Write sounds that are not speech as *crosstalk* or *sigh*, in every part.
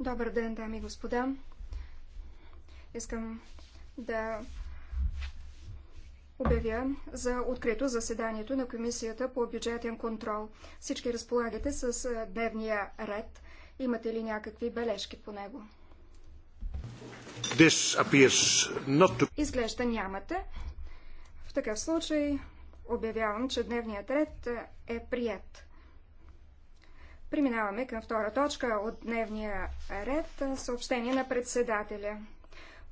Добър ден, дами и господа. Искам да обявя за открито заседанието на Комисията по бюджетен контрол. Всички разполагате с дневния ред. Имате ли някакви бележки по него? To... Изглежда нямате. В такъв случай обявявам, че дневният ред е прият. Преминаваме към втора точка от дневния ред – съобщение на председателя.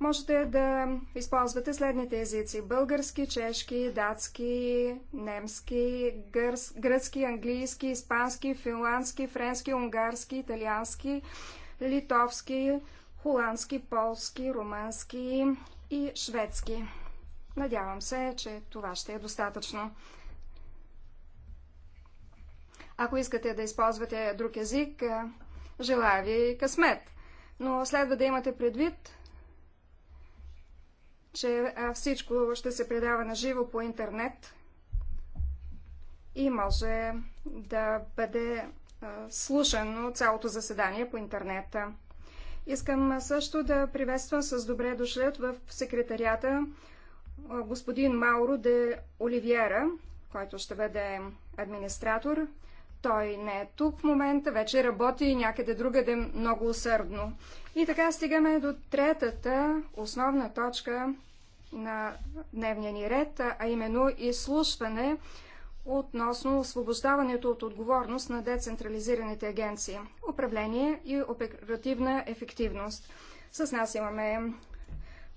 Можете да използвате следните езици – български, чешки, датски, немски, гърс, гръцки, английски, испански, финландски, френски, унгарски, италиански, литовски, холандски, полски, румънски и шведски. Надявам се, че това ще е достатъчно. Ако искате да използвате друг език, е, желая ви късмет. Но следва да имате предвид, че всичко ще се предава на живо по интернет и може да бъде слушано цялото заседание по интернета. Искам също да приветствам с добре дошлет в секретарията господин Мауро де Оливиера, който ще бъде администратор. Той не е тук в момента, вече работи някъде другаде много усърдно. И така стигаме до третата основна точка на дневния ни ред, а именно изслушване относно освобождаването от отговорност на децентрализираните агенции, управление и оперативна ефективност. С нас имаме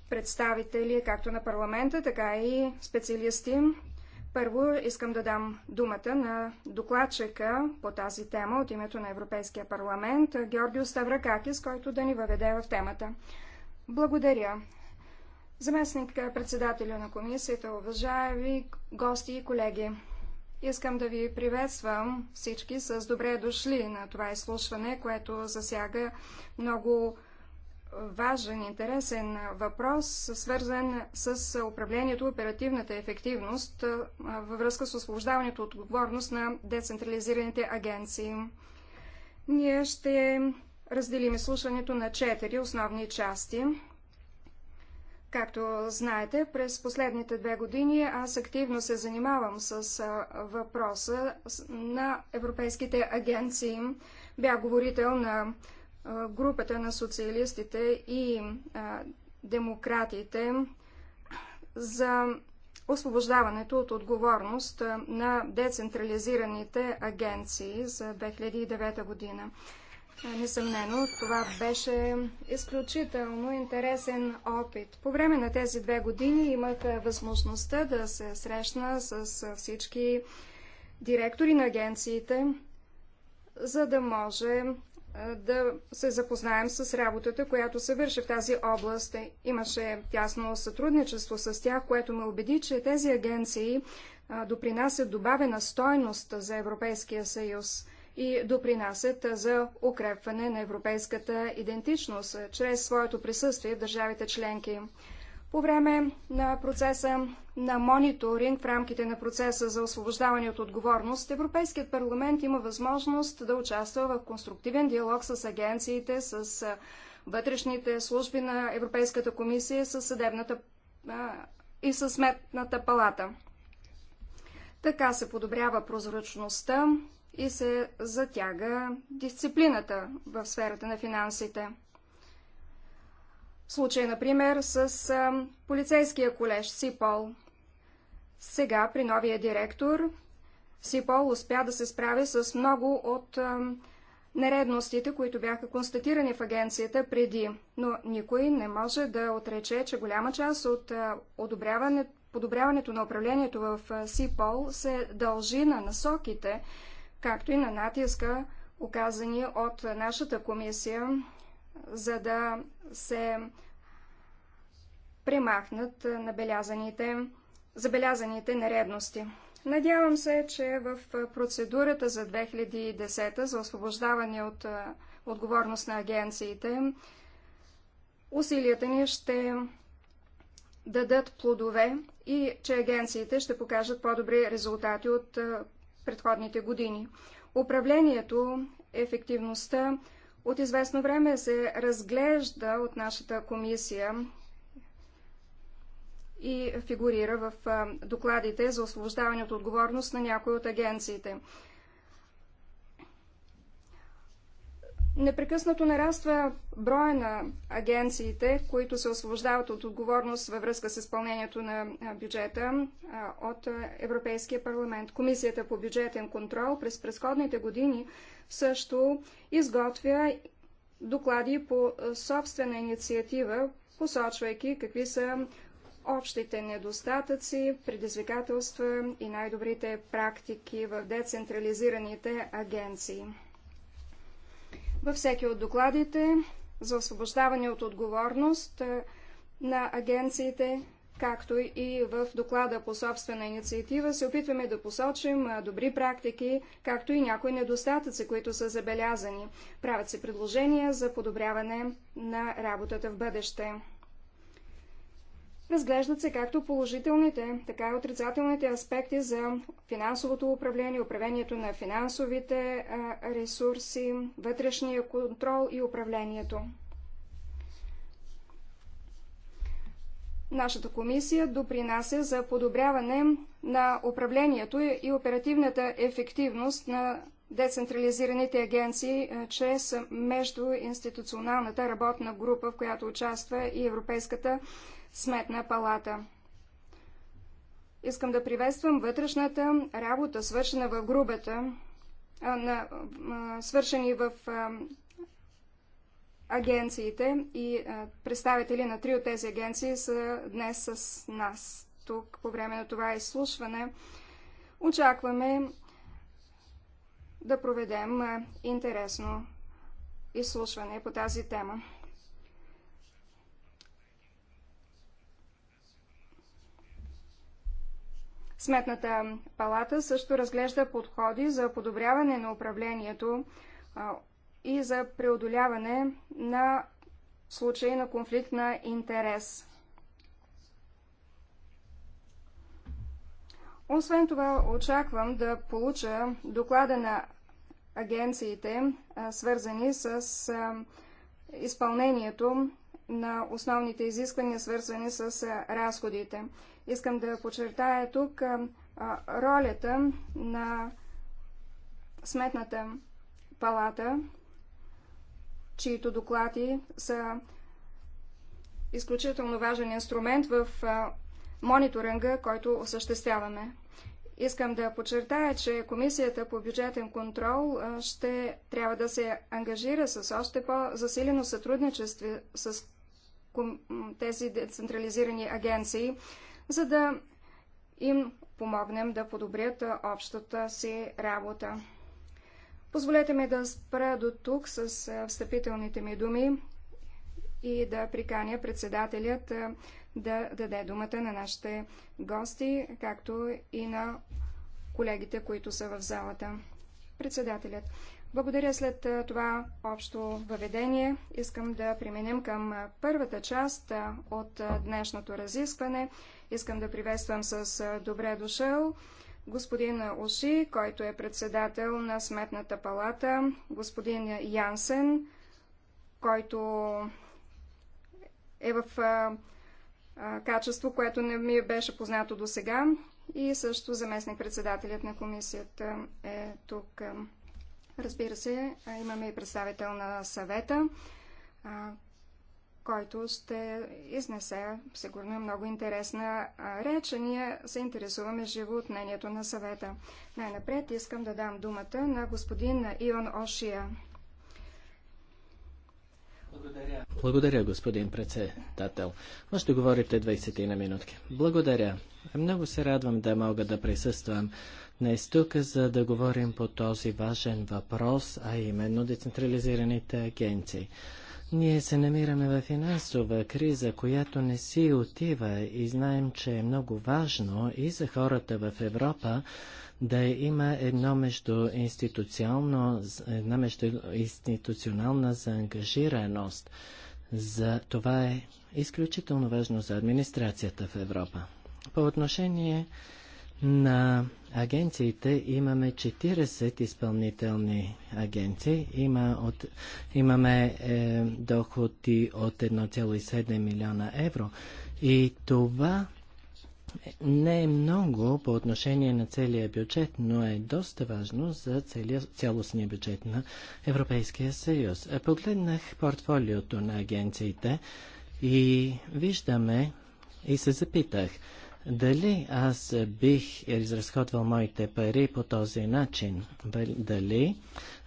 представители както на парламента, така и специалисти първо искам да дам думата на докладчика по тази тема от името на Европейския парламент, Георгио Ставракакис, който да ни въведе в темата. Благодаря. Заместник председателя на комисията, уважаеми гости и колеги, искам да ви приветствам всички с добре дошли на това изслушване, което засяга много важен, интересен въпрос, свързан с управлението, оперативната ефективност във връзка с освобождаването от отговорност на децентрализираните агенции. Ние ще разделим изслушването на четири основни части. Както знаете, през последните две години аз активно се занимавам с въпроса на европейските агенции. Бях говорител на групата на социалистите и демократите за освобождаването от отговорност на децентрализираните агенции за 2009 година. Несъмнено, това беше изключително интересен опит. По време на тези две години имах възможността да се срещна с всички директори на агенциите, за да може да се запознаем с работата, която се върши в тази област. Имаше тясно сътрудничество с тях, което ме убеди, че тези агенции допринасят добавена стойност за Европейския съюз и допринасят за укрепване на европейската идентичност чрез своето присъствие в държавите членки. По време на процеса на мониторинг в рамките на процеса за освобождаване от отговорност, Европейският парламент има възможност да участва в конструктивен диалог с агенциите, с вътрешните служби на Европейската комисия, с съдебната а, и с сметната палата. Така се подобрява прозрачността и се затяга дисциплината в сферата на финансите случай, например, с а, полицейския колеж СИПОЛ. Сега, при новия директор, СИПОЛ успя да се справи с много от а, нередностите, които бяха констатирани в агенцията преди, но никой не може да отрече, че голяма част от одобряване, подобряването на управлението в СИПОЛ се дължи на насоките, както и на натиска, оказани от нашата комисия за да се премахнат набелязаните, забелязаните нередности. Надявам се, че в процедурата за 2010 за освобождаване от отговорност на агенциите, усилията ни ще дадат плодове и че агенциите ще покажат по-добри резултати от предходните години. Управлението, ефективността от известно време се разглежда от нашата комисия и фигурира в докладите за освобождаване от отговорност на някои от агенциите. Непрекъснато нараства броя на агенциите, които се освобождават от отговорност във връзка с изпълнението на бюджета от Европейския парламент. Комисията по бюджетен контрол през предходните години също изготвя доклади по собствена инициатива, посочвайки какви са общите недостатъци, предизвикателства и най-добрите практики в децентрализираните агенции във всеки от докладите за освобождаване от отговорност на агенциите, както и в доклада по собствена инициатива, се опитваме да посочим добри практики, както и някои недостатъци, които са забелязани. Правят се предложения за подобряване на работата в бъдеще. Разглеждат се както положителните, така и отрицателните аспекти за финансовото управление, управлението на финансовите ресурси, вътрешния контрол и управлението. Нашата комисия допринася за подобряване на управлението и оперативната ефективност на децентрализираните агенции чрез междуинституционалната работна група, в която участва и Европейската агенция сметна палата. Искам да приветствам вътрешната работа, свършена в грубата, а, на, а, свършени в а, агенциите и представители на три от тези агенции са днес с нас. Тук по време на това изслушване очакваме да проведем интересно изслушване по тази тема. Сметната палата също разглежда подходи за подобряване на управлението и за преодоляване на случаи на конфликт на интерес. Освен това, очаквам да получа доклада на агенциите, свързани с изпълнението на основните изисквания, свързани с разходите. Искам да подчертая тук ролята на Сметната палата, чието доклади са изключително важен инструмент в мониторинга, който осъществяваме. Искам да подчертая, че Комисията по бюджетен контрол ще трябва да се ангажира с още по-засилено сътрудничество с тези децентрализирани агенции, за да им помогнем да подобрят общата си работа. Позволете ми да спра до тук с встъпителните ми думи и да приканя председателят да даде думата на нашите гости, както и на колегите, които са в залата. Председателят. Благодаря след това общо въведение. Искам да преминем към първата част от днешното разискване. Искам да приветствам с добре дошъл господин Оши, който е председател на Сметната палата, господин Янсен, който е в качество, което не ми беше познато до сега, и също заместник-председателят на комисията е тук. Разбира се, имаме и представител на съвета, който ще изнесе сигурно много интересна реч. Ние се интересуваме живо от мнението на съвета. Най-напред искам да дам думата на господин Иван Ошия. Благодаря. Благодаря, господин председател. Може да говорите 20 на минутки. Благодаря. Много се радвам да мога да присъствам днес тук, за да говорим по този важен въпрос, а именно децентрализираните агенции. Ние се намираме в финансова криза, която не си отива и знаем, че е много важно и за хората в Европа да има едно между една междуинституционална заангажираност. За това е изключително важно за администрацията в Европа. По отношение на агенциите имаме 40 изпълнителни агенции. Има от, имаме е, доходи от 1,7 милиона евро. И това не е много по отношение на целия бюджет, но е доста важно за целия, цялостния бюджет на Европейския съюз. Е, погледнах портфолиото на агенциите и виждаме и се запитах – дали аз бих изразходвал моите пари по този начин? Дали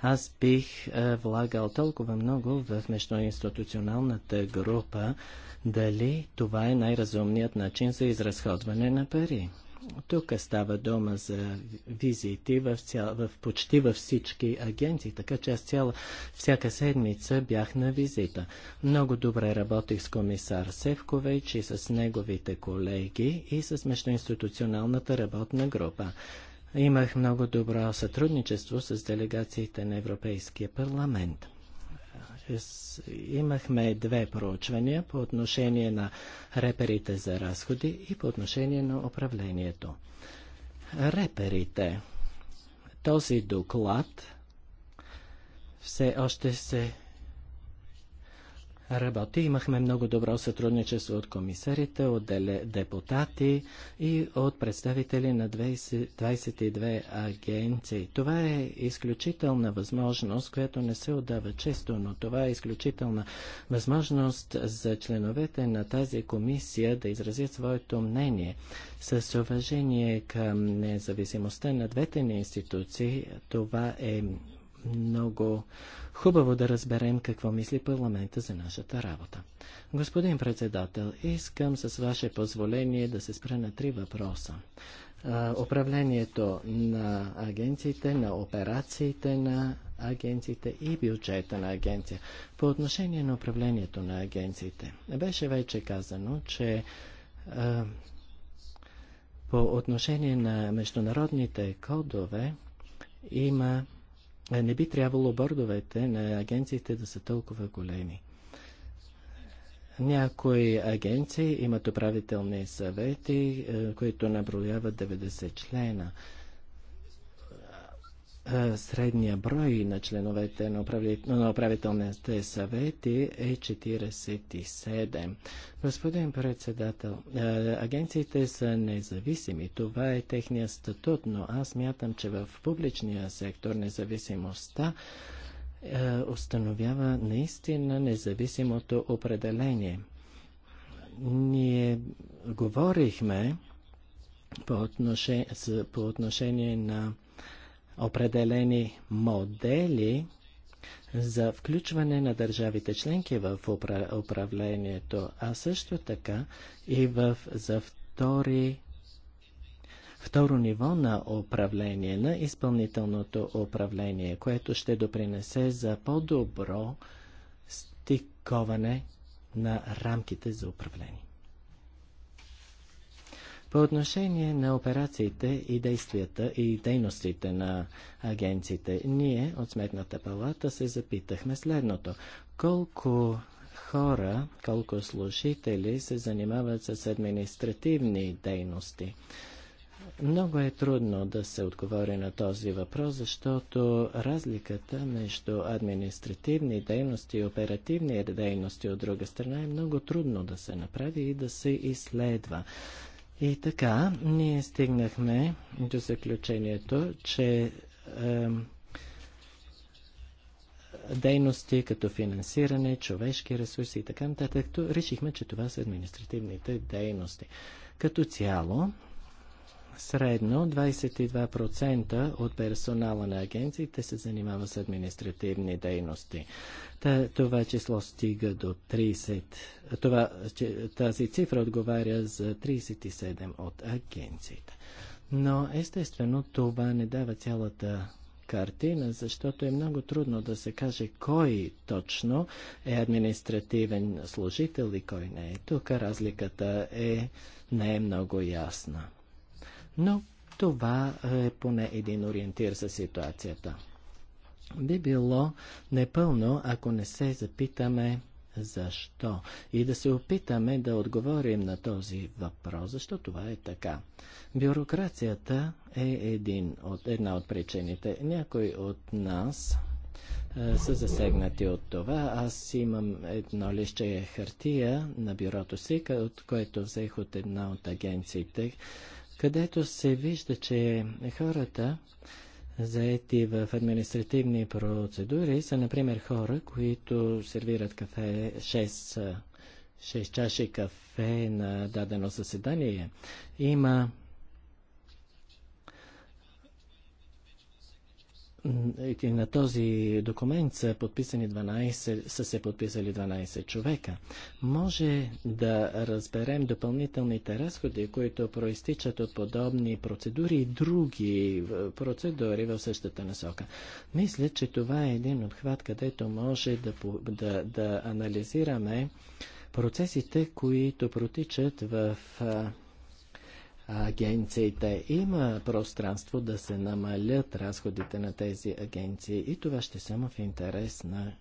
аз бих е, влагал толкова много в междуинституционалната група? Дали това е най-разумният начин за изразходване на пари? Тук става дума за визити в, цял, в почти във всички агенции, така че аз цяла, всяка седмица бях на визита. Много добре работих с комисар Севкович и с неговите колеги и с междуинституционалната работна група. Имах много добро сътрудничество с делегациите на Европейския парламент имахме две проучвания по отношение на реперите за разходи и по отношение на управлението. Реперите. Този доклад все още се работи. Имахме много добро сътрудничество от комисарите, от депутати и от представители на 20, 22 агенции. Това е изключителна възможност, която не се отдава често, но това е изключителна възможност за членовете на тази комисия да изразят своето мнение. С уважение към независимостта на двете ни институции, това е много Хубаво да разберем какво мисли парламента за нашата работа. Господин председател, искам с ваше позволение да се спра на три въпроса. управлението на агенциите, на операциите на агенциите и бюджета на агенция. По отношение на управлението на агенциите, беше вече казано, че по отношение на международните кодове има е, не би трябвало бордовете на агенциите да са толкова големи. Някои агенции имат управителни съвети, е, които наброяват 90 члена средния брой на членовете на, управителните съвети е 47. Господин председател, агенциите са независими. Това е техния статут, но аз мятам, че в публичния сектор независимостта установява наистина независимото определение. Ние говорихме по отношение, по отношение на определени модели за включване на държавите членки в управлението, а също така и в, за втори, второ ниво на управление, на изпълнителното управление, което ще допринесе за по-добро стиковане на рамките за управление. По отношение на операциите и действията и дейностите на агенциите, ние от Сметната палата се запитахме следното. Колко хора, колко служители се занимават с административни дейности? Много е трудно да се отговори на този въпрос, защото разликата между административни дейности и оперативни дейности от друга страна е много трудно да се направи и да се изследва. И така, ние стигнахме до заключението, че е, дейности като финансиране, човешки ресурси и така нататък, решихме, че това са административните дейности. Като цяло, Средно 22% от персонала на агенциите се занимава с административни дейности. Та, това число стига до 30. Това, тази цифра отговаря за 37 от агенциите. Но естествено това не дава цялата картина, защото е много трудно да се каже кой точно е административен служител и кой не е. Тук разликата е, не е много ясна но това е поне един ориентир за ситуацията. Би било непълно, ако не се запитаме защо и да се опитаме да отговорим на този въпрос, защо това е така. Бюрокрацията е един от, една от причините. Някой от нас е, са засегнати от това. Аз имам едно лище хартия на бюрото си, от което взех от една от агенциите където се вижда, че хората, заети в административни процедури, са, например, хора, които сервират кафе 6, 6 чаши кафе на дадено съседание, Има на този документ са, подписани 12, са се подписали 12 човека. Може да разберем допълнителните разходи, които проистичат от подобни процедури и други процедури в същата насока. Мисля, че това е един отхват, където може да, да, да анализираме процесите, които протичат в агенциите. Има пространство да се намалят разходите на тези агенции и това ще само в интерес на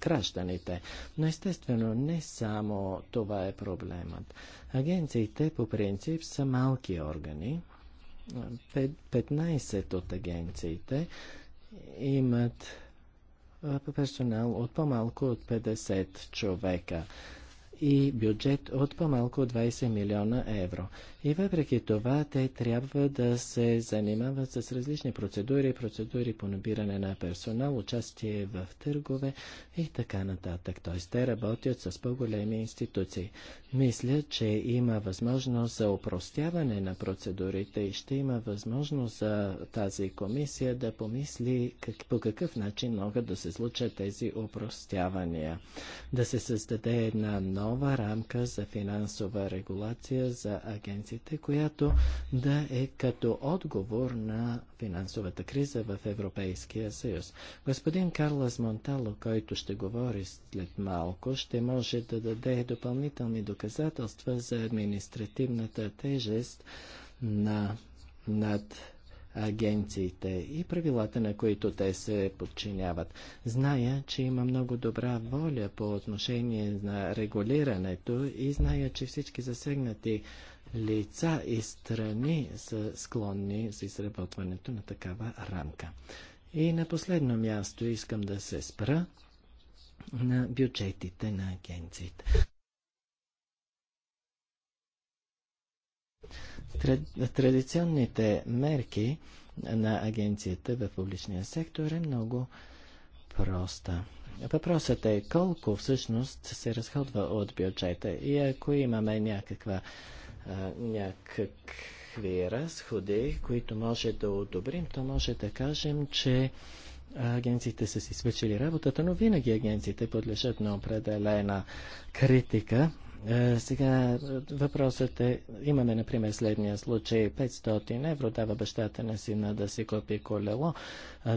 гражданите. Но естествено не само това е проблемът. Агенциите по принцип са малки органи. 15 от агенциите имат персонал от по-малко от 50 човека и бюджет от по-малко 20 милиона евро. И въпреки това, те трябва да се занимават с различни процедури, процедури по набиране на персонал, участие в търгове и така нататък. Т.е. те работят с по-големи институции. Мисля, че има възможност за упростяване на процедурите и ще има възможност за тази комисия да помисли как, по какъв начин могат да се случат тези упростявания. Да се създаде една нова нова рамка за финансова регулация за агенциите, която да е като отговор на финансовата криза в Европейския съюз. Господин Карлос Монтало, който ще говори след малко, ще може да даде допълнителни доказателства за административната тежест на над агенциите и правилата, на които те се подчиняват. Зная, че има много добра воля по отношение на регулирането и зная, че всички засегнати лица и страни са склонни за изработването на такава рамка. И на последно място искам да се спра на бюджетите на агенциите. Традиционните мерки на агенцията в публичния сектор е много проста. Въпросът е колко всъщност се разходва от бюджета и ако имаме някаква, някакви разходи, които може да одобрим, то може да кажем, че агенциите са си свършили работата, но винаги агенциите подлежат на определена критика е, сега въпросът е, имаме например следния случай, 500 евро дава бащата на сина да си купи колело,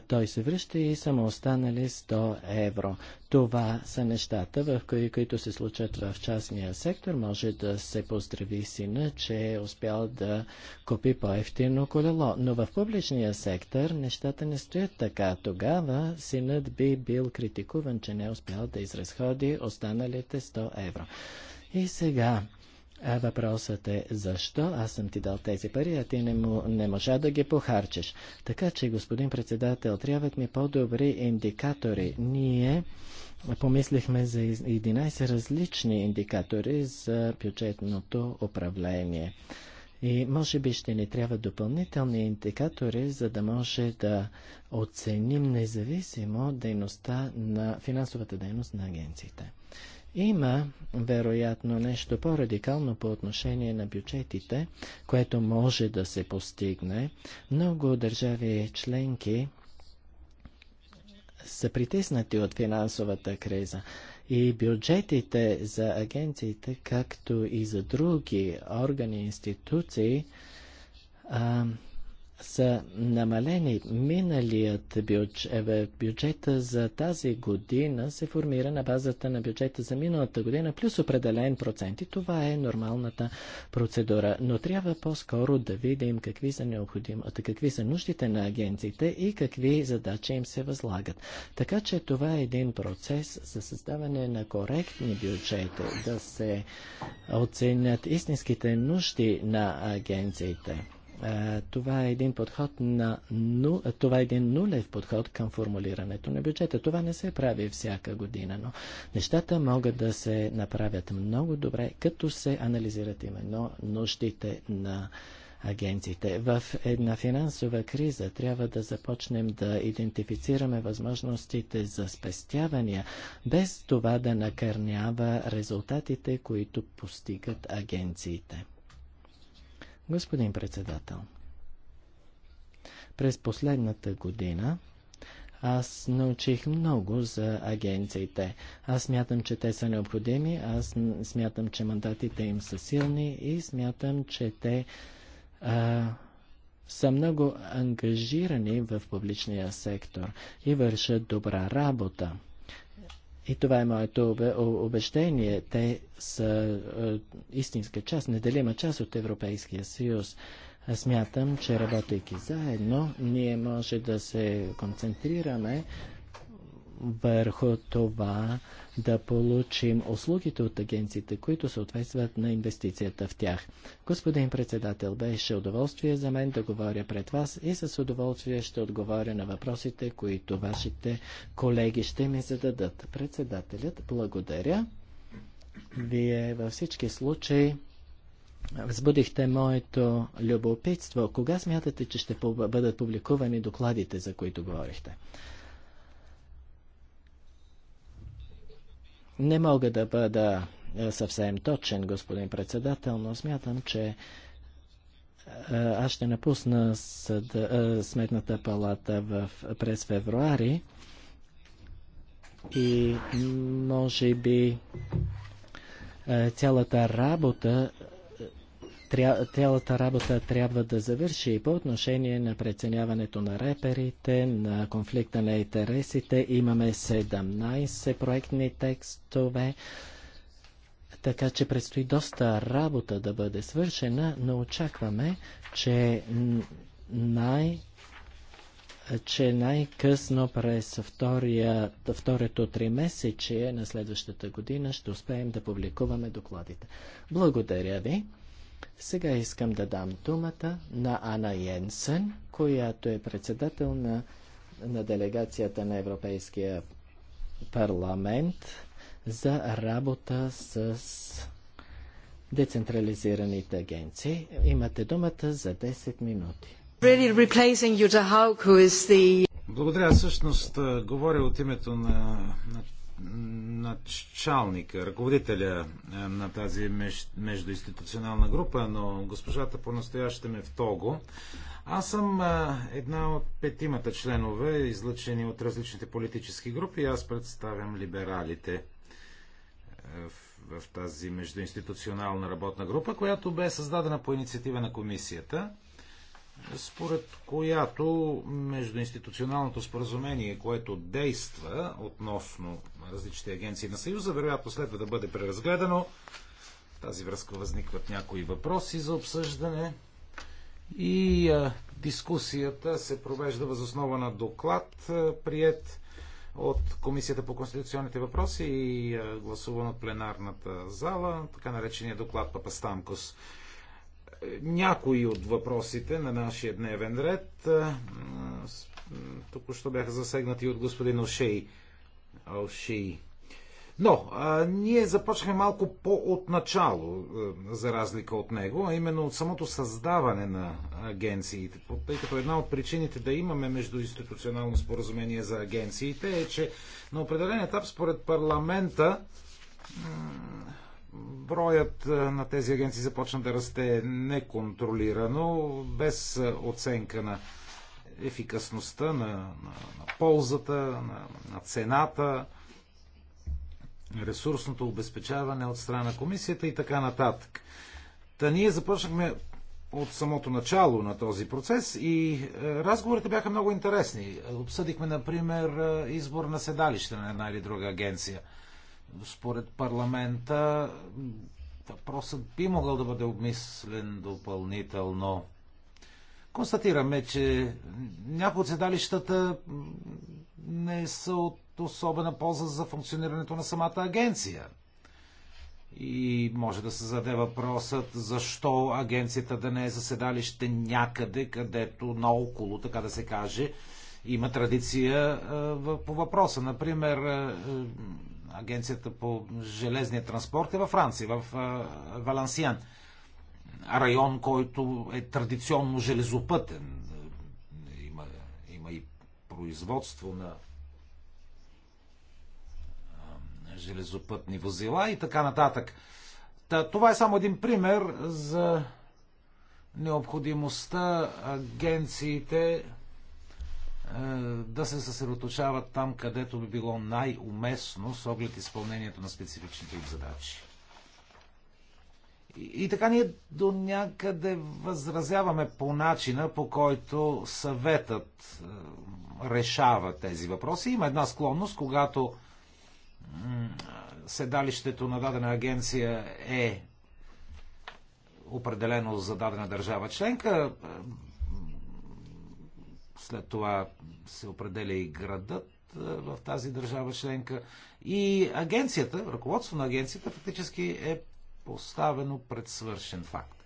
той се връща и са му останали 100 евро. Това са нещата, в кои, които се случат в частния сектор. Може да се поздрави сина, че е успял да купи по-ефтино колело. Но в публичния сектор нещата не стоят така. Тогава синът би бил критикуван, че не е успял да изразходи останалите 100 евро. И сега а въпросът е защо аз съм ти дал тези пари, а ти не, му, не можа да ги похарчиш. Така че, господин председател, трябват ми по-добри индикатори. Ние помислихме за 11 различни индикатори за бюджетното управление. И може би ще ни трябва допълнителни индикатори, за да може да оценим независимо дейността на финансовата дейност на агенциите. Има, вероятно, нещо по-радикално по отношение на бюджетите, което може да се постигне. Много държави членки са притиснати от финансовата криза и бюджетите за агенциите, както и за други органи и институции, а, са намалени. Миналият бюджет, бюджета за тази година се формира на базата на бюджета за миналата година плюс определен процент и това е нормалната процедура. Но трябва по-скоро да видим какви са необходимите, какви са нуждите на агенциите и какви задачи им се възлагат. Така че това е един процес за създаване на коректни бюджети, да се оценят истинските нужди на агенциите. Това е един подход на ну, това е един нулев подход към формулирането на бюджета. Това не се прави всяка година, но нещата могат да се направят много добре, като се анализират именно нуждите на агенциите. В една финансова криза трябва да започнем да идентифицираме възможностите за спестявания, без това да накърнява резултатите, които постигат агенциите. Господин председател, през последната година аз научих много за агенциите. Аз смятам, че те са необходими, аз смятам, че мандатите им са силни и смятам, че те а, са много ангажирани в публичния сектор и вършат добра работа. И това е моето убеждение. Те са е, истинска част, неделима част от Европейския съюз. Аз смятам, че работейки заедно, ние може да се концентрираме върху това, да получим услугите от агенциите, които съответстват на инвестицията в тях. Господин председател, беше удоволствие за мен да говоря пред вас и с удоволствие ще отговоря на въпросите, които вашите колеги ще ми зададат. Председателят, благодаря. Вие във всички случаи Взбудихте моето любопитство. Кога смятате, че ще бъдат публикувани докладите, за които говорихте? Не мога да бъда е, съвсем точен, господин председател, но смятам, че е, аз ще напусна е, сметната палата в, през февруари и може би цялата работа Тря, цялата работа трябва да завърши по отношение на преценяването на реперите, на конфликта на интересите. Имаме 17 проектни текстове, така че предстои доста работа да бъде свършена, но очакваме, че най- че най-късно през втория, второто три месече на следващата година ще успеем да публикуваме докладите. Благодаря ви! Сега искам да дам думата на Ана Йенсен, която е председател на, на делегацията на Европейския парламент за работа с децентрализираните агенции. Имате думата за 10 минути. Благодаря. Всъщност говоря от името на, на началника, ръководителя е, на тази междуинституционална група, но госпожата по-настояще ме в Того. Аз съм е, една от петимата членове, излъчени от различните политически групи. Аз представям либералите е, в, в тази междуинституционална работна група, която бе създадена по инициатива на комисията – според която междуинституционалното споразумение, което действа относно различните агенции на Съюза, вероятно следва да бъде преразгледано. В тази връзка възникват някои въпроси за обсъждане и а, дискусията се провежда възоснова на доклад, а, прият от Комисията по конституционните въпроси и а, гласуван от пленарната зала, така наречения доклад Папа Папастамкос някои от въпросите на нашия дневен ред току-що бяха засегнати от господин Ошей. Ошей. Но, а, ние започнахме малко по отначало за разлика от него, а именно от самото създаване на агенциите. Тъй като една от причините да имаме междуинституционално споразумение за агенциите е, че на определен етап според парламента броят е, на тези агенции започна да расте неконтролирано, без е, оценка на ефикасността, на, на, на ползата, на, на цената, ресурсното обезпечаване от страна на комисията и така нататък. Та ние започнахме от самото начало на този процес и е, разговорите бяха много интересни. Обсъдихме, например, избор на седалище на една или друга агенция – според парламента въпросът би могъл да бъде обмислен допълнително. Констатираме, че някои от седалищата не са от особена полза за функционирането на самата агенция. И може да се заде въпросът защо агенцията да не е заседалище някъде, където наоколо, така да се каже, има традиция по въпроса. Например, агенцията по железния транспорт е във Франция, в Валансиан. Район, който е традиционно железопътен. Има, има и производство на железопътни возила и така нататък. Та, това е само един пример за необходимостта агенциите е, да се съсредоточават там, където би било най-уместно с оглед изпълнението на специфичните им задачи. И, и така ние до някъде възразяваме по начина, по който съветът е, решава тези въпроси. Има една склонност, когато седалището на дадена агенция е определено за дадена държава членка, след това се определя и градът е, в тази държава членка. И агенцията, ръководство на агенцията фактически е поставено пред свършен факт.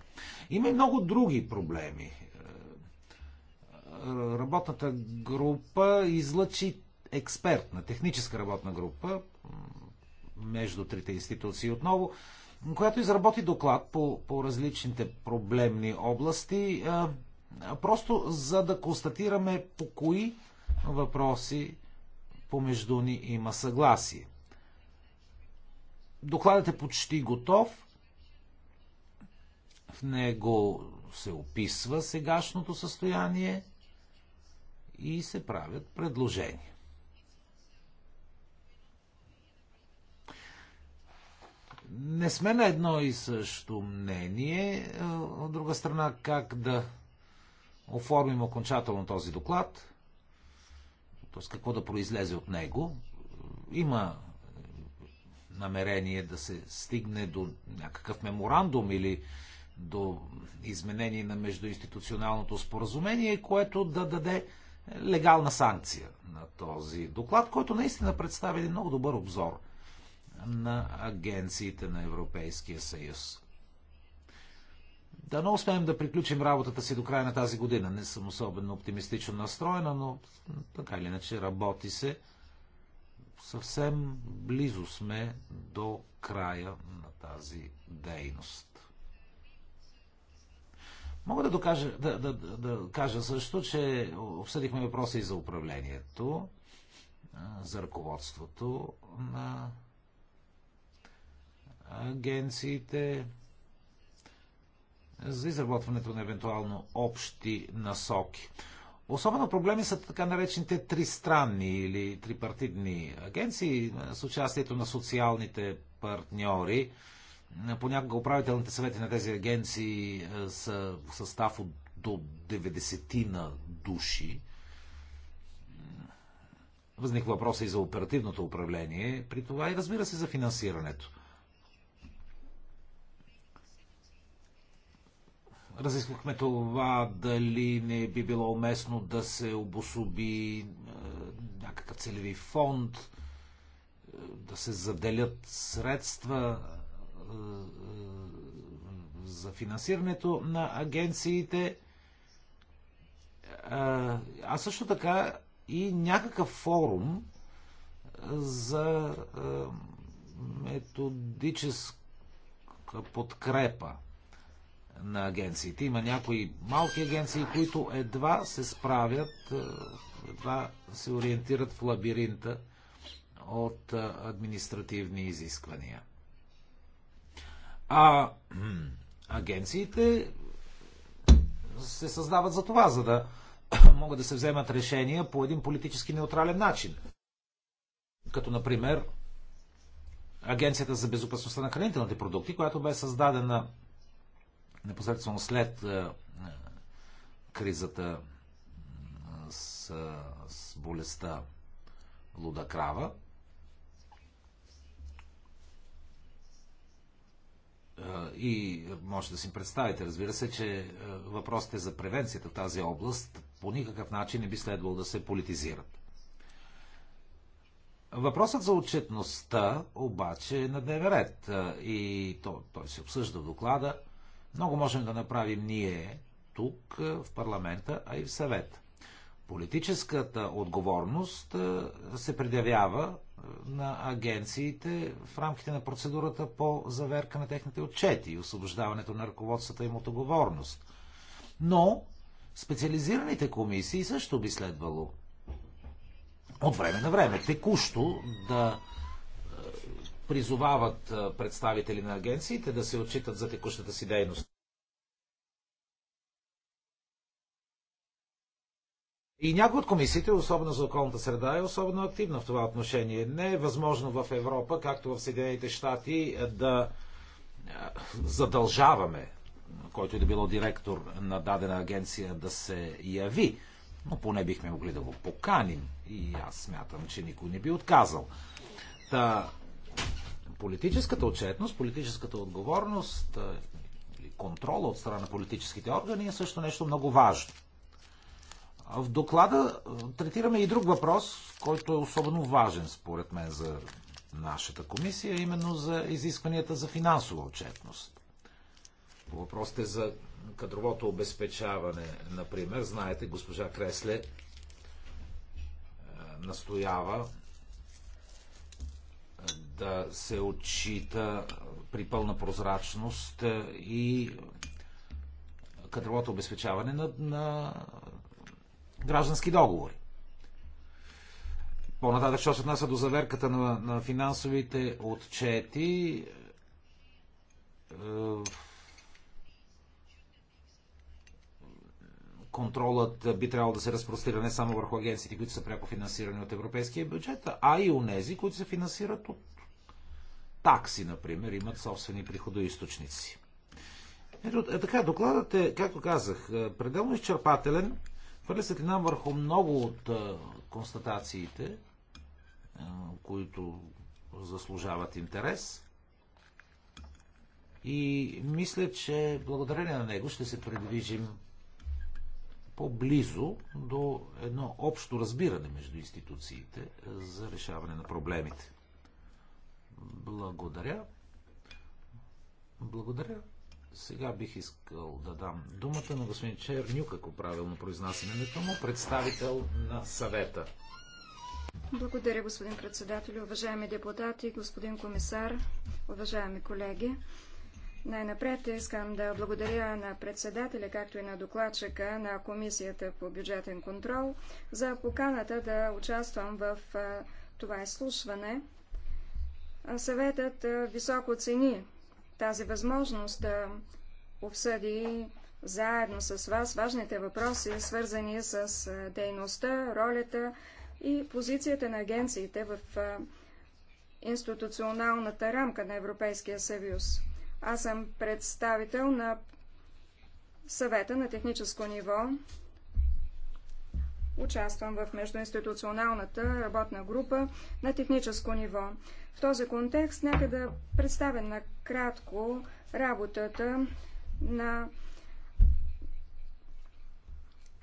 Има и много други проблеми. Е, работната група излъчи експерт на техническа работна група между трите институции отново, която изработи доклад по, по различните проблемни области. Е, Просто за да констатираме по кои въпроси помежду ни има съгласие. Докладът е почти готов. В него се описва сегашното състояние и се правят предложения. Не сме на едно и също мнение. От друга страна, как да оформим окончателно този доклад, т.е. какво да произлезе от него. Има намерение да се стигне до някакъв меморандум или до изменение на междуинституционалното споразумение, което да даде легална санкция на този доклад, който наистина представи един много добър обзор на агенциите на Европейския съюз. Да не успеем да приключим работата си до края на тази година. Не съм особено оптимистично настроена, но така или иначе работи се. Съвсем близо сме до края на тази дейност. Мога да, докажа, да, да, да кажа също, че обсъдихме въпроса и за управлението, за ръководството на агенциите, за изработването на евентуално общи насоки. Особено проблеми са така наречените тристранни или трипартидни агенции с участието на социалните партньори. Понякога управителните съвети на тези агенции са в състав от до 90 на души. Възник въпроса и за оперативното управление, при това и разбира се за финансирането. Разисквахме това дали не би било уместно да се обособи е, някакъв целеви фонд, е, да се заделят средства е, за финансирането на агенциите, а също така и някакъв форум за методическа подкрепа на агенциите. Има някои малки агенции, които едва се справят, е, едва се ориентират в лабиринта от е, административни изисквания. А *clears throat* агенциите се създават за това, за да *clears throat* могат да се вземат решения по един политически неутрален начин. Като, например, Агенцията за безопасността на хранителните продукти, която бе създадена непосредствено след е, е, кризата с, с болестта луда крава. Е, и може да си представите, разбира се, че въпросите за превенцията в тази област по никакъв начин не би следвало да се политизират. Въпросът за отчетността обаче е на дневен ред и то, той се обсъжда в доклада. Много можем да направим ние тук, в парламента, а и в съвет. Политическата отговорност се предявява на агенциите в рамките на процедурата по заверка на техните отчети и освобождаването на ръководствата им от отговорност. Но специализираните комисии също би следвало от време на време текущо да призовават представители на агенциите да се отчитат за текущата си дейност. И някои от комисиите, особено за околната среда, е особено активна в това отношение. Не е възможно в Европа, както в Съединените щати, да задължаваме, който е да било директор на дадена агенция, да се яви. Но поне бихме могли да го поканим. И аз смятам, че никой не би отказал. Та, политическата отчетност, политическата отговорност или контрола от страна на политическите органи е също нещо много важно. В доклада третираме и друг въпрос, който е особено важен според мен за нашата комисия, именно за изискванията за финансова отчетност. По въпросите за кадровото обезпечаване, например, знаете, госпожа Кресле настоява да се отчита при пълна прозрачност е, и кадровото обезпечаване на, на граждански договори. По-нататък, що се отнася до заверката на, на финансовите отчети, е, контролът би трябвало да се разпростира не само върху агенциите, които са пряко финансирани от европейския бюджет, а и у нези, които се финансират от такси, например, имат собствени приходоисточници. Ето, е така, докладът е, както казах, е, пределно изчерпателен, хвърля нам върху много от е, констатациите, е, които заслужават интерес. И мисля, че благодарение на него ще се придвижим по-близо до едно общо разбиране между институциите за решаване на проблемите. Благодаря. Благодаря. Сега бих искал да дам думата на господин Чернюк, ако правилно произнасяме името му, представител на съвета. Благодаря, господин председател, уважаеми депутати, господин комисар, уважаеми колеги. Най-напред искам да благодаря на председателя, както и на докладчика на Комисията по бюджетен контрол за поканата да участвам в това изслушване – Съветът високо цени тази възможност да обсъди заедно с вас важните въпроси, свързани с дейността, ролята и позицията на агенциите в институционалната рамка на Европейския съюз. Аз съм представител на съвета на техническо ниво. Участвам в междуинституционалната работна група на техническо ниво. В този контекст нека да представя накратко работата на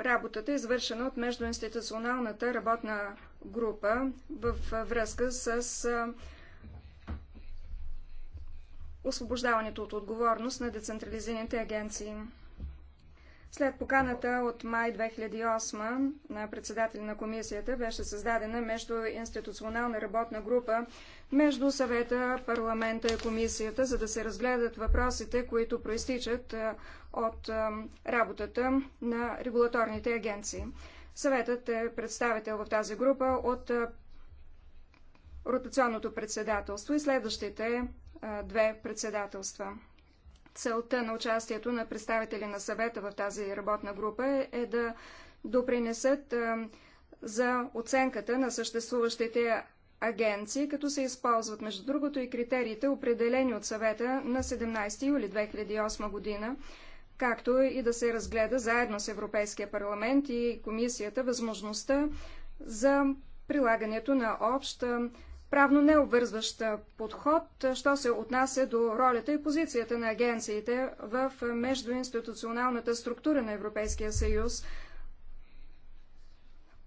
работата, извършена от междуинституционалната работна група в връзка с освобождаването от отговорност на децентрализираните агенции. След поканата от май 2008 на председателя на комисията беше създадена между институционална работна група между съвета, парламента и комисията, за да се разгледат въпросите, които проистичат от работата на регулаторните агенции. Съветът е представител в тази група от ротационното председателство и следващите две председателства. Целта на участието на представители на съвета в тази работна група е да допринесат за оценката на съществуващите агенции, като се използват между другото и критериите, определени от съвета на 17 юли 2008 година, както и да се разгледа заедно с Европейския парламент и комисията възможността за прилагането на обща правно необвързващ подход, що се отнася до ролята и позицията на агенциите в междуинституционалната структура на Европейския съюз,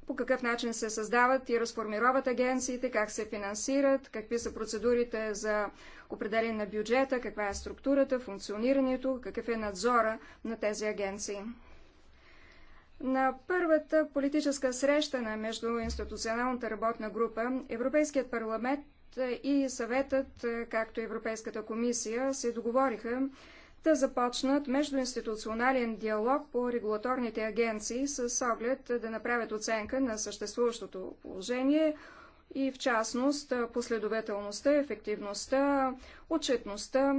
по какъв начин се създават и разформироват агенциите, как се финансират, какви са процедурите за определение на бюджета, каква е структурата, функционирането, какъв е надзора на тези агенции. На първата политическа среща на междуинституционалната работна група Европейският парламент и съветът, е, както Европейската комисия, се договориха да започнат междуинституционален диалог по регулаторните агенции с оглед да направят оценка на съществуващото положение и в частност последователността, ефективността, отчетността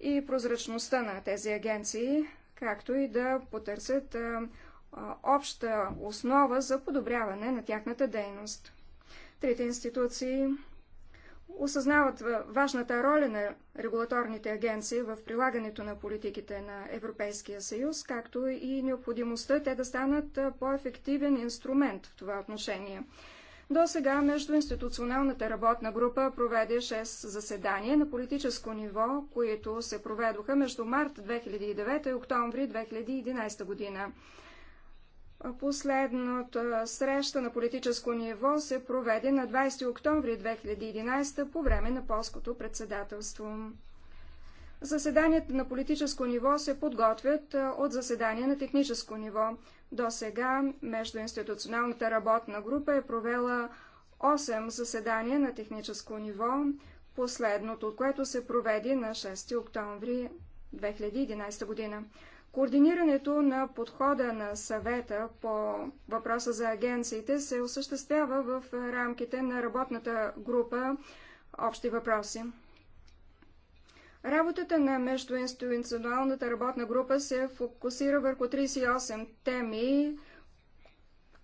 и прозрачността на тези агенции, както и да потърсят е, обща основа за подобряване на тяхната дейност. Трите институции осъзнават важната роля на регулаторните агенции в прилагането на политиките на Европейския съюз, както и необходимостта те да станат по-ефективен инструмент в това отношение. До сега между институционалната работна група проведе 6 заседания на политическо ниво, които се проведоха между март 2009 и октомври 2011 година. Последната среща на политическо ниво се проведе на 20 октомври 2011 по време на полското председателство. Заседанията на политическо ниво се подготвят от заседания на техническо ниво. До сега междуинституционалната работна група е провела 8 заседания на техническо ниво, последното от което се проведе на 6 октомври 2011 година. Координирането на подхода на съвета по въпроса за агенциите се осъществява в рамките на работната група Общи въпроси. Работата на междуинституционалната работна група се фокусира върху 38 теми,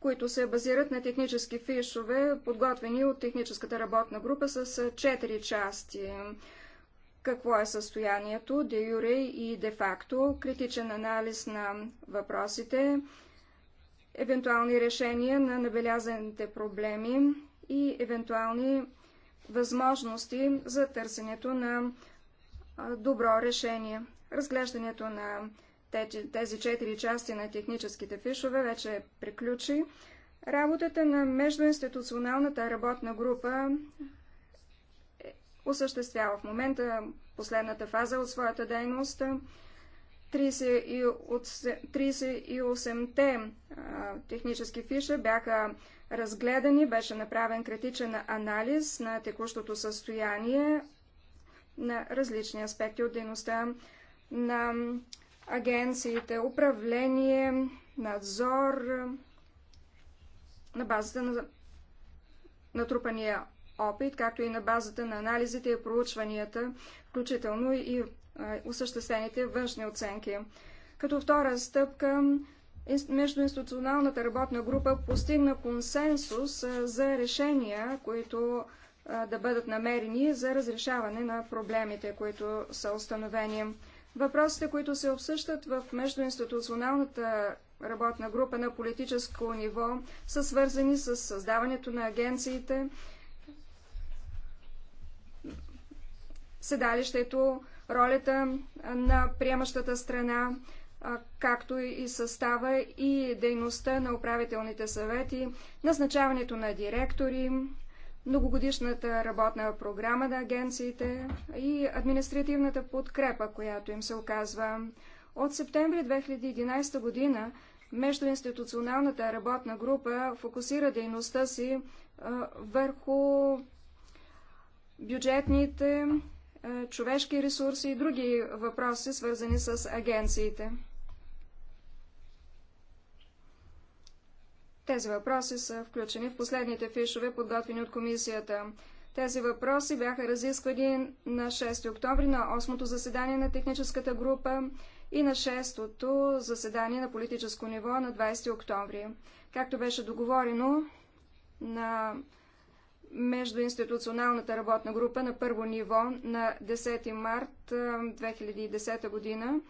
които се базират на технически фишове, подготвени от техническата работна група с 4 части какво е състоянието, де юре и де факто, критичен анализ на въпросите, евентуални решения на набелязаните проблеми и евентуални възможности за търсенето на добро решение. Разглеждането на тези четири части на техническите фишове вече приключи. Работата на междуинституционалната работна група осъществява в момента последната фаза от своята дейност. 38-те технически фиша бяха разгледани, беше направен критичен анализ на текущото състояние на различни аспекти от дейността на агенциите, управление, надзор на базата на натрупания опит, както и на базата на анализите и проучванията, включително и осъществените външни оценки. Като втора стъпка, междуинституционалната работна група постигна консенсус за решения, които да бъдат намерени за разрешаване на проблемите, които са установени. Въпросите, които се обсъщат в междуинституционалната работна група на политическо ниво, са свързани с създаването на агенциите, седалището, ролята на приемащата страна, както и състава и дейността на управителните съвети, назначаването на директори, многогодишната работна програма на агенциите и административната подкрепа, която им се оказва. От септември 2011 година междуинституционалната работна група фокусира дейността си върху бюджетните е, човешки ресурси и други въпроси, свързани с агенциите. Тези въпроси са включени в последните фишове, подготвени от комисията. Тези въпроси бяха разисквани на 6 октомври на 8-то заседание на техническата група и на 6-то заседание на политическо ниво на 20 октомври. Както беше договорено на междуинституционалната работна група на първо ниво на 10 март 2010 година.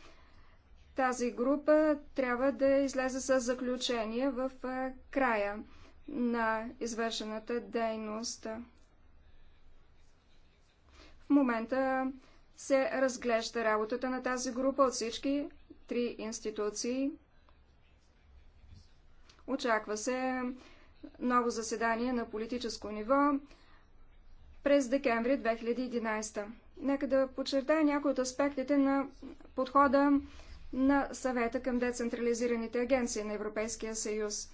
Тази група трябва да излезе с заключение в края на извършената дейност. В момента се разглежда работата на тази група от всички три институции. Очаква се ново заседание на политическо ниво през декември 2011. Нека да подчертая някои от аспектите на подхода на съвета към децентрализираните агенции на Европейския съюз.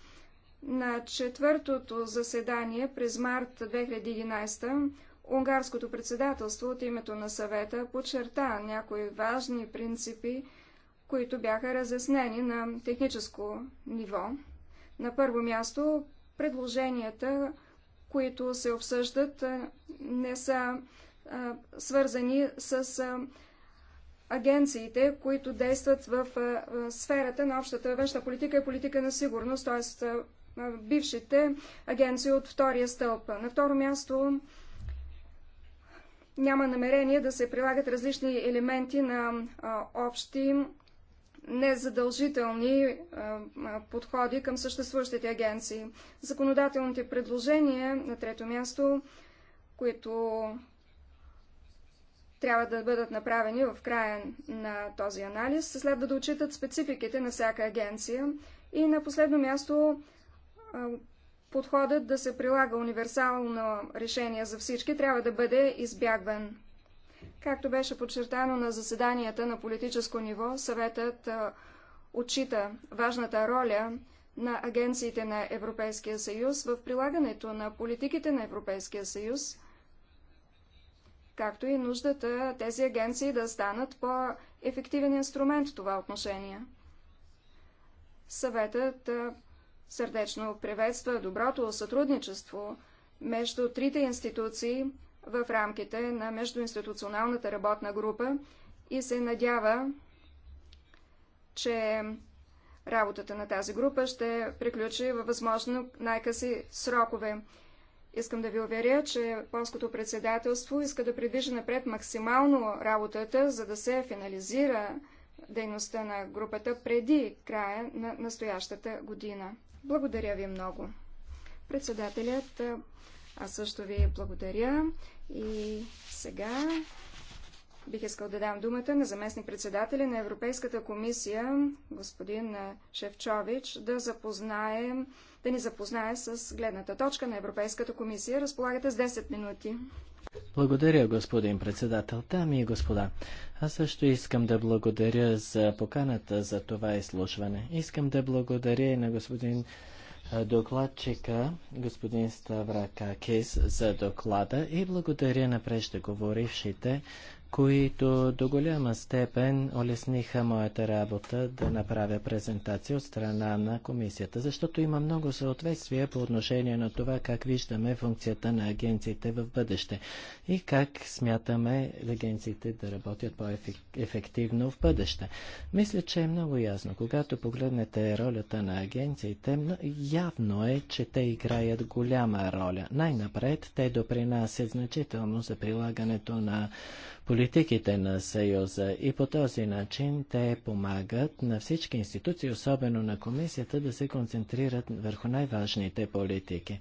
На четвъртото заседание през март 2011 унгарското председателство от името на съвета подчерта някои важни принципи, които бяха разяснени на техническо ниво. На първо място предложенията, които се обсъждат, не са свързани с агенциите, които действат в сферата на общата външна политика и политика на сигурност, т.е. бившите агенции от втория стълб. На второ място няма намерение да се прилагат различни елементи на общи незадължителни подходи към съществуващите агенции. Законодателните предложения на трето място, които трябва да бъдат направени в края на този анализ, следва да отчитат спецификите на всяка агенция и на последно място подходът да се прилага универсално решение за всички трябва да бъде избягван. Както беше подчертано на заседанията на политическо ниво, съветът отчита важната роля на агенциите на Европейския съюз в прилагането на политиките на Европейския съюз, както и нуждата тези агенции да станат по-ефективен инструмент в това отношение. Съветът сърдечно приветства доброто сътрудничество между трите институции в рамките на междуинституционалната работна група и се надява, че работата на тази група ще приключи във възможно най-къси срокове. Искам да ви уверя, че полското председателство иска да придвижи напред максимално работата, за да се финализира дейността на групата преди края на настоящата година. Благодаря ви много. Председателят аз също ви благодаря. И сега бих искал да дам думата на заместник-председателя на Европейската комисия, господин Шевчович, да, запознае, да ни запознае с гледната точка на Европейската комисия. Разполагате с 10 минути. Благодаря, господин председател. Дами и господа, аз също искам да благодаря за поканата за това изслушване. Искам да благодаря и на господин докладчика господин Ставракакис за доклада и благодаря на преждеговорившите които до голяма степен улесниха моята работа да направя презентация от страна на комисията, защото има много съответствие по отношение на това как виждаме функцията на агенциите в бъдеще и как смятаме агенциите да работят по-ефективно в бъдеще. Мисля, че е много ясно. Когато погледнете ролята на агенциите, явно е, че те играят голяма роля. Най-напред те допринасят значително за прилагането на политиките на Съюза и по този начин те помагат на всички институции, особено на комисията, да се концентрират върху най-важните политики.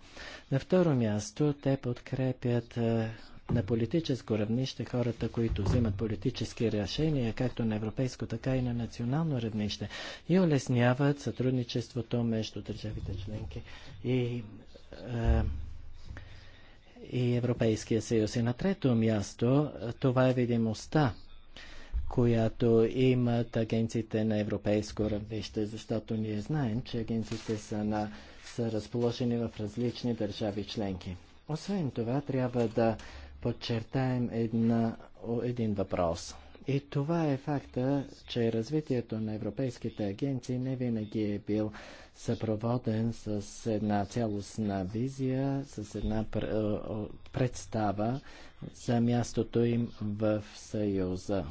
На второ място те подкрепят е, на политическо равнище хората, които взимат политически решения, както на европейско, така и на национално равнище, и улесняват сътрудничеството между държавите членки и е, и Европейския съюз. И на трето място това е видимостта, която имат агенциите на европейско равнище, защото ние знаем, че агенциите са, на, са разположени в различни държави членки. Освен това, трябва да подчертаем една, един въпрос – и това е факта, че развитието на европейските агенции не винаги е бил съпроводен с една цялостна визия, с една е, представа за мястото им в Съюза.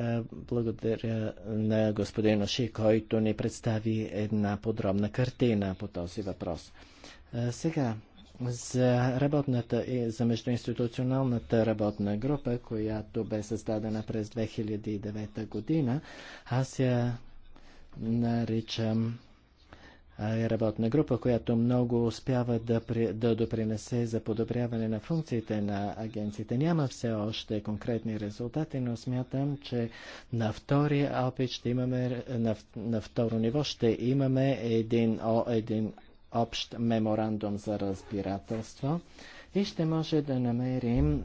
Е, благодаря на господин Оши, който ни представи една подробна картина по този въпрос. Е, сега, за работната и за междуинституционалната работна група, която бе създадена през 2009 година. Аз я наричам е работна група, която много успява да, при, да допринесе за подобряване на функциите на агенциите. Няма все още конкретни резултати, но смятам, че на втори опит ще имаме, на, на второ ниво ще имаме един, о, един общ меморандум за разбирателство и ще може да намерим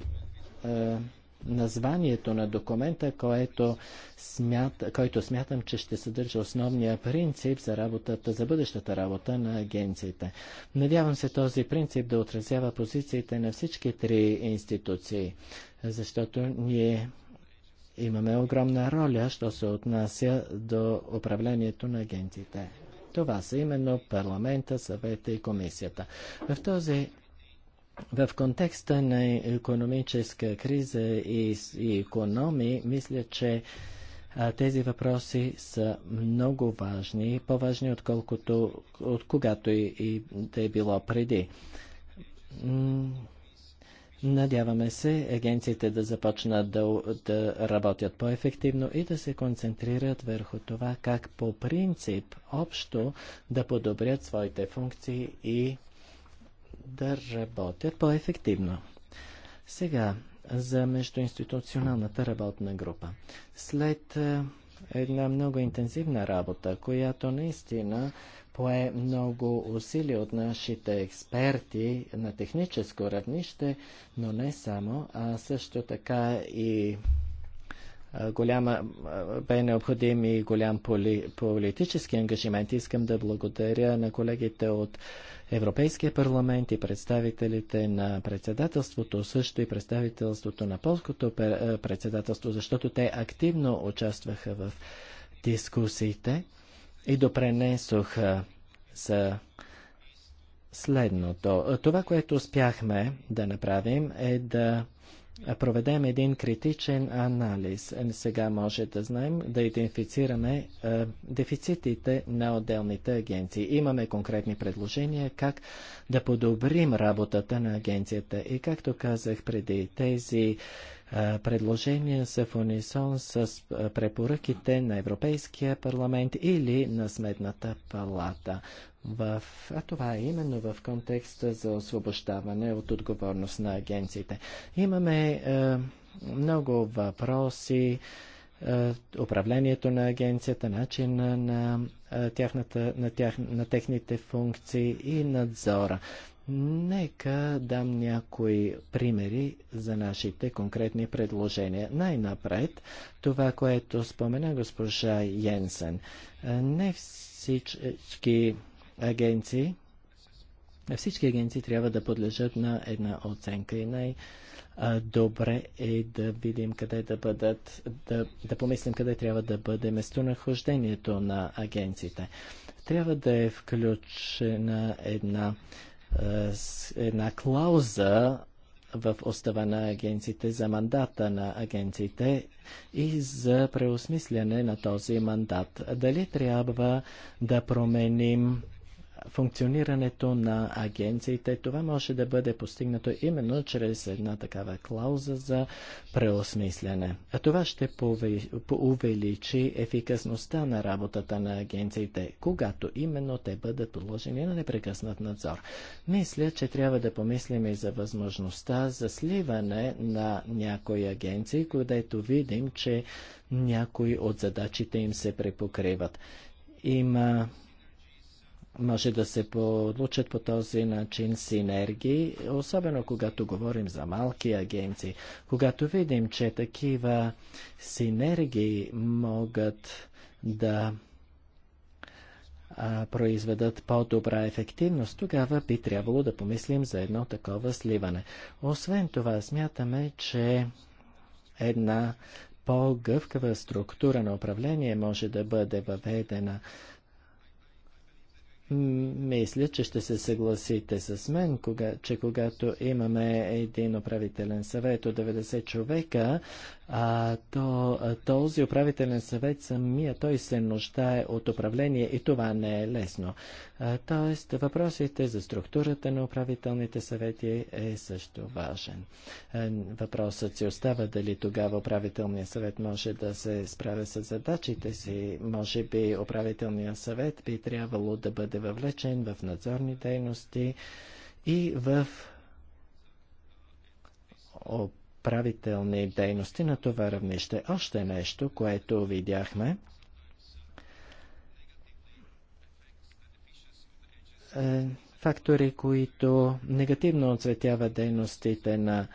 е, названието на документа, което смят, който смятам, че ще съдържа основния принцип за работата, за бъдещата работа на агенциите. Надявам се този принцип да отразява позициите на всички три институции, защото ние имаме огромна роля, що се отнася до управлението на агенциите. Това са именно парламента, съвета и комисията. В този в контекста на економическа криза и, и економи, мисля, че а, тези въпроси са много важни, по-важни отколкото от когато и, и да е било преди. Надяваме се агенциите да започнат да, да работят по-ефективно и да се концентрират върху това как по принцип общо да подобрят своите функции и да работят по-ефективно. Сега за междуинституционалната работна група. След е, една много интензивна работа, която наистина пое много усилия от нашите експерти на техническо равнище, но не само, а също така и голяма, бе необходим и голям поли, политически ангажимент. Искам да благодаря на колегите от Европейския парламент и представителите на председателството, също и представителството на полското председателство, защото те активно участваха в дискусиите и допренесох с следното. Това, което успяхме да направим е да проведем един критичен анализ. Сега може да знаем, да идентифицираме е, дефицитите на отделните агенции. Имаме конкретни предложения как да подобрим работата на агенцията. И както казах преди, тези предложения са в унисон с препоръките на Европейския парламент или на Сметната палата. В, а това е именно в контекста за освобождаване от отговорност на агенциите. Имаме е, много въпроси управлението на агенцията, начина на, тяхната, на, тях, на техните функции и надзора. Нека дам някои примери за нашите конкретни предложения. Най-напред, това, което спомена госпожа Йенсен. Не всички агенции, всички агенции трябва да подлежат на една оценка и най- добре е да видим къде да бъдат, да, да помислим къде трябва да бъде местонахождението на агенциите. Трябва да е включена една е, една клауза в устава на агенциите за мандата на агенциите и за преосмисляне на този мандат. Дали трябва да променим функционирането на агенциите. Това може да бъде постигнато именно чрез една такава клауза за преосмислене. А това ще увеличи ефикасността на работата на агенциите, когато именно те бъдат подложени на непрекъснат надзор. Мисля, че трябва да помислим и за възможността за сливане на някои агенции, където видим, че някои от задачите им се препокриват. Има може да се получат по този начин синергии, особено когато говорим за малки агенции. Когато видим, че такива синергии могат да произведат по-добра ефективност, тогава би трябвало да помислим за едно такова сливане. Освен това, смятаме, че една по-гъвкава структура на управление може да бъде въведена мисля, че ще се съгласите с мен, кога, че когато имаме един управителен съвет от 90 човека, а, то този управителен съвет самия той се нуждае от управление и това не е лесно. А, тоест, въпросите за структурата на управителните съвети е също важен. А, въпросът си остава дали тогава управителният съвет може да се справя с задачите си. Може би управителният съвет би трябвало да бъде въвлечен в надзорни дейности и в правителни дейности на това равнище. Още нещо, което видяхме. Е фактори, които негативно оцветяват дейностите на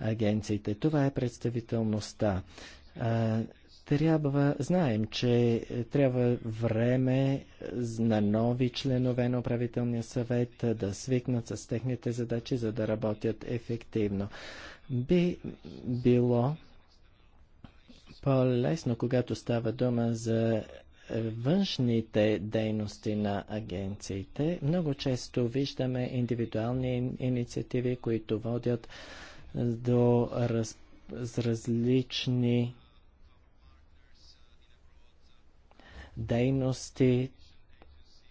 агенциите. Това е представителността. Е, трябва, знаем, че трябва време на нови членове на управителния съвет да свикнат с техните задачи, за да работят ефективно. Би било по-лесно, когато става дума за външните дейности на агенциите. Много често виждаме индивидуални инициативи, които водят до раз, различни дейности,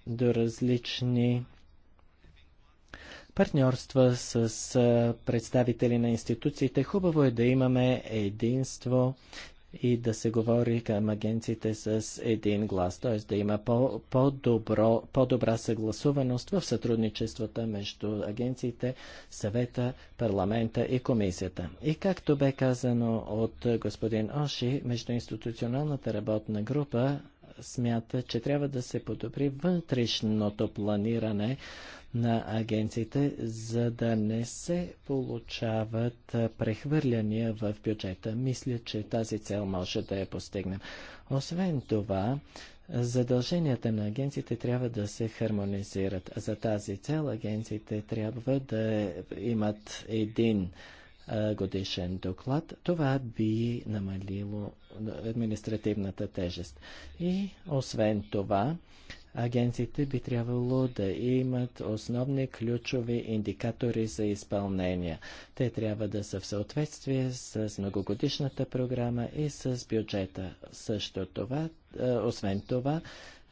до различни партньорства с представители на институциите. Хубаво е да имаме единство и да се говори към агенциите с един глас, т.е. да има по, добро, по добра съгласуваност в сътрудничествата между агенциите, съвета, парламента и комисията. И както бе казано от господин Оши, междуинституционалната работна група смята, че трябва да се подобри вътрешното планиране на агенциите, за да не се получават прехвърляния в бюджета. Мисля, че тази цел може да я постигнем. Освен това, задълженията на агенциите трябва да се хармонизират. За тази цел агенциите трябва да имат един годишен доклад, това би намалило административната тежест. И освен това, агенциите би трябвало да имат основни ключови индикатори за изпълнение. Те трябва да са в съответствие с многогодишната програма и с бюджета. Също това, освен това,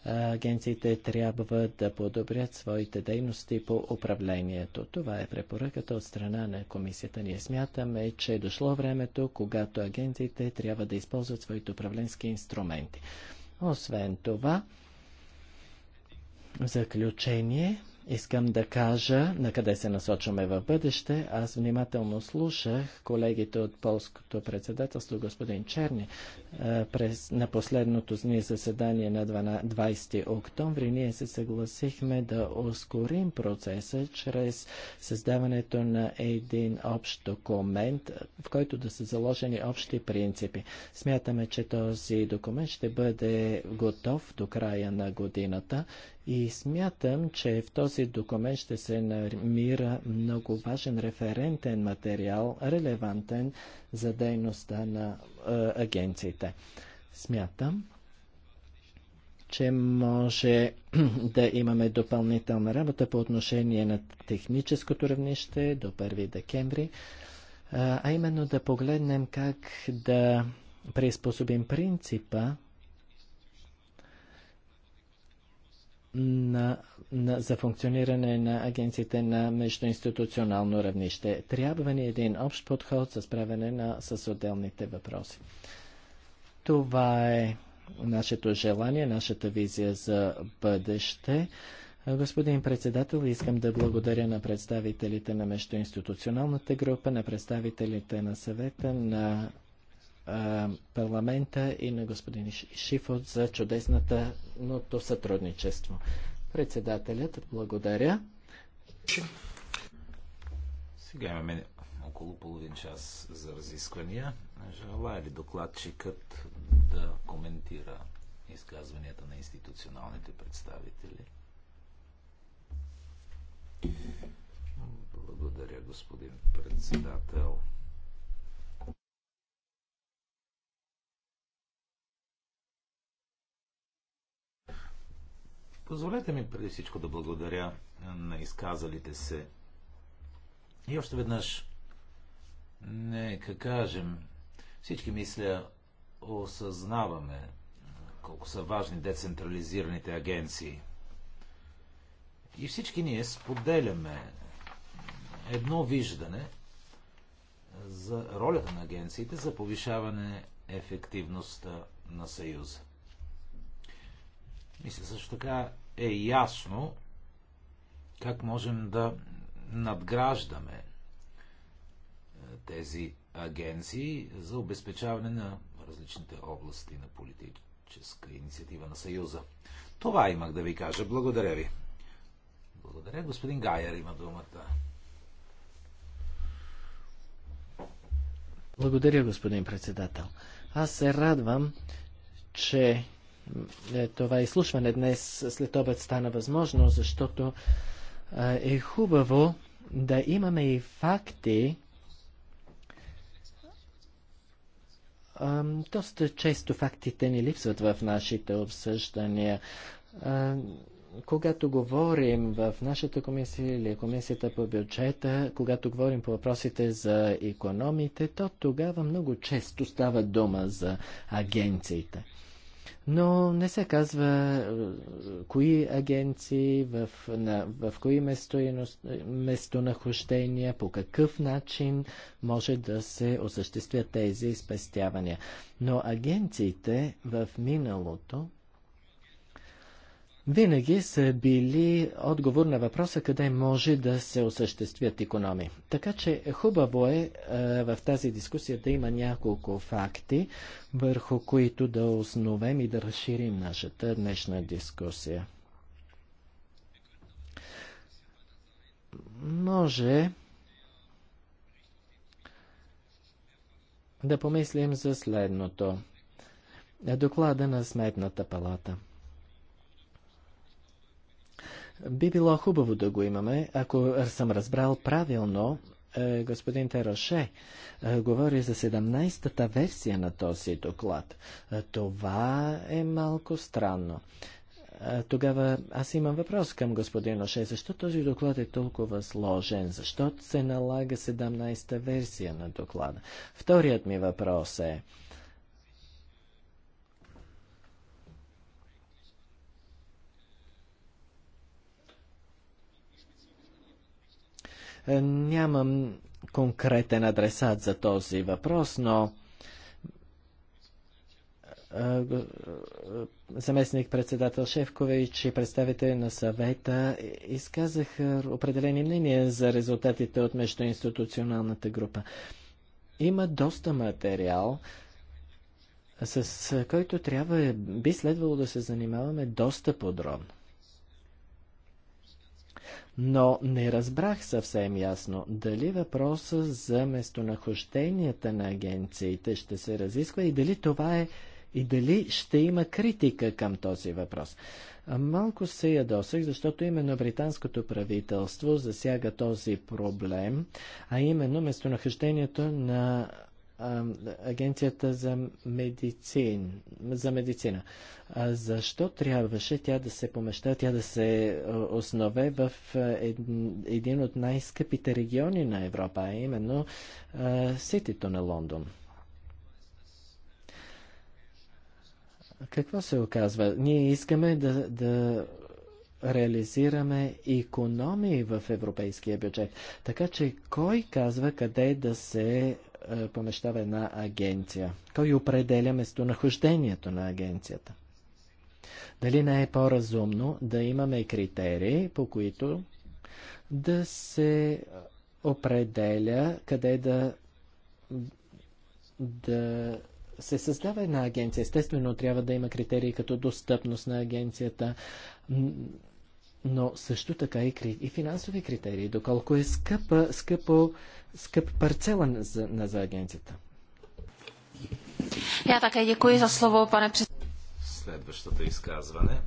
агенциите трябва да подобрят своите дейности по управлението. Това е препоръката от страна на комисията. Ние смятаме, че е дошло времето, когато агенциите трябва да използват своите управленски инструменти. Освен това, в заключение, Искам да кажа на къде се насочваме в бъдеще. Аз внимателно слушах колегите от полското председателство, господин Черни. Е, през, на последното ни заседание на 20 октомври ние се съгласихме да ускорим процеса чрез създаването на един общ документ, в който да са заложени общи принципи. Смятаме, че този документ ще бъде готов до края на годината и смятам, че в този документ ще се намира много важен референтен материал, релевантен за дейността на е, агенциите. Смятам, че може *clears throat* да имаме допълнителна работа по отношение на техническото равнище до 1 декември, е, а именно да погледнем как да приспособим принципа на, на, за функциониране на агенциите на междуинституционално равнище. Трябва ни един общ подход за справяне на, с отделните въпроси. Това е нашето желание, нашата визия за бъдеще. Господин председател, искам да благодаря на представителите на междуинституционалната група, на представителите на съвета, на парламента и на господин Шифот за чудесната ното сътрудничество. Председателят, благодаря. Сега имаме около половин час за разисквания. Желая ли докладчикът да коментира изказванията на институционалните представители? Благодаря, господин председател. Позволете ми преди всичко да благодаря на изказалите се. И още веднъж, нека кажем, всички мисля, осъзнаваме колко са важни децентрализираните агенции. И всички ние споделяме едно виждане за ролята на агенциите за повишаване ефективността на Съюза. Мисля също така е ясно как можем да надграждаме е, тези агенции за обезпечаване на различните области на политическа инициатива на Съюза. Това имах да ви кажа. Благодаря ви. Благодаря. Господин Гайер има думата. Благодаря, господин председател. Аз се радвам, че е, това изслушване днес след обед стана възможно, защото е хубаво да имаме и факти. Доста често фактите ни липсват в нашите обсъждания. Когато говорим в нашата комисия или комисията по бюджета, когато говорим по въпросите за економите, то тогава много често става дума за агенциите но не се казва е, кои агенции, в, на, в кои местонахождения, по какъв начин може да се осъществят тези спестявания. Но агенциите в миналото винаги са били отговор на въпроса къде може да се осъществят економи. Така че хубаво е, е в тази дискусия да има няколко факти, върху които да основем и да разширим нашата днешна дискусия. Може да помислим за следното. Доклада на Сметната палата – би било хубаво да го имаме, ако съм разбрал правилно, е, господин Тероше е, говори за 17-та версия на този доклад. Е, това е малко странно. Тогава аз имам въпрос към господин Оше. Защо този доклад е толкова сложен? Защо се налага 17-та версия на доклада? Вторият ми въпрос е, Е, нямам конкретен адресат за този въпрос, но е, е, заместник председател Шевкович и представители на съвета изказаха определени мнения за резултатите от междуинституционалната група. Има доста материал, с който трябва, би следвало да се занимаваме доста подробно но не разбрах съвсем ясно дали въпроса за местонахожденията на агенциите ще се разисква и дали това е и дали ще има критика към този въпрос. Малко се ядосах, защото именно британското правителство засяга този проблем, а именно местонахождението на агенцията за, медицин, за медицина. А защо трябваше тя да се помеща, тя да се основе в един от най-скъпите региони на Европа, а именно ситито на Лондон? Какво се оказва? Ние искаме да, да реализираме економии в европейския бюджет. Така че кой казва къде да се е, помещава една агенция? Кой определя местонахождението на агенцията? Дали не е по-разумно да имаме критерии, по които да се определя къде да, да се създава една агенция. Естествено, трябва да има критерии като достъпност на агенцията, но също така и, и финансови критерии, доколко е скъпа, скъпо, скъп парцела на, на, за агенцията. Я така děkuji за слово, пане Следващото изказване.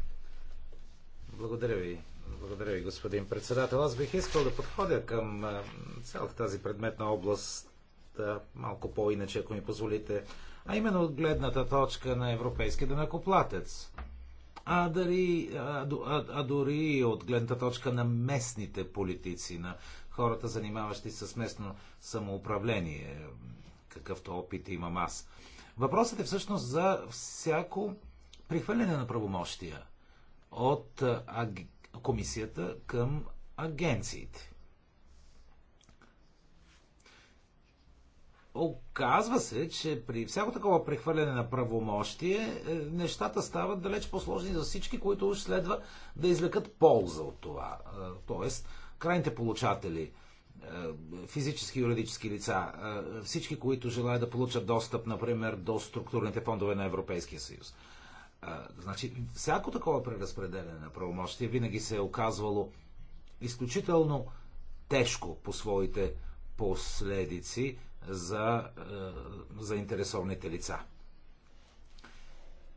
Благодаря ви. Благодаря ви, господин председател. Аз бих искал да подходя към цялата тази предметна област малко по-иначе, ако ми позволите, а именно от гледната точка на европейския данакоплатец а дори, а, а, а дори от гледната точка на местните политици, на хората, занимаващи се с местно самоуправление, какъвто опит имам аз. Въпросът е всъщност за всяко прихвърляне на правомощия от комисията към агенциите. Оказва се, че при всяко такова прехвърляне на правомощие, е, нещата стават далеч по-сложни за всички, които уж следва да извлекат полза от това. Е, тоест, крайните получатели, е, физически и юридически лица, всички, които желаят да получат достъп, например, до структурните фондове на Европейския съюз. Значи, всяко такова преразпределение на правомощие винаги се е оказвало изключително тежко по своите последици, за е, заинтересованите лица.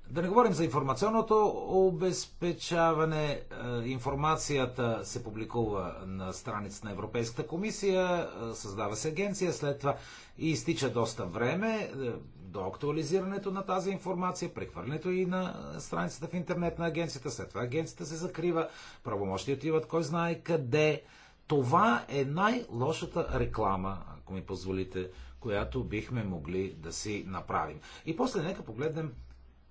Да не говорим за информационното обезпечаване. Е, информацията се публикува на страницата на Европейската комисия, е, създава се агенция, след това и изтича доста време до актуализирането на тази информация, прехвърлянето и на страницата в интернет на агенцията, след това агенцията се закрива, правомощи отиват кой знае къде. Това е най-лошата реклама, ако ми позволите, която бихме могли да си направим. И после нека погледнем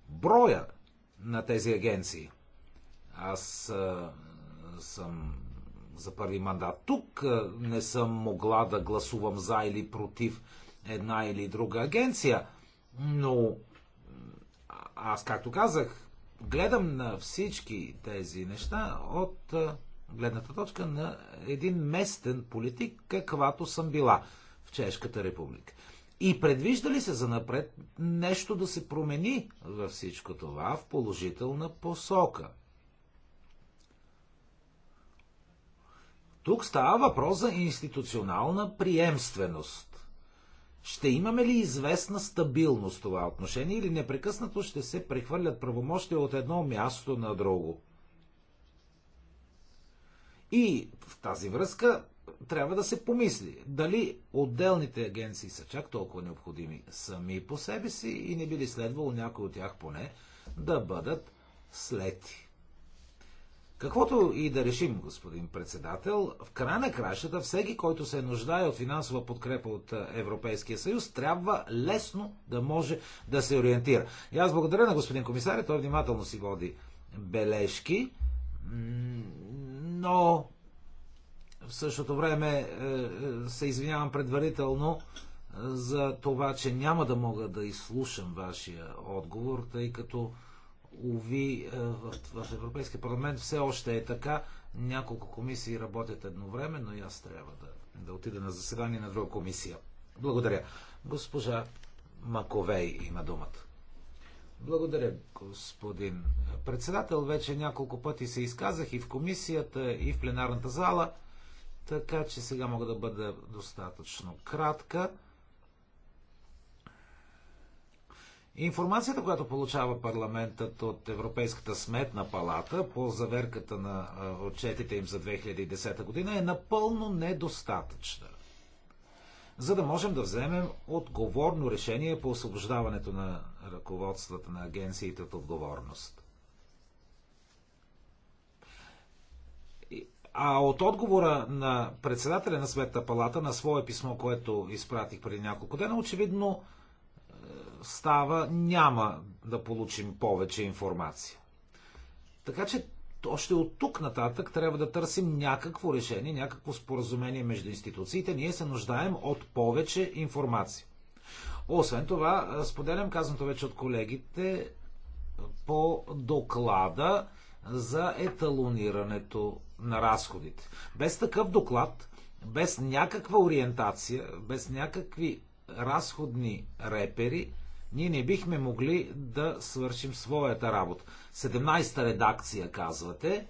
броя на тези агенции. Аз а, съм за първи мандат тук, а, не съм могла да гласувам за или против една или друга агенция, но аз, както казах, гледам на всички тези неща от а, гледната точка на един местен политик, каквато съм била в Чешката република. И предвижда ли се за напред нещо да се промени във всичко това в положителна посока? Тук става въпрос за институционална приемственост. Ще имаме ли известна стабилност в това отношение или непрекъснато ще се прехвърлят правомощия от едно място на друго? И в тази връзка трябва да се помисли дали отделните агенции са чак толкова необходими сами по себе си и не би ли следвало някои от тях поне да бъдат слети. Каквото и да решим, господин председател, в края на кращата всеки, който се нуждае от финансова подкрепа от Европейския съюз, трябва лесно да може да се ориентира. И аз благодаря на господин комисаря, той внимателно си води бележки но в същото време е, е, се извинявам предварително е, за това, че няма да мога да изслушам вашия отговор, тъй като уви в, в Европейския парламент все още е така. Няколко комисии работят едновременно и аз трябва да, да отида на заседание на друга комисия. Благодаря. Госпожа Маковей има думата. Благодаря, господин председател. Вече няколко пъти се изказах и в комисията, и в пленарната зала, така че сега мога да бъда достатъчно кратка. Информацията, която получава парламентът от Европейската сметна палата по заверката на отчетите им за 2010 година е напълно недостатъчна за да можем да вземем отговорно решение по освобождаването на ръководствата на агенциите от отговорност. А от отговора на председателя на Светта палата на свое писмо, което изпратих преди няколко дена, очевидно е, става, няма да получим повече информация. Така че още от тук нататък трябва да търсим някакво решение, някакво споразумение между институциите. Ние се нуждаем от повече информация. Освен това, споделям казаното вече от колегите по доклада за еталонирането на разходите. Без такъв доклад, без някаква ориентация, без някакви разходни репери, ние не бихме могли да свършим своята работа. 17-та редакция, казвате,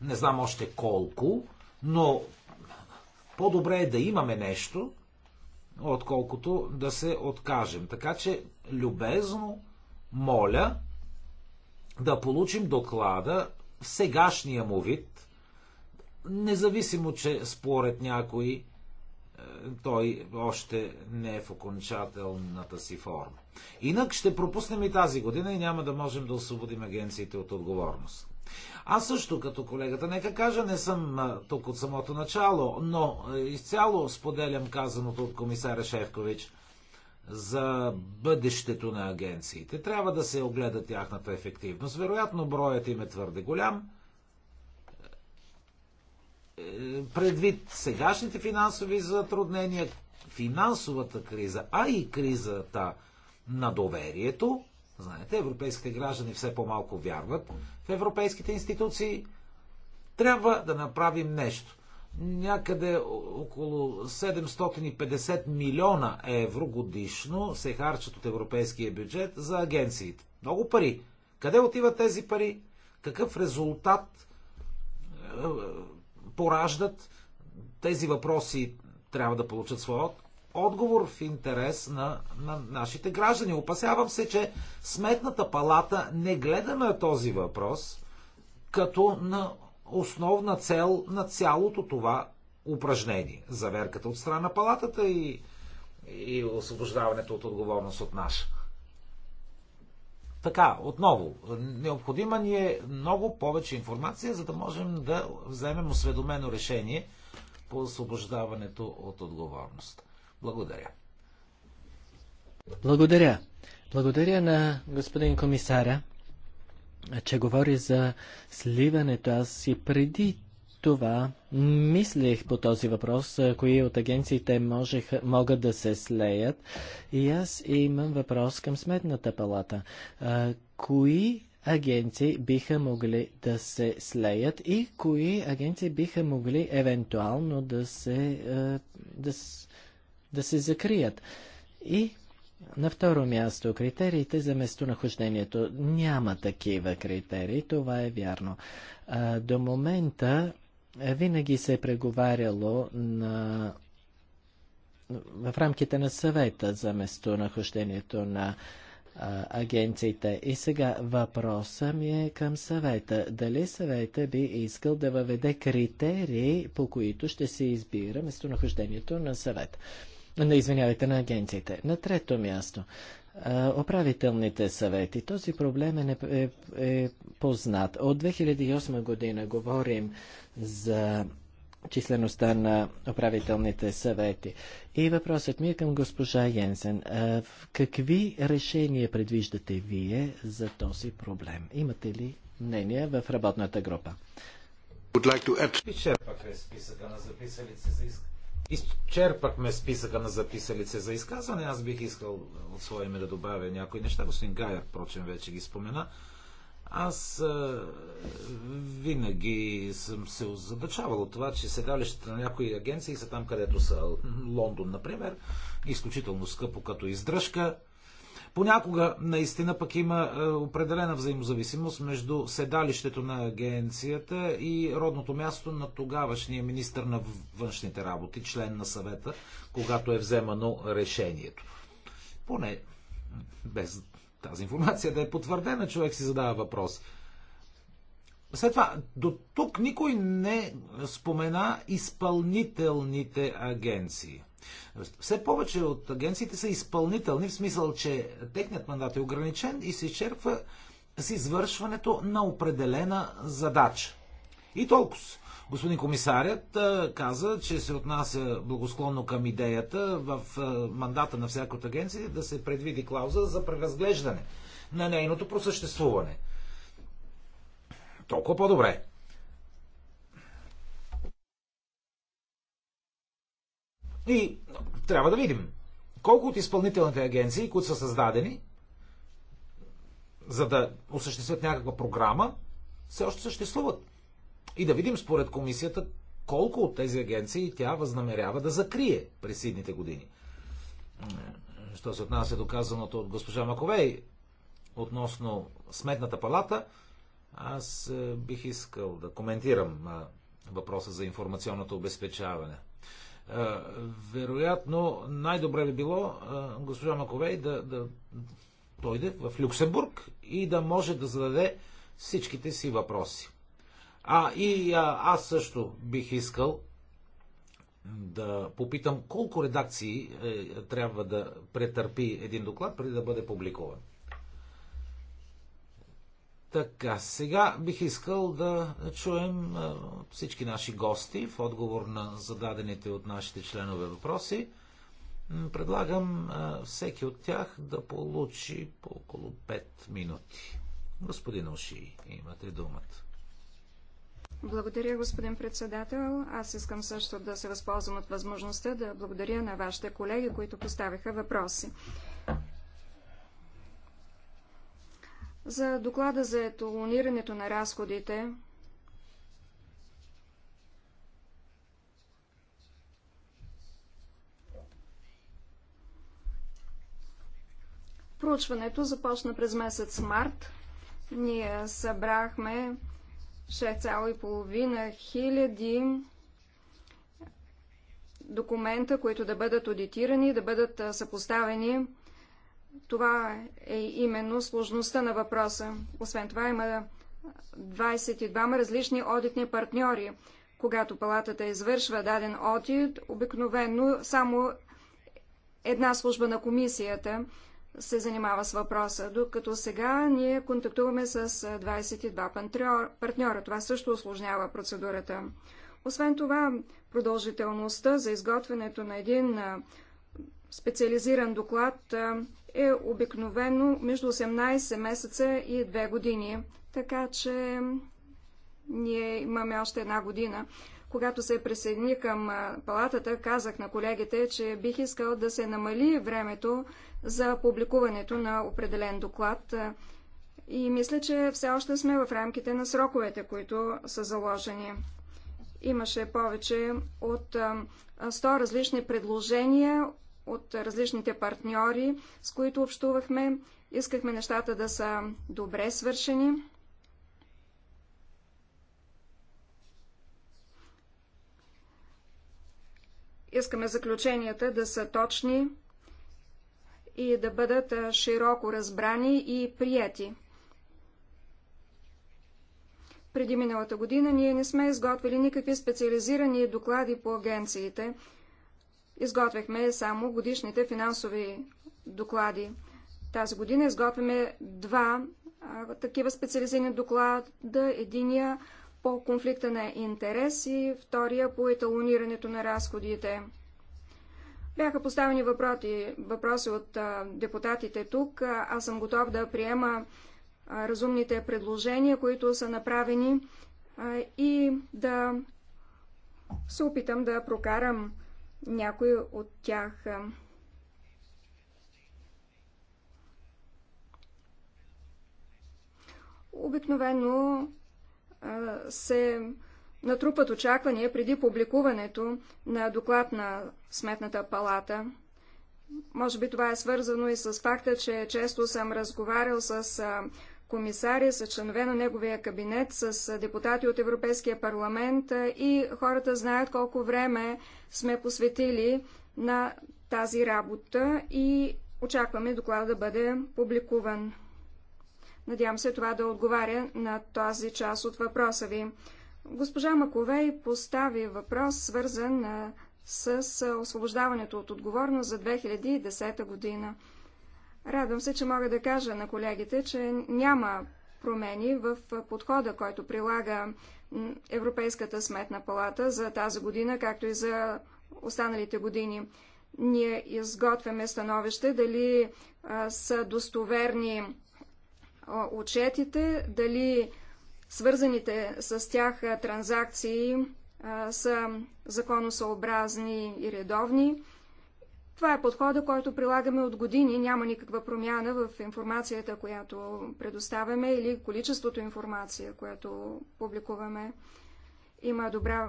не знам още колко, но по-добре е да имаме нещо, отколкото да се откажем. Така че, любезно, моля да получим доклада в сегашния му вид, независимо, че според някои той още не е в окончателната си форма. Инак ще пропуснем и тази година и няма да можем да освободим агенциите от отговорност. Аз също, като колегата, нека кажа, не съм тук от самото начало, но изцяло споделям казаното от комисаря Шефкович за бъдещето на агенциите. Трябва да се огледа тяхната ефективност. Вероятно, броят им е твърде голям предвид сегашните финансови затруднения, финансовата криза, а и кризата на доверието, знаете, европейските граждани все по-малко вярват в европейските институции, трябва да направим нещо. Някъде около 750 милиона евро годишно се харчат от европейския бюджет за агенциите. Много пари. Къде отиват тези пари? Какъв резултат е, пораждат. Тези въпроси трябва да получат своя отговор в интерес на, на нашите граждани. Опасявам се, че Сметната палата не гледа на този въпрос като на основна цел на цялото това упражнение. Заверката от страна на палатата и, и освобождаването от отговорност от наша. Така, отново, необходима ни е много повече информация, за да можем да вземем осведомено решение по освобождаването от отговорност. Благодаря. Благодаря. Благодаря на господин комисаря, че говори за сливането. Аз и преди това мислех по този въпрос, кои от агенциите можех, могат да се слеят. И аз имам въпрос към Сметната палата. А, кои агенции биха могли да се слеят и кои агенции биха могли евентуално да се, да, да се закрият? И на второ място, критериите за местонахождението. Няма такива критерии, това е вярно. А, до момента е, винаги се е преговаряло на в рамките на съвета за местонахождението на а, агенциите. И сега въпросът ми е към съвета. Дали съвета би искал да въведе критерии, по които ще се избира местонахождението на съвет? На, извинявайте, на агенциите. На трето място. Оправителните управителните съвети. Този проблем е, е, е познат. От 2008 година говорим за числеността на управителните съвети. И въпросът ми е към госпожа Йенсен. Какви решения предвиждате вие за този проблем? Имате ли мнение в работната група? Изчерпахме списъка на записали за изказване. Изчерпахме списъка на за изказване. Аз бих искал от своя име да добавя някои неща. Господин Гайер, впрочем, вече ги спомена. Аз а, винаги съм се озадачавал от това, че седалищата на някои агенции са там, където са Лондон, например, изключително скъпо като издръжка. Понякога наистина пък има определена взаимозависимост между седалището на агенцията и родното място на тогавашния министр на външните работи, член на съвета, когато е вземано решението. Поне без тази информация да е потвърдена, човек си задава въпрос. След това, до тук никой не спомена изпълнителните агенции. Все повече от агенциите са изпълнителни, в смисъл, че техният мандат е ограничен и се изчерпва с извършването на определена задача. И толкова. Господин комисарят каза, че се отнася благосклонно към идеята в мандата на всяка от агенция да се предвиди клауза за преразглеждане на нейното просъществуване. Толкова по-добре. И трябва да видим колко от изпълнителните агенции, които са създадени, за да осъществят някаква програма, все още съществуват и да видим според комисията колко от тези агенции тя възнамерява да закрие през идните години. Що се отнася до казаното от госпожа Маковей относно Сметната палата, аз е, бих искал да коментирам е, въпроса за информационното обезпечаване. Е, вероятно, най-добре би било госпожа Маковей да, да дойде в Люксембург и да може да зададе всичките си въпроси. А и а, аз също бих искал да попитам колко редакции е, трябва да претърпи един доклад преди да бъде публикуван. Така, сега бих искал да чуем е, всички наши гости в отговор на зададените от нашите членове въпроси. Предлагам е, всеки от тях да получи по около 5 минути. Господин Оши, имате думата. Благодаря, господин председател. Аз искам също да се възползвам от възможността да благодаря на вашите колеги, които поставиха въпроси. За доклада за етолонирането на разходите, проучването започна през месец март. Ние събрахме 6,5 хиляди документа, които да бъдат аудитирани, да бъдат съпоставени. Това е именно сложността на въпроса. Освен това има 22 различни одитни партньори. Когато палатата извършва даден одит, обикновено само една служба на комисията се занимава с въпроса, докато сега ние контактуваме с 22 партньора. Това също осложнява процедурата. Освен това, продължителността за изготвянето на един специализиран доклад е обикновено между 18 месеца и 2 години. Така че ние имаме още една година когато се присъедини към палатата, казах на колегите, че бих искал да се намали времето за публикуването на определен доклад. И мисля, че все още сме в рамките на сроковете, които са заложени. Имаше повече от 100 различни предложения от различните партньори, с които общувахме. Искахме нещата да са добре свършени. Искаме заключенията да са точни и да бъдат широко разбрани и прияти. Преди миналата година ние не сме изготвили никакви специализирани доклади по агенциите. Изготвяхме само годишните финансови доклади. Тази година изготвяме два а, такива специализирани доклада. Единия по конфликта на интерес и втория по еталонирането на разходите. Бяха поставени въпроси, въпроси от а, депутатите тук. Аз съм готов да приема а, разумните предложения, които са направени а, и да се опитам да прокарам някои от тях. Обикновено се натрупат очаквания преди публикуването на доклад на Сметната палата. Може би това е свързано и с факта, че често съм разговарял с комисари, с членове на неговия кабинет, с депутати от Европейския парламент и хората знаят колко време сме посветили на тази работа и очакваме доклада да бъде публикуван. Надявам се това да отговаря на тази част от въпроса ви. Госпожа Маковей постави въпрос, свързан с освобождаването от отговорност за 2010 година. Радвам се, че мога да кажа на колегите, че няма промени в подхода, който прилага Европейската сметна палата за тази година, както и за останалите години. Ние изготвяме становище дали а, са достоверни отчетите, дали свързаните с тях транзакции са законосъобразни и редовни. Това е подхода, който прилагаме от години. Няма никаква промяна в информацията, която предоставяме или количеството информация, която публикуваме. Има добра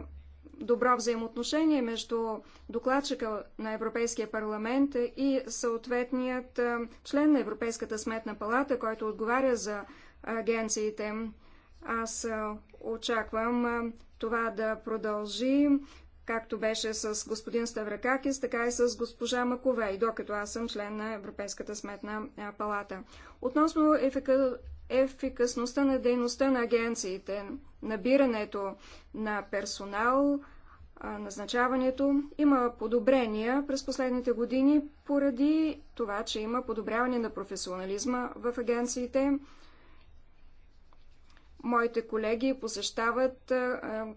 добро взаимоотношение между докладчика на Европейския парламент и съответният член на Европейската сметна палата, който отговаря за агенциите. Аз очаквам това да продължи, както беше с господин Ставракакис, така и с госпожа Маковей, докато аз съм член на Европейската сметна палата. Относно ефика ефикасността на дейността на агенциите, набирането на персонал, назначаването. Има подобрения през последните години поради това, че има подобряване на професионализма в агенциите. Моите колеги посещават,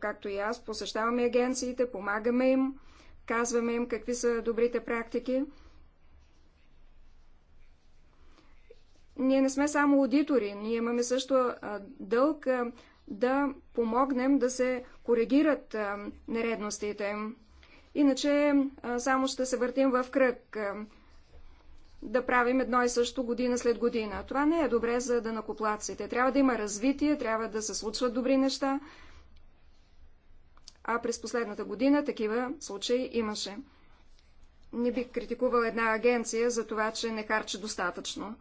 както и аз, посещаваме агенциите, помагаме им, казваме им какви са добрите практики. Ние не сме само аудитори, ние имаме също дълг да помогнем да се коригират нередностите. Иначе само ще се въртим в кръг да правим едно и също година след година. Това не е добре за накоплаците. Трябва да има развитие, трябва да се случват добри неща. А през последната година такива случаи имаше. Не бих критикувал една агенция за това, че не харчи достатъчно.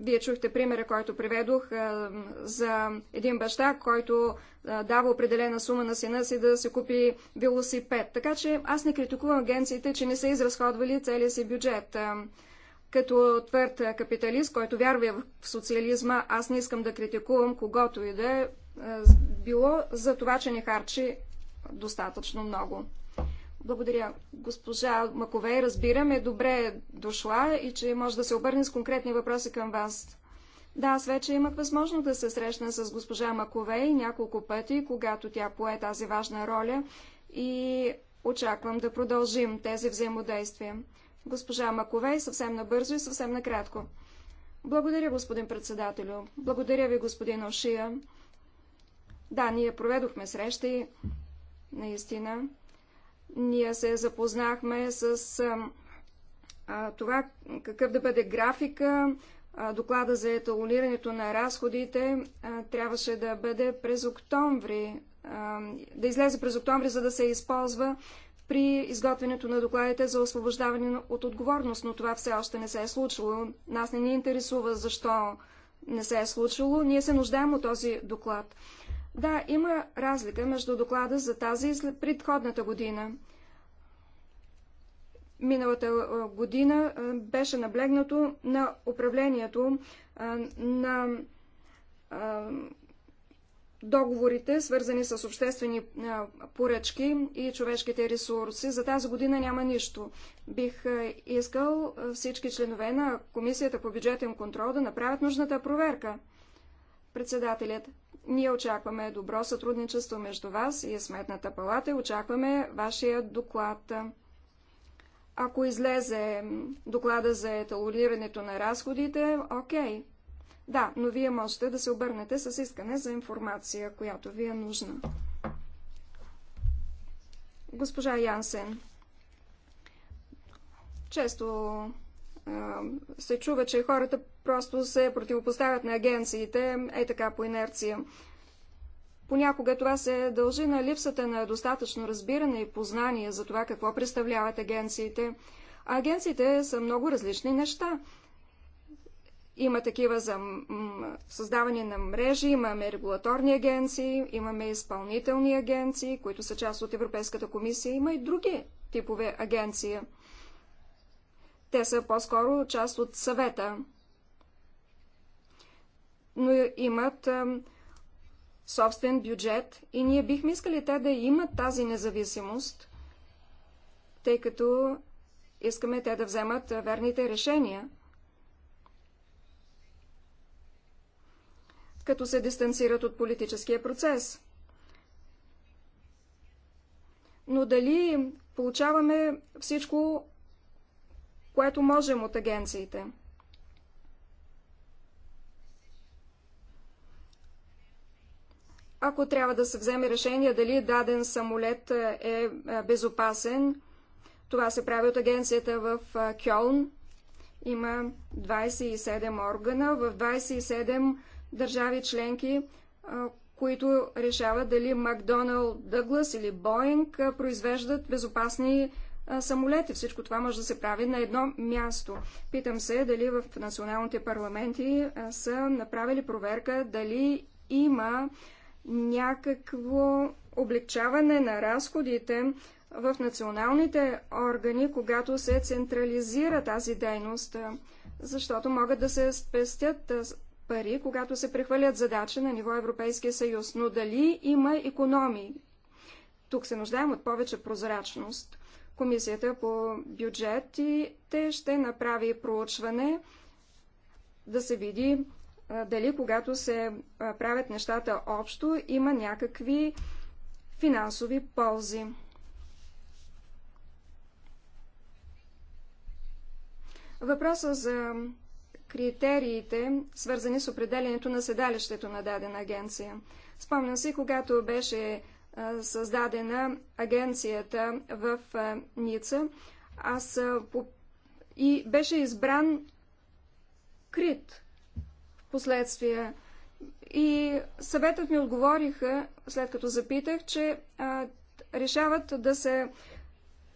Вие чухте примера, който приведох е, за един баща, който е, дава определена сума на сина си да се купи велосипед. Така че аз не критикувам агенциите, че не са изразходвали целия си бюджет. Е, като твърд капиталист, който вярва в социализма, аз не искам да критикувам когото и да е било за това, че не харчи достатъчно много. Благодаря. Госпожа Маковей, разбираме, добре е дошла и че може да се обърне с конкретни въпроси към вас. Да, аз вече имах възможност да се срещна с госпожа Маковей няколко пъти, когато тя пое тази важна роля и очаквам да продължим тези взаимодействия. Госпожа Маковей, съвсем набързо и съвсем накратко. Благодаря, господин председателю. Благодаря ви, господин Ошия. Да, ние проведохме срещи, наистина. Ние се запознахме с а, това какъв да бъде графика, а, доклада за еталонирането на разходите а, трябваше да бъде през октомври, а, да излезе през октомври, за да се използва при изготвянето на докладите за освобождаване от отговорност, но това все още не се е случило. Нас не ни интересува защо не се е случило. Ние се нуждаем от този доклад. Да, има разлика между доклада за тази и след предходната година. Миналата година беше наблегнато на управлението на договорите, свързани с обществени поръчки и човешките ресурси. За тази година няма нищо. Бих искал всички членове на Комисията по бюджетен контрол да направят нужната проверка. Председателят, ние очакваме добро сътрудничество между вас и Сметната палата и очакваме вашия доклад. Ако излезе доклада за еталонирането на разходите, окей. Да, но вие можете да се обърнете с искане за информация, която ви е нужна. Госпожа Янсен, често се чува, че хората просто се противопоставят на агенциите, е така по инерция. Понякога това се дължи на липсата на достатъчно разбиране и познание за това какво представляват агенциите. А агенциите са много различни неща. Има такива за създаване на мрежи, имаме регулаторни агенции, имаме изпълнителни агенции, които са част от Европейската комисия, има и други типове агенции. Те са по-скоро част от съвета но имат собствен бюджет и ние бихме искали те да имат тази независимост, тъй като искаме те да вземат верните решения. като се дистанцират от политическия процес. Но дали получаваме всичко, което можем от агенциите? ако трябва да се вземе решение дали даден самолет е, е безопасен, това се прави от агенцията в е, Кьолн. Има 27 органа в 27 държави членки, е, които решават дали Макдоналд, Дъглас или Боинг произвеждат безопасни самолети. Всичко това може да се прави на едно място. Питам се дали в националните парламенти са направили проверка дали има някакво облегчаване на разходите в националните органи, когато се централизира тази дейност, защото могат да се спестят пари, когато се прехвърлят задачи на ниво Европейския съюз. Но дали има економии? Тук се нуждаем от повече прозрачност. Комисията по бюджетите ще направи проучване да се види дали когато се правят нещата общо, има някакви финансови ползи. Въпроса за критериите, свързани с определенето на седалището на дадена агенция. Спомням си, когато беше създадена агенцията в Ница, аз и беше избран Крит последствия. И съветът ми отговориха, след като запитах, че а, решават да се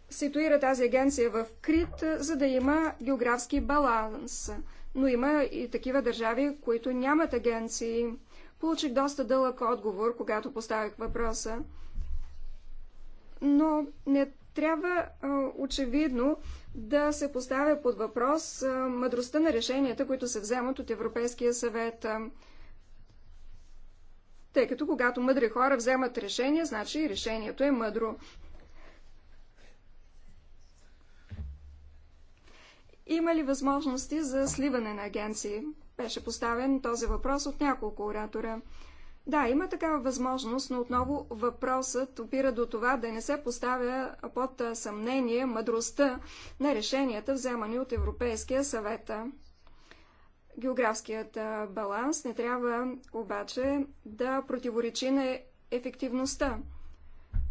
ситуира тази агенция в Крит, за да има географски баланс. Но има и такива държави, които нямат агенции. Получих доста дълъг отговор, когато поставих въпроса. Но не трябва очевидно да се поставя под въпрос мъдростта на решенията, които се вземат от Европейския съвет. Тъй като когато мъдри хора вземат решение, значи и решението е мъдро. Има ли възможности за сливане на агенции? Беше поставен този въпрос от няколко оратора. Да, има такава възможност, но отново въпросът опира до това да не се поставя под съмнение мъдростта на решенията, вземани от Европейския съвет. Географският баланс не трябва обаче да противоречи на ефективността.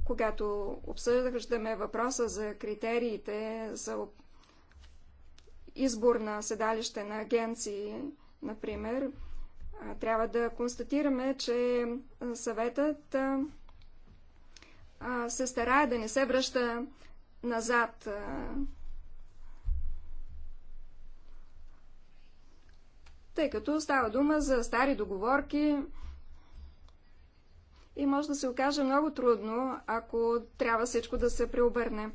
Когато обсъждаме въпроса за критериите за избор на седалище на агенции, например, трябва да констатираме, че съветът се старае да не се връща назад. Тъй като става дума за стари договорки и може да се окаже много трудно, ако трябва всичко да се преобърне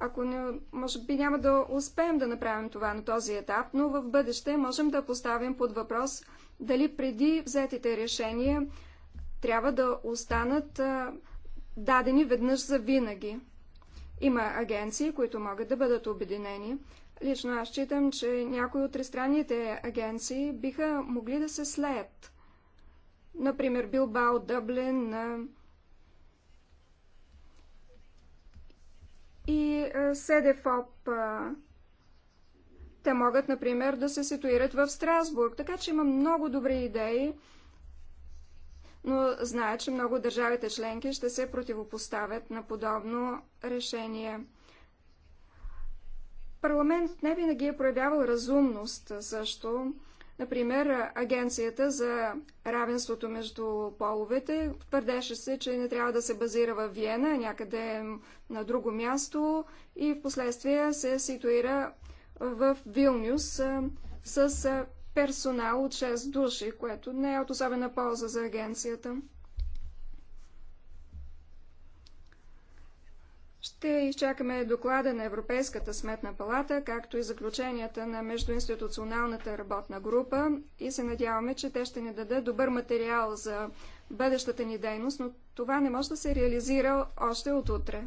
ако не, може би няма да успеем да направим това на този етап, но в бъдеще можем да поставим под въпрос дали преди взетите решения трябва да останат а, дадени веднъж за винаги. Има агенции, които могат да бъдат обединени. Лично аз считам, че някои от тристранните агенции биха могли да се слеят. Например, Билбао, Дъблин, и СДФОП. Те могат, например, да се ситуират в Страсбург, така че има много добри идеи, но знаят, че много държавите членки ще се противопоставят на подобно решение. Парламентът не винаги е проявявал разумност също. Например, Агенцията за равенството между половете твърдеше се, че не трябва да се базира в Виена, някъде на друго място и в последствие се ситуира в Вилнюс с персонал от 6 души, което не е от особена полза за агенцията. Ще изчакаме доклада на Европейската сметна палата, както и заключенията на Междуинституционалната работна група и се надяваме, че те ще ни дадат добър материал за бъдещата ни дейност, но това не може да се реализира още от утре.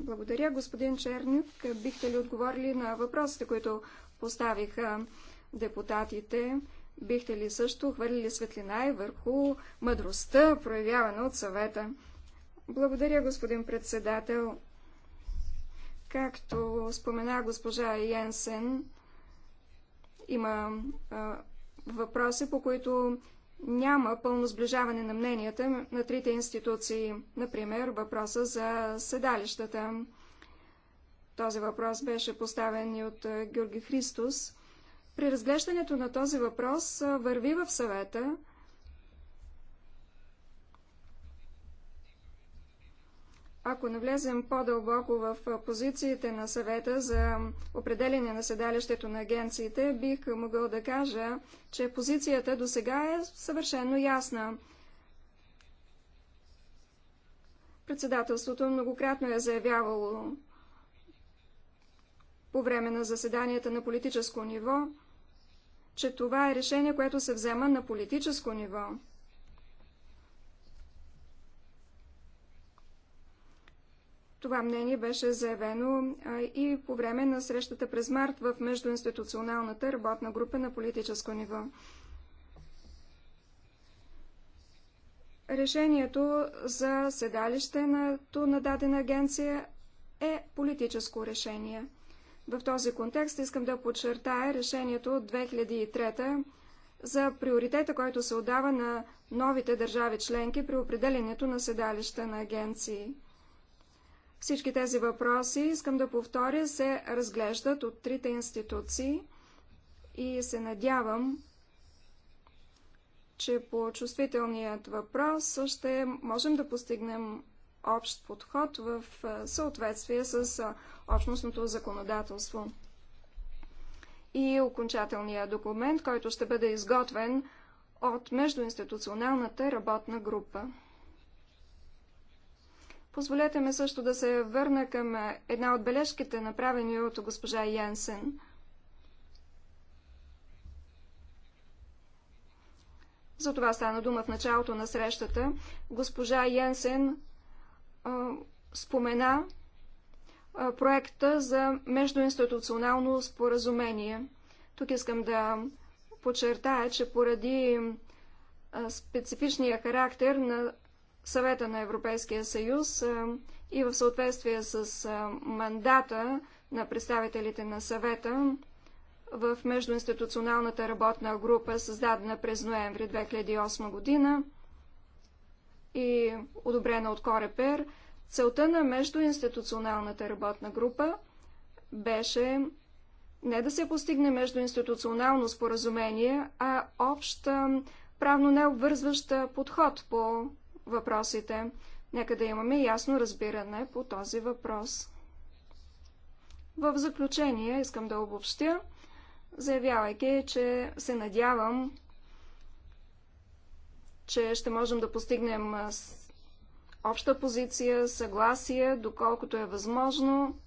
Благодаря, господин Чернюк. Бихте ли отговорили на въпросите, които поставиха депутатите? Бихте ли също хвърлили светлина и върху мъдростта, проявявана от съвета? Благодаря, господин председател. Както спомена госпожа Йенсен, има а, въпроси, по които няма пълно сближаване на мненията на трите институции. Например, въпроса за седалищата. Този въпрос беше поставен и от Георги Христос. При разглеждането на този въпрос върви в съвета ако навлезем по-дълбоко в позициите на съвета за определене на седалището на агенциите, бих могъл да кажа, че позицията до сега е съвършено ясна. Председателството многократно е заявявало по време на заседанията на политическо ниво, че това е решение, което се взема на политическо ниво. Това мнение беше заявено и по време на срещата през март в междуинституционалната работна група на политическо ниво. Решението за седалището на дадена агенция е политическо решение. В този контекст искам да подчертая решението от 2003 за приоритета, който се отдава на новите държави членки при определенето на седалища на агенции. Всички тези въпроси, искам да повторя, се разглеждат от трите институции и се надявам, че по чувствителният въпрос ще можем да постигнем общ подход в съответствие с общностното законодателство. И окончателният документ, който ще бъде изготвен от междуинституционалната работна група. Позволете ме също да се върна към една от бележките, направени от госпожа Янсен. За това стана дума в началото на срещата. Госпожа Янсен спомена проекта за междуинституционално споразумение. Тук искам да подчертая, че поради специфичния характер на съвета на Европейския съюз и в съответствие с мандата на представителите на съвета в междуинституционалната работна група, създадена през ноември 2008 година и одобрена от Корепер, целта на междуинституционалната работна група беше не да се постигне междуинституционално споразумение, а общ правно необвързващ подход по въпросите. Нека да имаме ясно разбиране по този въпрос. В заключение искам да обобщя, заявявайки, че се надявам, че ще можем да постигнем обща позиция, съгласие, доколкото е възможно,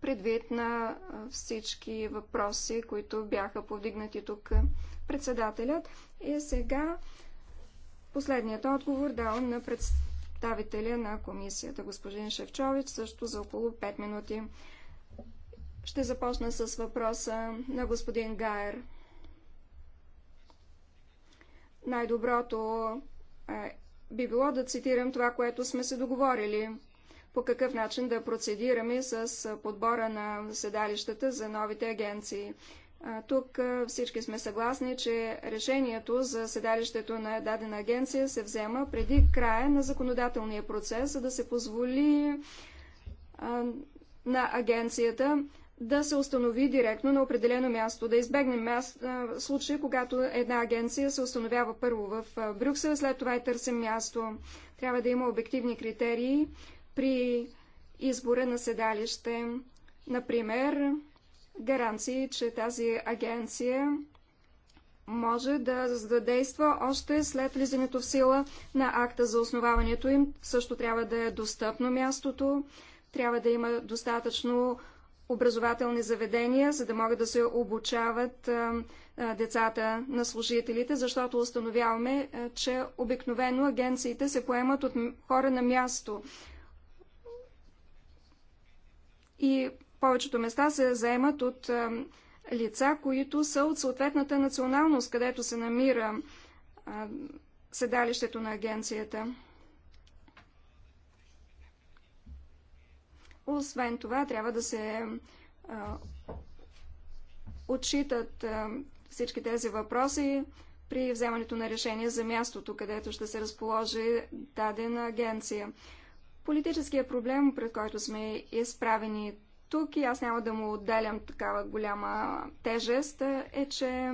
предвид на всички въпроси, които бяха повдигнати тук председателят. И сега Последният отговор дал на представителя на комисията, господин Шевчович, също за около 5 минути. Ще започна с въпроса на господин Гайер. Най-доброто е, би било да цитирам това, което сме се договорили. По какъв начин да процедираме с подбора на седалищата за новите агенции. Тук всички сме съгласни, че решението за седалището на дадена агенция се взема преди края на законодателния процес, за да се позволи на агенцията да се установи директно на определено място, да избегнем място, случай, когато една агенция се установява първо в Брюксел, след това и търсим място. Трябва да има обективни критерии при избора на седалище. Например, гаранции, че тази агенция може да задейства още след влизането в сила на акта за основаването им. Също трябва да е достъпно мястото, трябва да има достатъчно образователни заведения, за да могат да се обучават децата на служителите, защото установяваме, че обикновено агенциите се поемат от хора на място. И повечето места се заемат от лица, които са от съответната националност, където се намира седалището на агенцията. Освен това, трябва да се отчитат всички тези въпроси при вземането на решение за мястото, където ще се разположи дадена агенция. Политическия проблем, пред който сме изправени тук, и аз няма да му отделям такава голяма тежест, е, че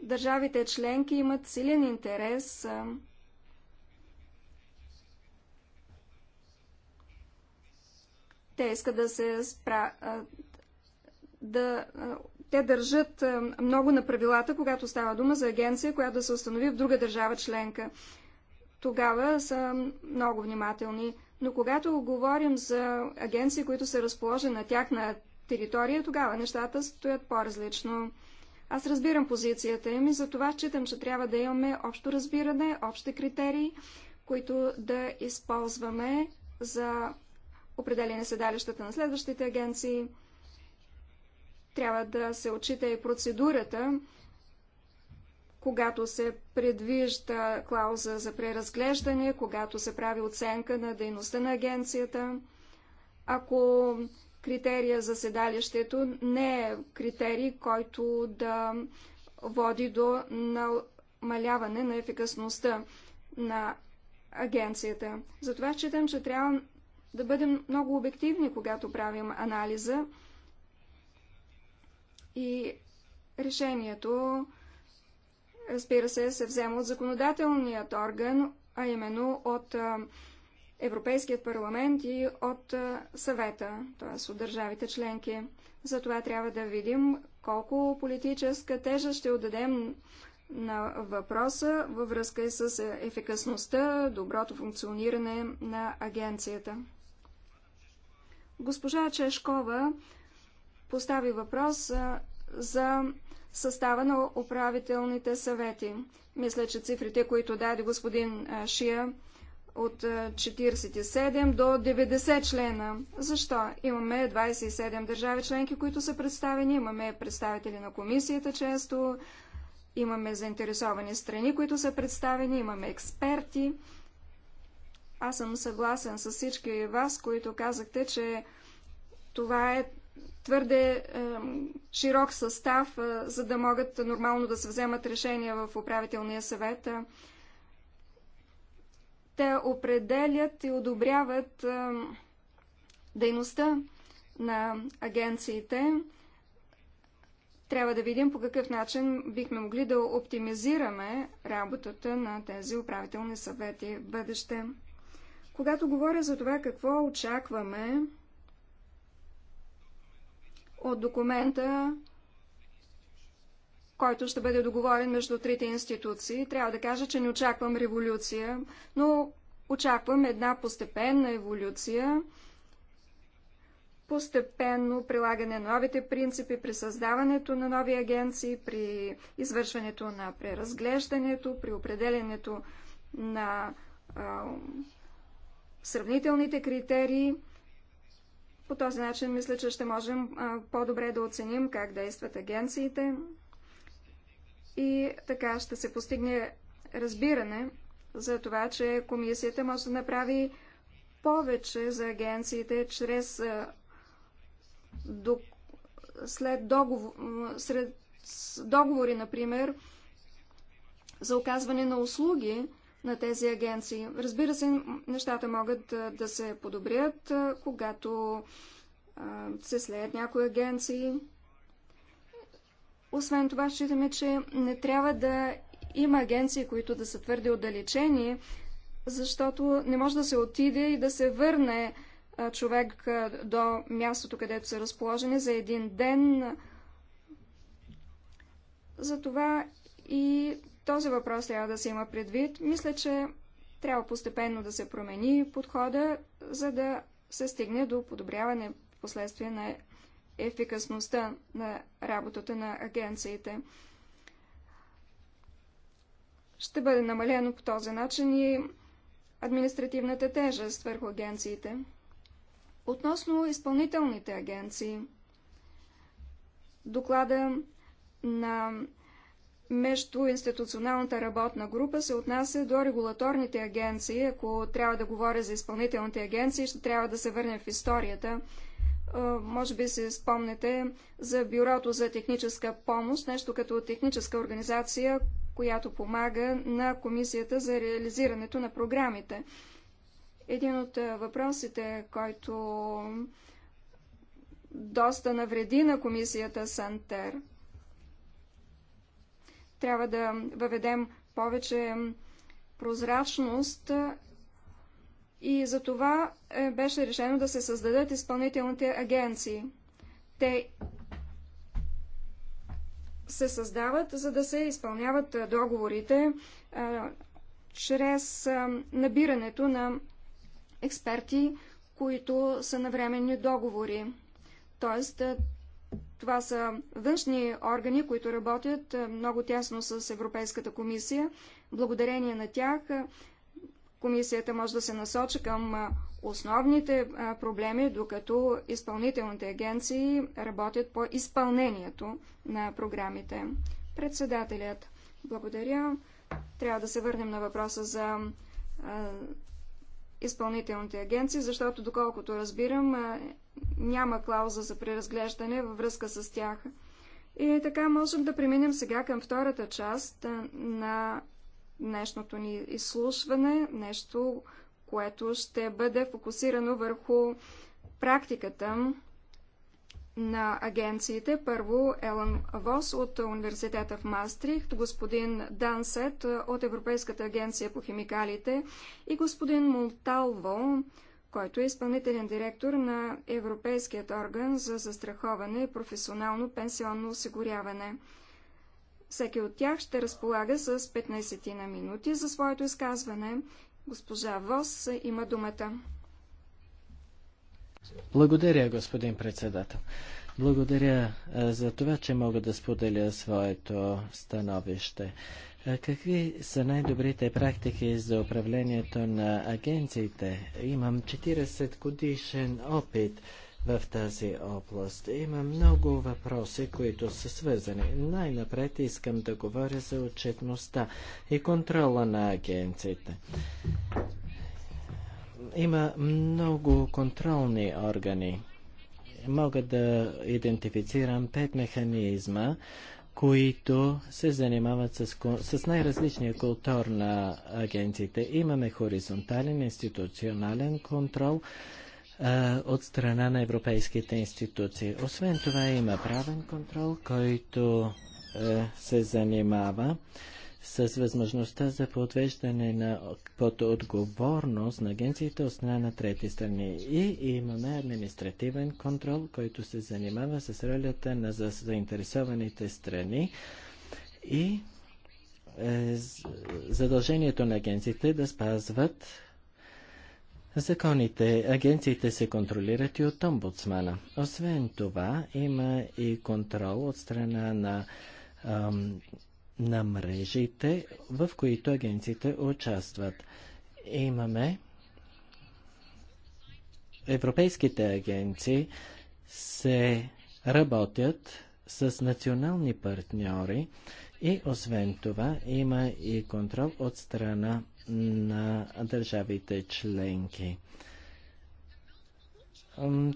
държавите членки имат силен интерес те искат да се спра... да... Те държат много на правилата, когато става дума за агенция, която да се установи в друга държава членка. Тогава са много внимателни. Но когато говорим за агенции, които са разположени на тяхна територия, тогава нещата стоят по-различно. Аз разбирам позицията им и за това считам, че трябва да имаме общо разбиране, общи критерии, които да използваме за определение седалищата на следващите агенции. Трябва да се отчита и процедурата когато се предвижда клауза за преразглеждане, когато се прави оценка на дейността на агенцията. Ако критерия за седалището не е критерий, който да води до намаляване на ефикасността на агенцията. Затова считам, че трябва да бъдем много обективни, когато правим анализа и решението разбира се, се взема от законодателният орган, а именно от Европейският парламент и от съвета, т.е. от държавите членки. Затова трябва да видим колко политическа тежа ще отдадем на въпроса във връзка и с ефикасността, доброто функциониране на агенцията. Госпожа Чешкова постави въпрос за състава на управителните съвети. Мисля, че цифрите, които даде господин Шия, от 47 до 90 члена. Защо? Имаме 27 държави членки, които са представени, имаме представители на комисията често, имаме заинтересовани страни, които са представени, имаме експерти. Аз съм съгласен с всички вас, които казахте, че това е твърде широк състав, е, за да могат нормално да се вземат решения в управителния съвет. Е, те определят и одобряват дейността на агенциите. Трябва да видим по какъв начин бихме могли да оптимизираме работата на тези управителни съвети в бъдеще. Когато говоря за това какво очакваме от документа, който ще бъде договорен между трите институции. Трябва да кажа, че не очаквам революция, но очаквам една постепенна еволюция, постепенно прилагане на новите принципи при създаването на нови агенции, при извършването на преразглеждането, при определенето на а, сравнителните критерии. По този начин мисля, че ще можем по-добре да оценим как действат агенциите и така ще се постигне разбиране за това, че комисията може да направи повече за агенциите чрез до, след договор, сред договори, например, за оказване на услуги, на тези агенции. Разбира се, нещата могат да се подобрят, когато се слеят някои агенции. Освен това, считаме, че не трябва да има агенции, които да са твърде отдалечени, защото не може да се отиде и да се върне човек до мястото, където са разположени за един ден. Затова и този въпрос трябва да се има предвид. Мисля, че трябва постепенно да се промени подхода, за да се стигне до подобряване в последствие на ефикасността на работата на агенциите. Ще бъде намалено по този начин и административната тежест върху агенциите. Относно изпълнителните агенции, доклада на между институционалната работна група се отнася до регулаторните агенции. Ако трябва да говоря за изпълнителните агенции, ще трябва да се върнем в историята. Може би се спомнете за Бюрото за техническа помощ, нещо като техническа организация, която помага на Комисията за реализирането на програмите. Един от въпросите, който доста навреди на Комисията Сантер – трябва да въведем повече прозрачност и за това е, беше решено да се създадат изпълнителните агенции. Те се създават, за да се изпълняват договорите а, чрез а, набирането на експерти, които са на временни договори. Тоест, това са външни органи, които работят е, много тясно с Европейската комисия. Благодарение на тях е, комисията може да се насочи към е, основните проблеми, докато изпълнителните агенции работят по изпълнението на програмите. Председателят, благодаря. Трябва да се върнем на въпроса за изпълнителните агенции, защото доколкото разбирам, няма клауза за преразглеждане във връзка с тях. И така можем да преминем сега към втората част на днешното ни изслушване, нещо, което ще бъде фокусирано върху практиката на агенциите. Първо Елън Вос от университета в Мастрихт, господин Дансет от Европейската агенция по химикалите и господин Монталво който е изпълнителен директор на Европейският орган за застраховане и професионално пенсионно осигуряване. Всеки от тях ще разполага с 15 на минути за своето изказване. Госпожа Вос има думата. Благодаря, господин председател. Благодаря за това, че мога да споделя своето становище. Какви са най-добрите практики за управлението на агенциите? Имам 40 годишен опит в тази област. Има много въпроси, които са свързани. Най-напред искам да говоря за отчетността и контрола на агенциите. Има много контролни органи. Мога да идентифицирам пет механизма, които се занимават с, с най-различния култур на агенциите. Имаме хоризонтален институционален контрол а, от страна на европейските институции. Освен това има правен контрол, който а, се занимава с възможността за подвеждане на под отговорност на агенциите от страна на трети страни. И имаме административен контрол, който се занимава с ролята на заинтересованите страни и е, задължението на агенциите да спазват Законите, агенциите се контролират и от омбудсмана. Освен това, има и контрол от страна на ам, на мрежите, в които агенциите участват. Имаме европейските агенции се работят с национални партньори и освен това има и контрол от страна на държавите членки.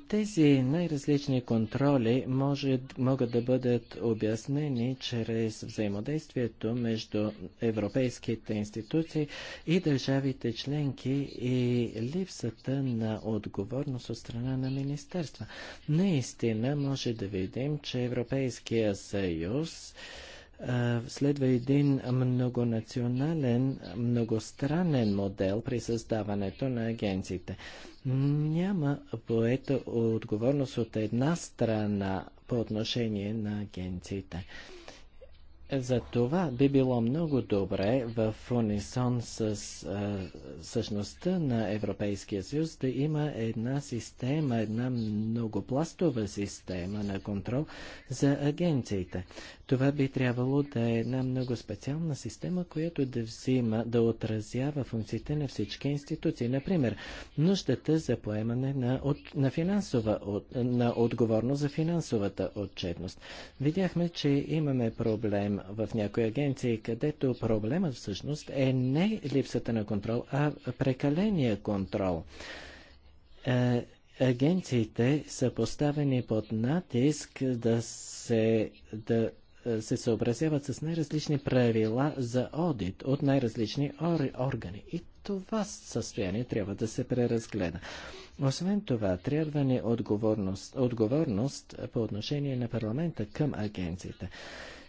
Тези най-различни контроли може, могат да бъдат обяснени чрез взаимодействието между европейските институции и държавите членки и липсата на отговорност от страна на министерства. Наистина може да видим, че Европейския съюз следва един многонационален, многостранен модел при създаването на агенциите. Няма поета отговорност от една страна по отношение на агенциите. За това би било много добре в унисон с а, същността на Европейския съюз да има една система, една многопластова система на контрол за агенциите. Това би трябвало да е една много специална система, която да взима, да отразява функциите на всички институции. Например, нуждата за поемане на, от, на, финансова, от, на отговорност за финансовата отчетност. Видяхме, че имаме проблем в някои агенции, където проблемът всъщност е не липсата на контрол, а прекаления контрол е, агенциите са поставени под натиск да се да е, се съобразяват с най-различни правила за одит от най-различни органи. И това състояние трябва да се преразгледа. Освен това, трябва ни отговорност, отговорност по отношение на парламента към агенциите.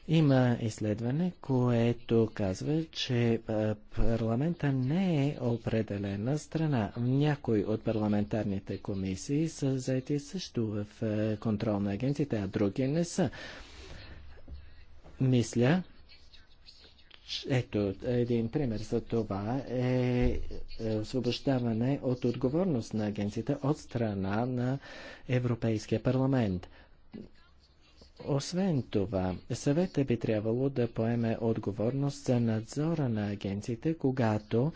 Има изследване, което казва, че е, парламента не е определена страна. Някои от парламентарните комисии са заети също в е, контрол на агенциите, а други не са. Мисля, ето, един пример за това е, е освобождаване от отговорност на агенцията от страна на Европейския парламент. Освен това, съвета би трябвало да поеме отговорност за надзора на агенциите, когато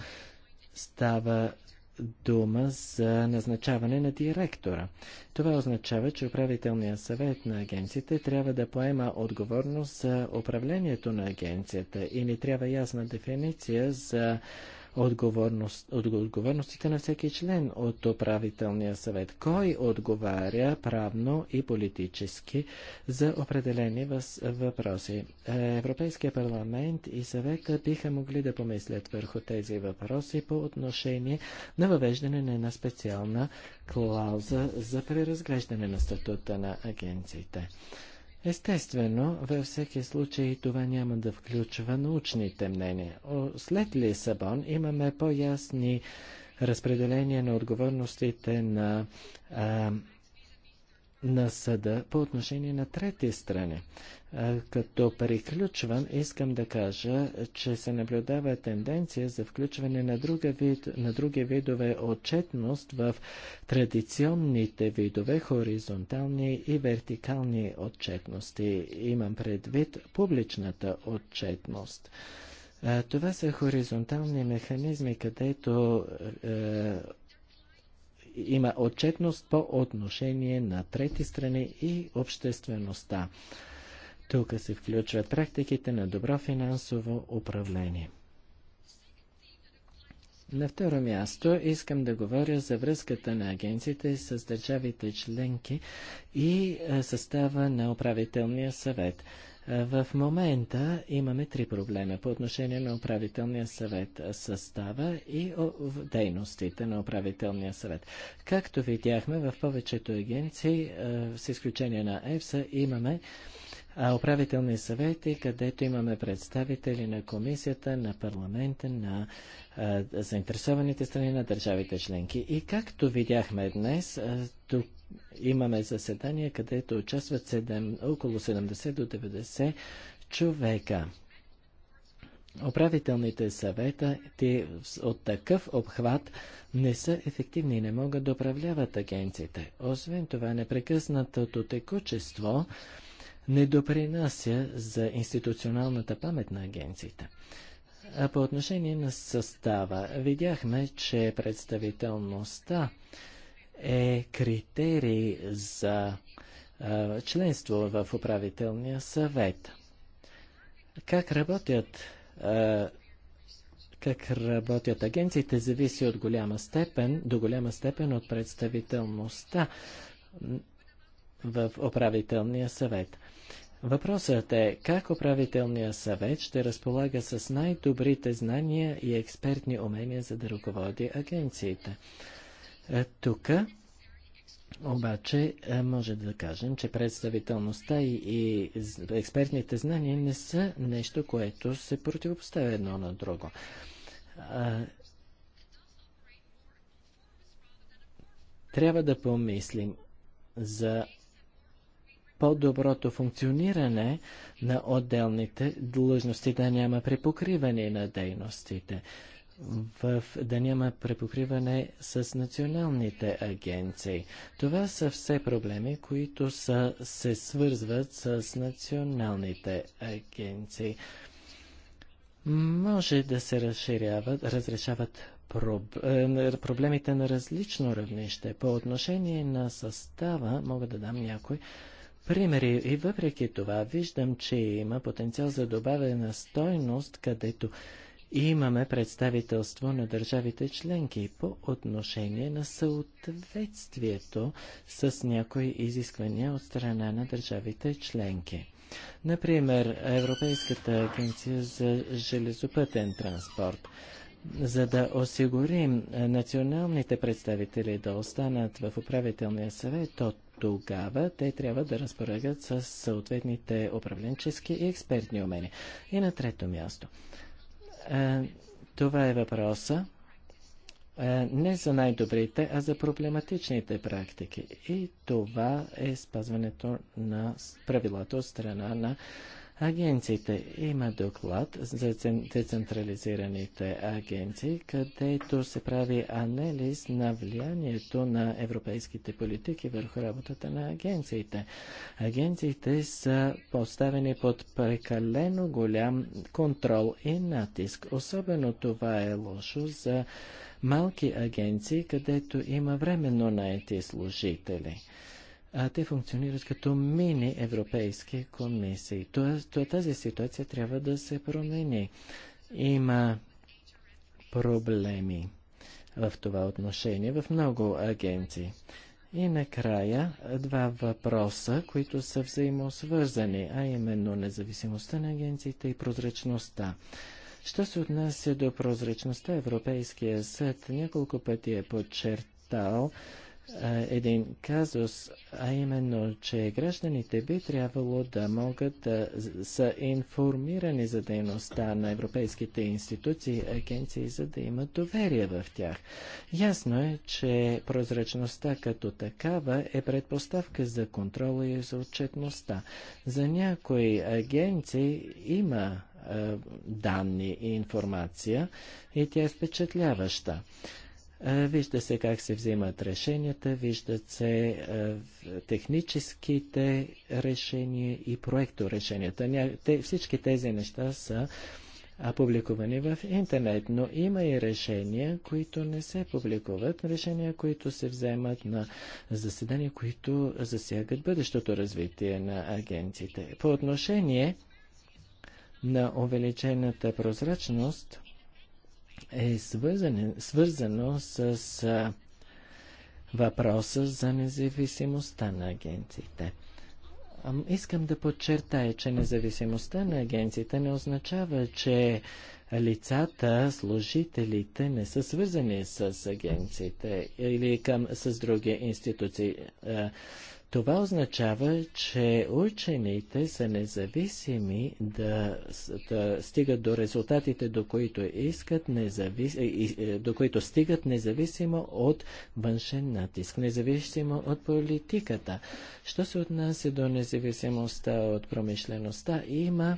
става дума за назначаване на директора. Това означава, че управителният съвет на агенцията трябва да поема отговорност за управлението на агенцията и ни трябва ясна дефиниция за отговорност, от, отговорностите на всеки член от управителния съвет. Кой отговаря правно и политически за определени въз, въпроси? Е, Европейския парламент и съвета биха могли да помислят върху тези въпроси по отношение на въвеждане на една специална клауза за преразглеждане на статута на агенциите. Естествено, във всеки случай това няма да включва научните мнения. След Лисабон имаме по-ясни разпределения на отговорностите на, а, на съда по отношение на трети страни. Като приключвам, искам да кажа, че се наблюдава тенденция за включване на, друга вид, на други видове отчетност в традиционните видове хоризонтални и вертикални отчетности. Имам предвид публичната отчетност. Това са хоризонтални механизми, където е, има отчетност по отношение на трети страни и обществеността. Тук се включват практиките на добро финансово управление. На второ място искам да говоря за връзката на агенциите с държавите членки и състава на управителния съвет. В момента имаме три проблема по отношение на управителния съвет състава и дейностите на управителния съвет. Както видяхме в повечето агенции, с изключение на ЕФСА, имаме управителни съвети, където имаме представители на комисията, на парламента, на а, заинтересованите страни на държавите членки. И както видяхме днес, а, тук имаме заседание, където участват 7, около 70 до 90 човека. Управителните съвета ти от такъв обхват не са ефективни и не могат да управляват агенциите. Освен това, непрекъснатото текучество не допринася за институционалната памет на агенциите. А по отношение на състава, видяхме, че представителността е критерий за а, членство в управителния съвет. Как работят а, как работят агенциите зависи от голяма степен, до голяма степен от представителността в управителния съвет. Въпросът е как управителният съвет ще разполага с най-добрите знания и експертни умения за да ръководи агенциите. Е, тук обаче е, може да кажем, че представителността и, и експертните знания не са нещо, което се противопоставя едно на друго. Е, трябва да помислим за по-доброто функциониране на отделните длъжности, да няма препокриване на дейностите, в, да няма препокриване с националните агенции. Това са все проблеми, които са, се свързват с националните агенции. Може да се разширяват, разрешават е, проблемите на различно равнище. По отношение на състава мога да дам някой примери и въпреки това виждам, че има потенциал за добавена стойност, където имаме представителство на държавите членки по отношение на съответствието с някои изисквания от страна на държавите членки. Например, Европейската агенция за железопътен транспорт. За да осигурим националните представители да останат в управителния съвет, то тогава те трябва да разполагат с съответните управленчески и експертни умения. И на трето място. Е, това е въпроса е, не за най-добрите, а за проблематичните практики. И това е спазването на правилата от страна на агенциите. Има доклад за децентрализираните агенции, където се прави анализ на влиянието на европейските политики върху работата на агенциите. Агенциите са поставени под прекалено голям контрол и натиск. Особено това е лошо за малки агенции, където има временно наети служители а те функционират като мини европейски комисии. Тоест, тази ситуация трябва да се промени. Има проблеми в това отношение в много агенции. И накрая два въпроса, които са взаимосвързани, а именно независимостта на агенциите и прозрачността. Що се отнася до прозрачността, Европейския съд няколко пъти е подчертал, един казус, а именно, че гражданите би трябвало да могат да са информирани за дейността на европейските институции и агенции, за да имат доверие в тях. Ясно е, че прозрачността като такава е предпоставка за контрола и за отчетността. За някои агенции има е, данни и информация и тя е впечатляваща. Е, вижда се как се взимат решенията, виждат се е, техническите решения и проекторешенията. Всички тези неща са публикувани в интернет, но има и решения, които не се публикуват, решения, които се вземат на заседания, които засягат бъдещото развитие на агенциите. По отношение на увеличената прозрачност, е свързано, свързано с въпроса за независимостта на агенциите. Искам да подчертая, че независимостта на агенциите не означава, че лицата, служителите не са свързани с агенциите или към, с други институции. Това означава, че учените са независими да, да стигат до резултатите, до които, искат, независ... Е, до които стигат независимо от външен натиск, независимо от политиката. Що се отнася до независимостта от промишлеността, има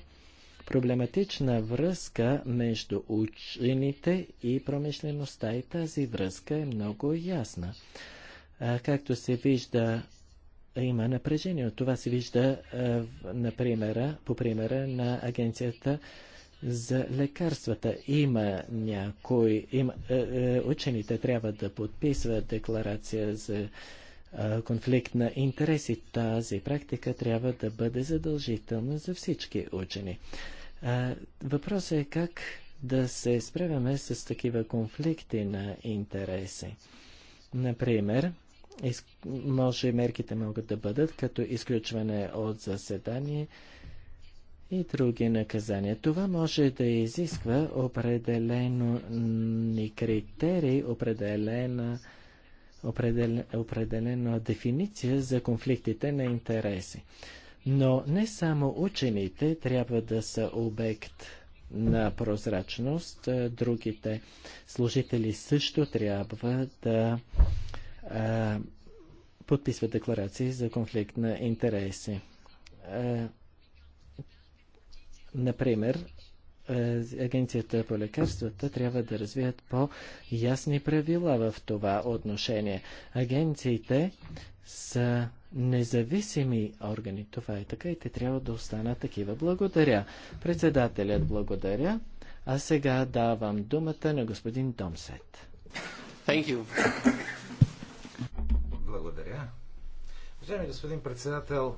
проблематична връзка между учените и промишлеността и тази връзка е много ясна. както се вижда има напрежение. От това се вижда е, на примера, по примера на агенцията за лекарствата. Има някой, има, е, е, учените трябва да подписват декларация за конфликт на интереси. Тази практика трябва да бъде задължителна за всички учени. Въпросът е как да се справяме с такива конфликти на интереси. Например, може мерките могат да бъдат като изключване от заседание и други наказания. Това може да изисква определено критерии, определена, определена дефиниция за конфликтите на интереси. Но не само учените трябва да са обект на прозрачност, другите служители също трябва да подписва подписват декларации за конфликт на интереси. А, например, Агенцията по лекарствата трябва да развият по-ясни правила в това отношение. Агенциите са независими органи. Това е така и те трябва да останат такива. Благодаря. Председателят благодаря. А сега давам думата на господин Домсет. Thank you. Уважаеми господин председател,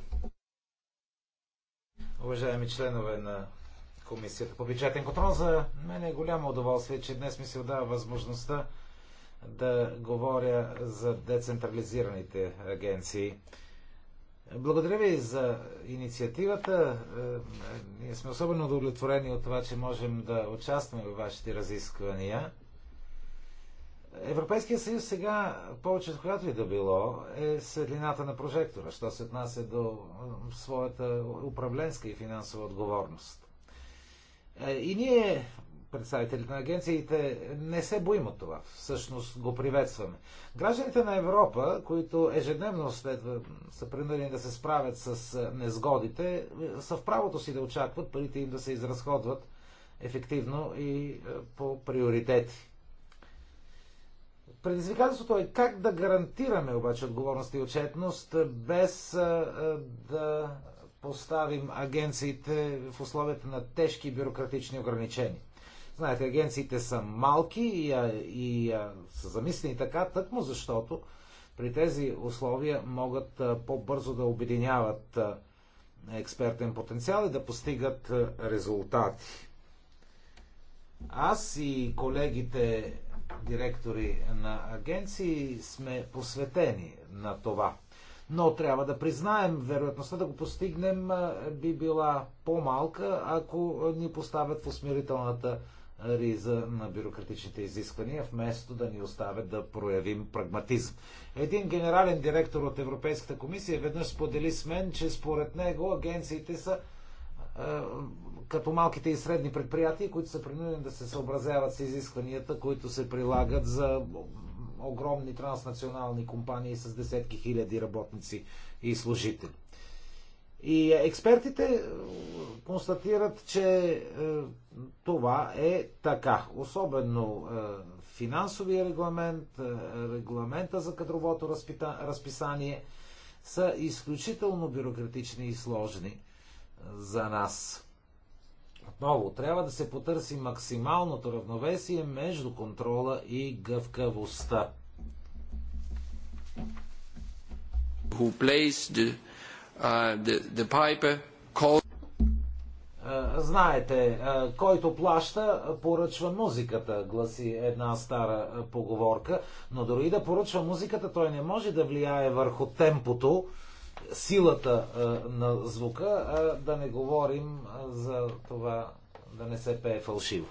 уважаеми членове на Комисията по бюджетен контрол, за мен е голямо удоволствие, че днес ми се отдава възможността да говоря за децентрализираните агенции. Благодаря ви за инициативата. Е, ние сме особено удовлетворени от това, че можем да участваме в вашите разисквания. Европейския съюз сега, повече от която и да било, е светлината на прожектора, що се отнася до своята управленска и финансова отговорност. Е, и ние, представителите на агенциите, не се боим от това. Всъщност го приветстваме. Гражданите на Европа, които ежедневно след е, са принудени да се справят с е, незгодите, са в правото си да очакват парите им да се изразходват ефективно и по приоритети. Предизвикателството е как да гарантираме обаче отговорност и отчетност, без да поставим агенциите в условията на тежки бюрократични ограничения. Знаете, агенциите са малки и, и са замислени така, тъкмо защото при тези условия могат по-бързо да обединяват експертен потенциал и да постигат резултати. Аз и колегите директори на агенции сме посветени на това. Но трябва да признаем, вероятността да го постигнем би била по-малка, ако ни поставят в усмирителната риза на бюрократичните изисквания, вместо да ни оставят да проявим прагматизъм. Един генерален директор от Европейската комисия веднъж сподели с мен, че според него агенциите са като малките и средни предприятия, които са принудени да се съобразяват с изискванията, които се прилагат за огромни транснационални компании с десетки хиляди работници и служители. И експертите констатират, че е, това е така. Особено е, финансовия регламент, е, регламента за кадровото разписание са изключително бюрократични и сложни за нас. Отново, трябва да се потърси максималното равновесие между контрола и гъвкавостта. Who the, uh, the, the Знаете, който плаща, поръчва музиката, гласи една стара поговорка, но дори да поръчва музиката, той не може да влияе върху темпото, силата на звука, а да не говорим за това да не се пее фалшиво.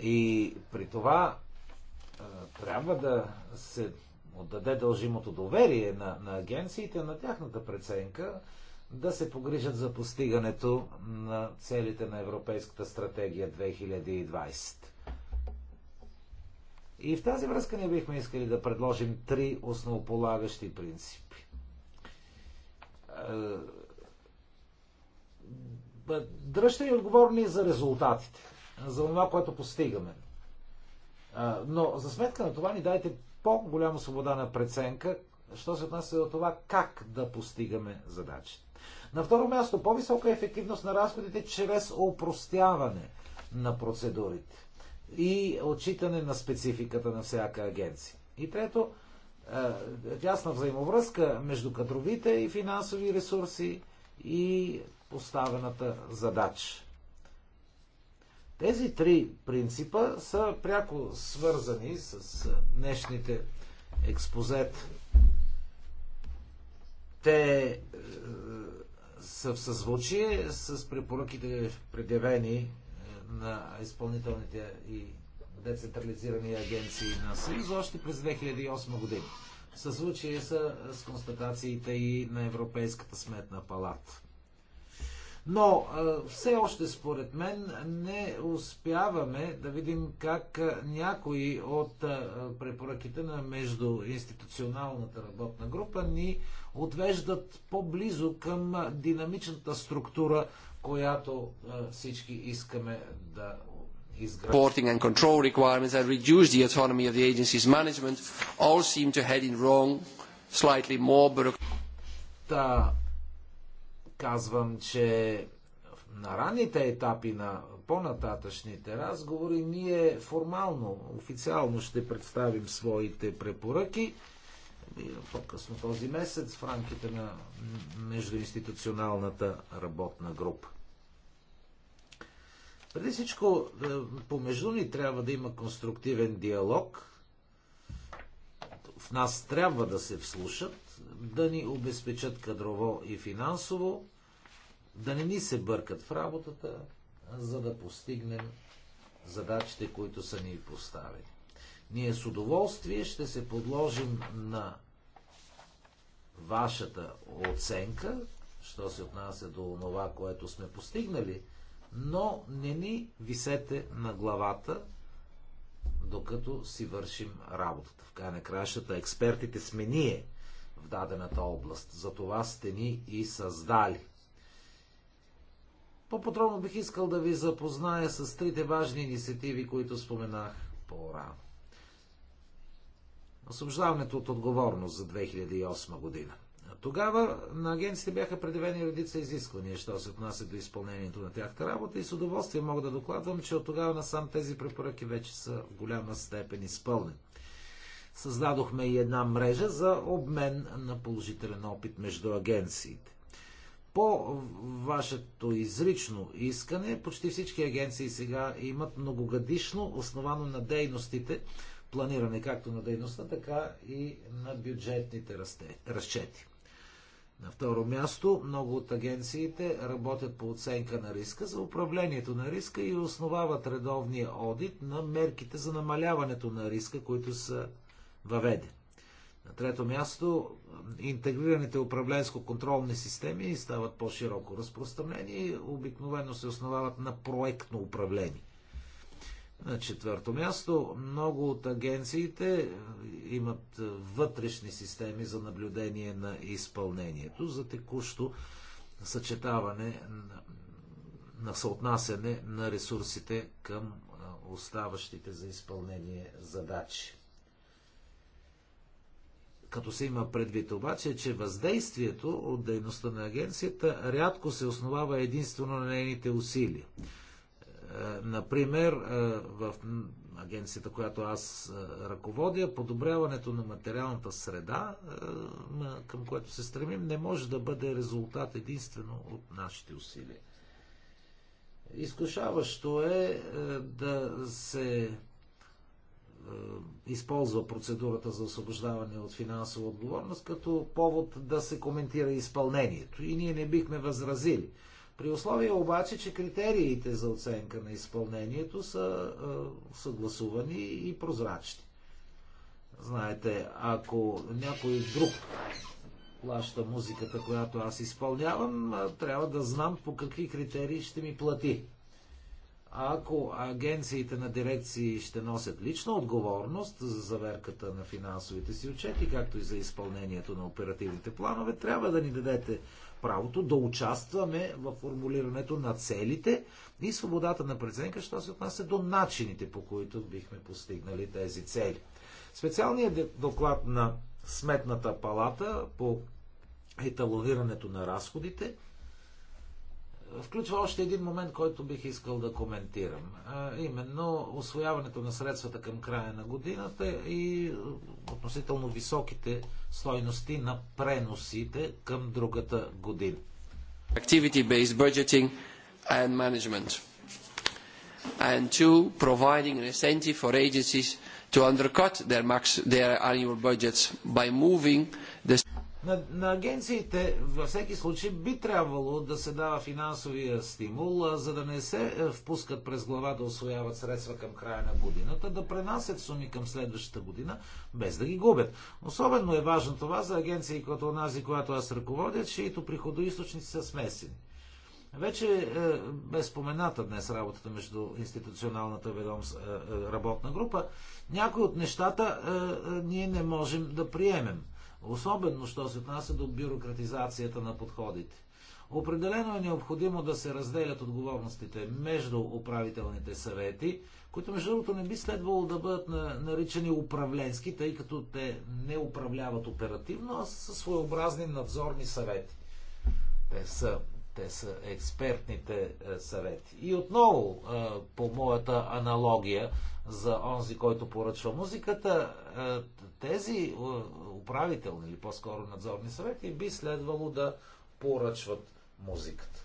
И при това трябва да се отдаде дължимото доверие на, на агенциите, на тяхната преценка, да се погрижат за постигането на целите на Европейската стратегия 2020. И в тази връзка ние бихме искали да предложим три основополагащи принципи. Е, дръжте ни отговорни за резултатите, за това, което постигаме. Е, но за сметка на това ни дайте по-голяма свобода на преценка, що се отнася до това как да постигаме задачите. На второ място, по-висока ефективност на разходите чрез опростяване на процедурите и отчитане на спецификата на всяка агенция. И трето, е, тясна взаимовръзка между кадровите и финансови ресурси и поставената задача. Тези три принципа са пряко свързани с днешните експозет. Те е, са в съзвучие с препоръките предявени на изпълнителните и децентрализирани агенции на Съюза още през 2008 година. Съзвучие са с констатациите и на Европейската сметна палата. Но все още според мен не успяваме да видим как някои от препоръките на междуинституционалната работна група ни отвеждат по-близо към динамичната структура която всички искаме да Reporting and control requirements and reduce the autonomy of the agency's management all seem to head in wrong, slightly more bureaucratic. Та, казвам, че на ранните етапи на по-нататъчните разговори ние формално, официално ще представим своите препоръки по-късно този месец в рамките на междуинституционалната работна група. Преди всичко, е, помежду ни трябва да има конструктивен диалог. В нас трябва да се вслушат, да ни обезпечат кадрово и финансово, да не ни се бъркат в работата, за да постигнем задачите, които са ни поставени. Ние с удоволствие ще се подложим на вашата оценка, що се отнася до това, което сме постигнали, но не ни висете на главата, докато си вършим работата. В край на експертите сме ние в дадената област. За това сте ни и създали. По-подробно бих искал да ви запозная с трите важни инициативи, които споменах по-рано освобождаването от отговорност за 2008 година. Тогава на агенциите бяха предявени редица изисквания, що се отнася до изпълнението на тяхната работа и с удоволствие мога да докладвам, че от тогава насам тези препоръки вече са в голяма степен изпълнени. Създадохме и една мрежа за обмен на положителен опит между агенциите. По вашето изрично искане, почти всички агенции сега имат многогадишно основано на дейностите, планиране както на дейността, така и на бюджетните разчети. На второ място, много от агенциите работят по оценка на риска за управлението на риска и основават редовния одит на мерките за намаляването на риска, които са въведени. На трето място, интегрираните управленско-контролни системи стават по-широко разпространени и обикновено се основават на проектно управление. На четвърто място, много от агенциите имат вътрешни системи за наблюдение на изпълнението, за текущо съчетаване на съотнасяне на ресурсите към оставащите за изпълнение задачи. Като се има предвид обаче, че въздействието от дейността на агенцията рядко се основава единствено на нейните усилия. Е, например, е, в агенцията, която аз е, ръководя, подобряването на материалната среда, към което се стремим, не може да бъде резултат единствено от нашите усилия. Изкушаващо е да се използва процедурата за освобождаване от финансова отговорност като повод да се коментира изпълнението. И ние не бихме възразили. При условие обаче, че критериите за оценка на изпълнението са съгласувани и прозрачни. Знаете, ако някой друг плаща музиката, която аз изпълнявам, трябва да знам по какви критерии ще ми плати. А ако агенциите на дирекции ще носят лична отговорност за заверката на финансовите си отчети, както и за изпълнението на оперативните планове, трябва да ни дадете правото да участваме в формулирането на целите и свободата на преценка, що се отнася до начините, по които бихме постигнали тези цели. Специалният доклад на Сметната палата по еталонирането на разходите – включва още един момент, който бих искал да коментирам. А, именно освояването на средствата към края на годината и е, относително високите стойности на преносите към другата година. Activity-based budgeting and management. And two, providing an incentive for agencies to undercut their, max, their annual budgets by moving the на, на агенциите във всеки случай би трябвало да се дава финансовия стимул, за да не се е, впускат през глава да освояват средства към края на годината, да пренасят суми към следващата година, без да ги губят. Особено е важно това за агенции като онази, която аз ръководя, чието приходоисточници са смесени. Вече е, бе спомената днес работата между институционалната ведомс, е, е работна група. Някои от нещата е, е, ние не можем да приемем особено що се отнася до бюрократизацията на подходите. Определено е необходимо да се разделят отговорностите между управителните съвети, които между другото не би следвало да бъдат наричани управленски, тъй като те не управляват оперативно, а са своеобразни надзорни съвети. Те са те са експертните е, съвети. И отново, е, по моята аналогия за онзи, който поръчва музиката, е, тези управителни или по-скоро надзорни съвети би следвало да поръчват музиката.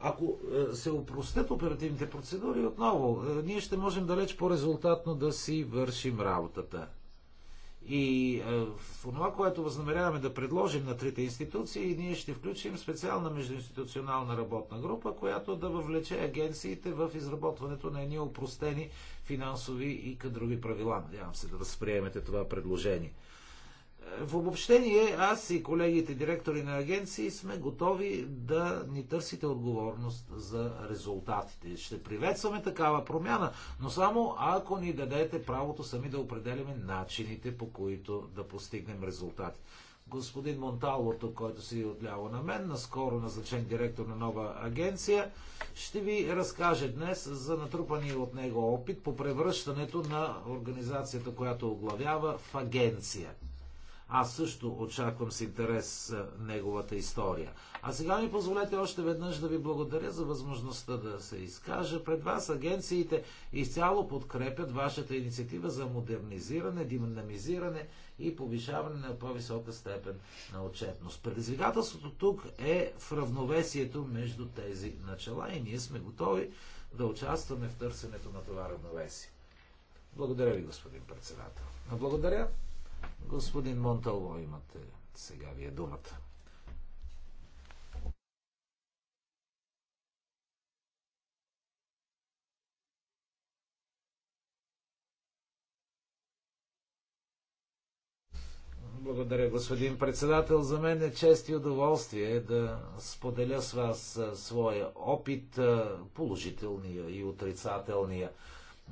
Ако се опростят оперативните процедури, отново, ние ще можем далеч по-резултатно да си вършим работата. И е, в това, което възнамеряваме да предложим на трите институции, ние ще включим специална междуинституционална работна група, която да въвлече агенциите в изработването на едни опростени финансови и кадрови правила. Надявам се да възприемете това предложение. В обобщение, аз и колегите директори на агенции сме готови да ни търсите отговорност за резултатите. Ще приветстваме такава промяна, но само ако ни дадете правото сами да определяме начините по които да постигнем резултати. Господин Монталор, тук, който си отляво на мен, наскоро назначен директор на нова агенция, ще ви разкаже днес за натрупания от него опит по превръщането на организацията, която оглавява в агенция. Аз също очаквам с интерес неговата история. А сега ми позволете още веднъж да ви благодаря за възможността да се изкажа. Пред вас агенциите изцяло подкрепят вашата инициатива за модернизиране, динамизиране и повишаване на по-висока степен на отчетност. Предизвикателството тук е в равновесието между тези начала и ние сме готови да участваме в търсенето на това равновесие. Благодаря ви, господин председател. Благодаря. Господин Монталво, имате сега вие думата. Благодаря, господин председател. За мен е чест и удоволствие да споделя с вас своя опит, положителния и отрицателния.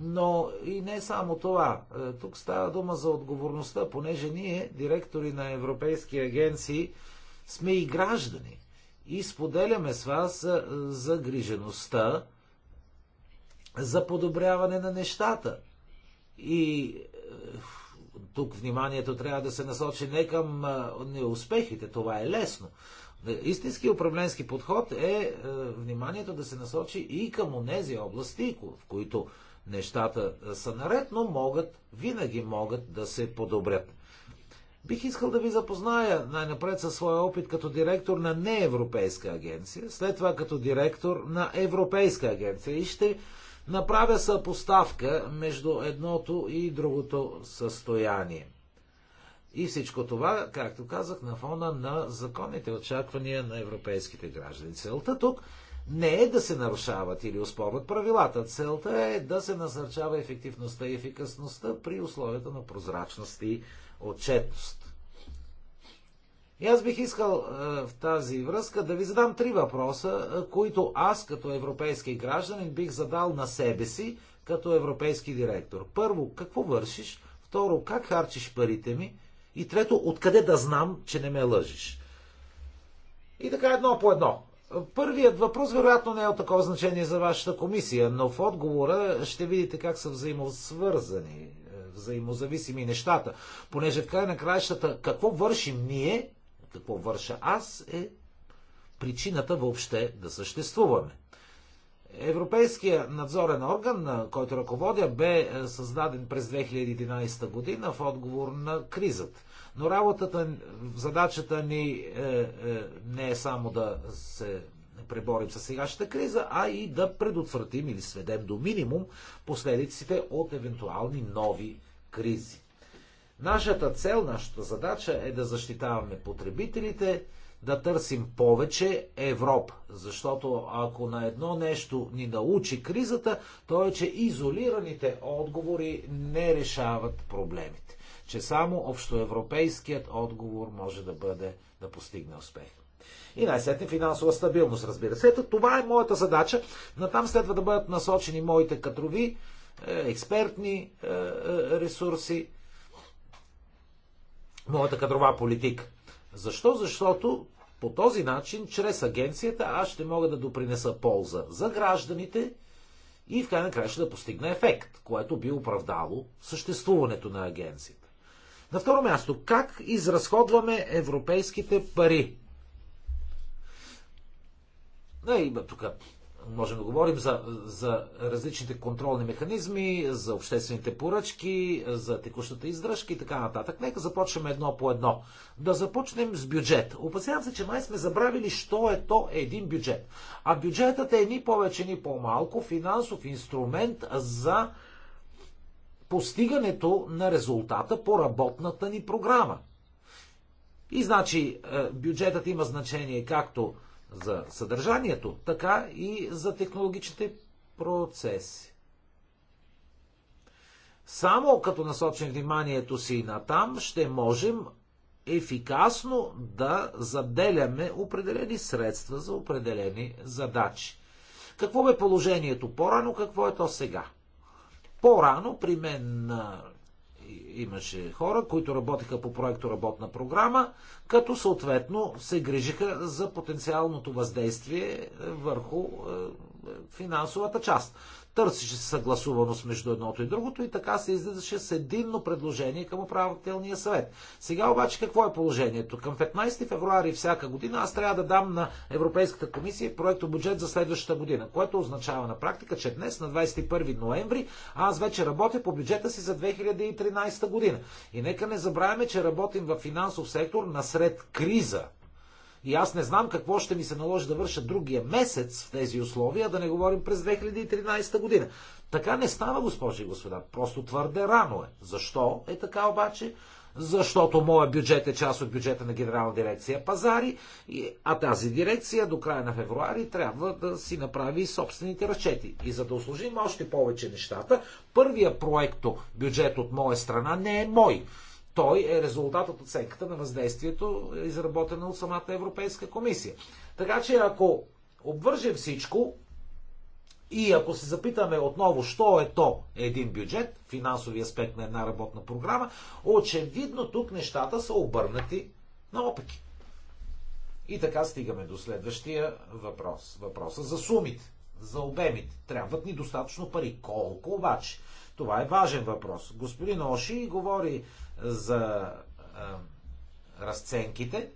Но и не само това. Е, тук става дума за отговорността, понеже ние, директори на европейски агенции, сме и граждани. И споделяме с вас е, загрижеността за подобряване на нещата. И е, тук вниманието трябва да се насочи не към неуспехите, това е лесно. Истински управленски подход е вниманието да се насочи и към онези области, в които нещата са наред, но могат, винаги могат да се подобрят. Бих искал да ви запозная най-напред със своя опит като директор на неевропейска агенция, след това като директор на европейска агенция и ще направя съпоставка между едното и другото състояние. И всичко това, както казах, на фона на законните очаквания на европейските граждани. Целта тук не е да се нарушават или оспорват правилата. Целта е да се насърчава ефективността и ефикасността при условията на прозрачност и отчетност. И аз бих искал е, в тази връзка да ви задам три въпроса, е, които аз като европейски гражданин бих задал на себе си като европейски директор. Първо, какво вършиш? Второ, как харчиш парите ми? И трето, откъде да знам, че не ме лъжиш? И така едно по едно. Първият въпрос вероятно не е от такова значение за вашата комисия, но в отговора ще видите как са взаимосвързани, е, взаимозависими нещата. Понеже в край на краищата какво вършим ние, какво върша аз е причината въобще да съществуваме. Европейския надзорен орган, който ръководя, бе е, създаден през 2011 година в отговор на кризата. Но работата, задачата ни е, е, не е само да се преборим с сегашната криза, а и да предотвратим или сведем до минимум последиците от евентуални нови кризи. Нашата цел, нашата задача е да защитаваме потребителите, да търсим повече Европа. Защото ако на едно нещо ни научи кризата, то е, че изолираните отговори не решават проблемите че само общоевропейският отговор може да бъде да постигне успех. И най-сетне финансова стабилност, разбира се. Ето това е моята задача. Натам следва да бъдат насочени моите кадрови, е, експертни е, е, ресурси, моята кадрова политика. Защо? Защото по този начин, чрез агенцията, аз ще мога да допринеса полза за гражданите и в крайна края ще да постигна ефект, което би оправдало съществуването на агенцията. На второ място, как изразходваме европейските пари? Не, има тук можем да говорим за, за различните контролни механизми, за обществените поръчки, за текущата издръжка и така нататък. Нека започнем едно по едно. Да започнем с бюджет. Опасявам се, че май сме забравили, що е то един бюджет. А бюджетът е ни повече, ни по-малко финансов инструмент за постигането на резултата по работната ни програма. И значи е, бюджетът има значение както за съдържанието, така и за технологичните процеси. Само като насочим вниманието си на там, ще можем ефикасно да заделяме определени средства за определени задачи. Какво е положението по-рано, какво е то сега? По-рано при мен имаше хора, които работеха по проекто работна програма, като съответно се грижиха за потенциалното въздействие е, върху е, е, финансовата част. Търсеше съгласуваност между едното и другото и така се излизаше с единно предложение към управителния съвет. Сега обаче какво е положението? Към 15 февруари всяка година аз трябва да дам на Европейската комисия проекто бюджет за следващата година, което означава на практика, че днес на 21 ноември аз вече работя по бюджета си за 2013 година. И нека не забравяме, че работим в финансов сектор насред криза. И аз не знам какво ще ми се наложи да върша другия месец в тези условия, да не говорим през 2013 година. Така не става, госпожи и господа. Просто твърде рано е. Защо е така обаче? Защото моят бюджет е част от бюджета на Генерална дирекция пазари, а тази дирекция до края на февруари трябва да си направи и собствените разчети. И за да услужим още повече нещата, първия проекто бюджет от моя страна не е мой той е резултат от оценката на въздействието, изработена от самата Европейска комисия. Така че ако обвържем всичко и ако се запитаме отново, що е то един бюджет, финансови аспект на една работна програма, очевидно тук нещата са обърнати наопаки. И така стигаме до следващия въпрос. Въпроса за сумите, за обемите. Трябват ни достатъчно пари. Колко обаче? Това е важен въпрос. Господин Оши говори за разценките.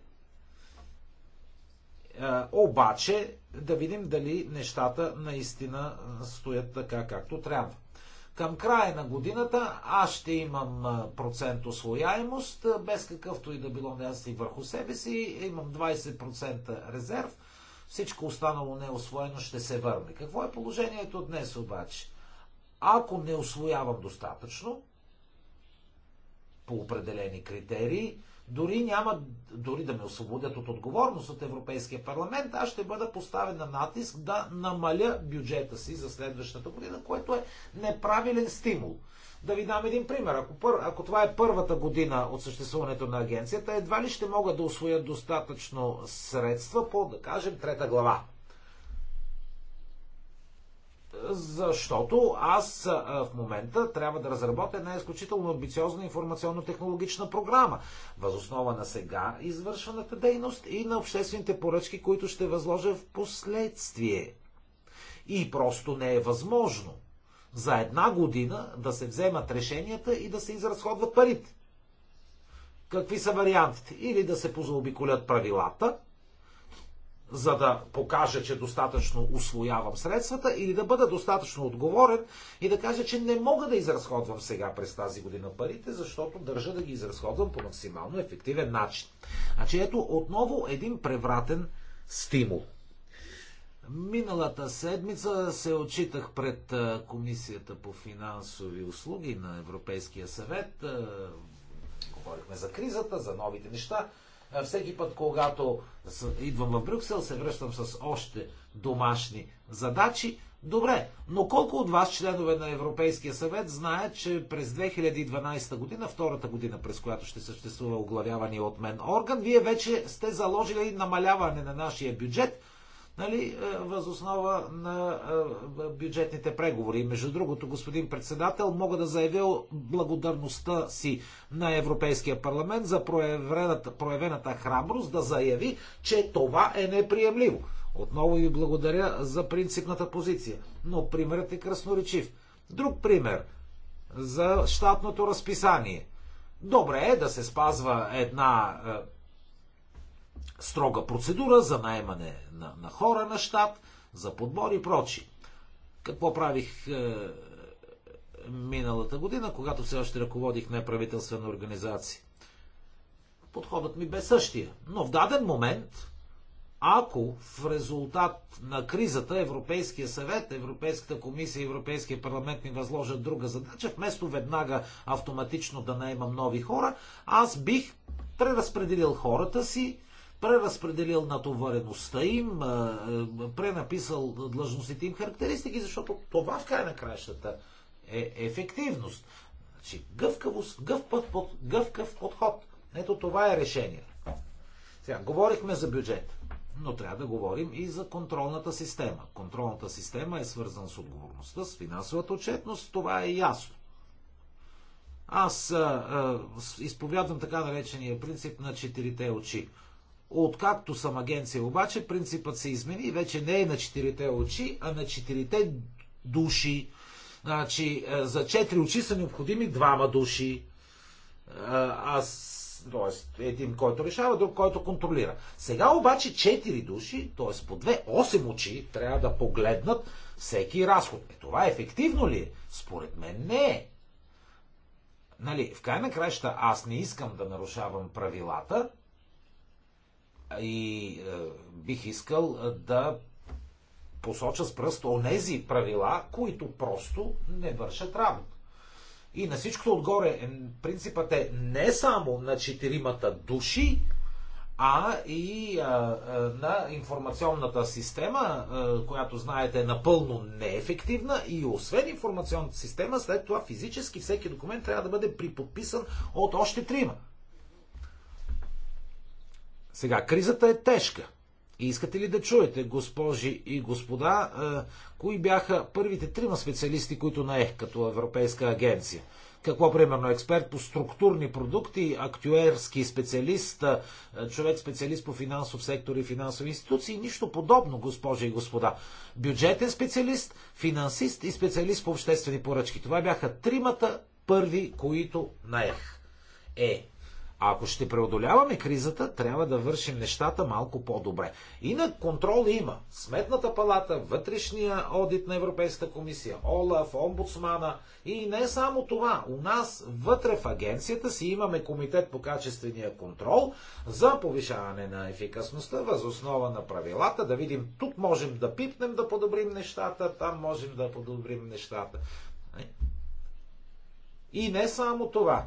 Обаче да видим дали нещата наистина стоят така както трябва. Към края на годината аз ще имам процент освояемост, без какъвто и да било си върху себе си. Имам 20% резерв. Всичко останало неосвоено ще се върне. Какво е положението днес обаче? Ако не освоявам достатъчно, по определени критерии, дори няма, дори да ме освободят от отговорност от Европейския парламент, аз ще бъда поставен на натиск да намаля бюджета си за следващата година, което е неправилен стимул. Да ви дам един пример. Ако, пър, ако това е първата година от съществуването на агенцията, едва ли ще могат да освоят достатъчно средства по, да кажем, трета глава защото аз в момента трябва да разработя една изключително амбициозна информационно-технологична програма, възоснова на сега извършваната дейност и на обществените поръчки, които ще възложа в последствие. И просто не е възможно за една година да се вземат решенията и да се изразходват парите. Какви са вариантите? Или да се позаобиколят правилата, за да покажа, че достатъчно освоявам средствата или да бъда достатъчно отговорен и да кажа, че не мога да изразходвам сега през тази година парите, защото държа да ги изразходвам по максимално ефективен начин. А значи, че ето отново един превратен стимул. Миналата седмица се отчитах пред Комисията по финансови услуги на Европейския съвет. Говорихме за кризата, за новите неща. Всеки път, когато идвам в Брюксел, се връщам с още домашни задачи. Добре, но колко от вас, членове на Европейския съвет, знаят, че през 2012 година, втората година, през която ще съществува оглавявани от мен орган, вие вече сте заложили намаляване на нашия бюджет – нали, е, възоснова на е, бюджетните преговори. Между другото, господин председател, мога да заявя благодарността си на Европейския парламент за проявената, проявената храброст да заяви, че това е неприемливо. Отново ви благодаря за принципната позиция. Но примерът е красноречив. Друг пример за щатното разписание. Добре е да се спазва една е, строга процедура за найемане на, на хора на щат, за подбор и прочи. Какво правих е, миналата година, когато все още ръководих неправителствена организация? Подходът ми бе същия. Но в даден момент, ако в резултат на кризата Европейския съвет, Европейската комисия и Европейския парламент ми възложат друга задача, вместо веднага автоматично да наемам нови хора, аз бих преразпределил хората си преразпределил натовареността им, пренаписал длъжностите им характеристики, защото това в край на краищата е ефективност. Значи, гъвкавост, гъвпът, под, гъвкав подход. Ето това е решение. Сега, говорихме за бюджет, но трябва да говорим и за контролната система. Контролната система е свързана с отговорността, с финансовата отчетност, това е ясно. Аз а, а, изповядвам така наречения принцип на четирите очи. Откакто съм агенция обаче, принципът се измени и вече не е на четирите очи, а на четирите души. Значи, е, за четири очи са необходими двама души. Е, аз т.е. един, който решава, друг, който контролира. Сега обаче 4 души, т.е. по 2-8 очи, трябва да погледнат всеки разход. Е, това ефективно ли е? Според мен не е. Нали, в крайна краща аз не искам да нарушавам правилата, и е, бих искал е, да посоча с пръст онези правила, които просто не вършат работа. И на всичкото отгоре, принципът е не само на четиримата души, а и а, е, а, на информационната система, а, която знаете е напълно неефективна и освен информационната система, след това физически всеки документ трябва да бъде приподписан от още трима. Сега, кризата е тежка. И искате ли да чуете, госпожи и господа, кои бяха първите трима специалисти, които наех като Европейска агенция? Какво, примерно, експерт по структурни продукти, актюерски специалист, човек специалист по финансов сектор и финансови институции? Нищо подобно, госпожи и господа. Бюджетен специалист, финансист и специалист по обществени поръчки. Това бяха тримата първи, които наех. Е, а ако ще преодоляваме кризата, трябва да вършим нещата малко по-добре. на контрол има. Сметната палата, вътрешния одит на Европейската комисия, ОЛАФ, омбудсмана и не само това. У нас вътре в агенцията си имаме комитет по качествения контрол за повишаване на ефикасността, възоснова на правилата, да видим тук можем да пипнем да подобрим нещата, там можем да подобрим нещата. И не само това.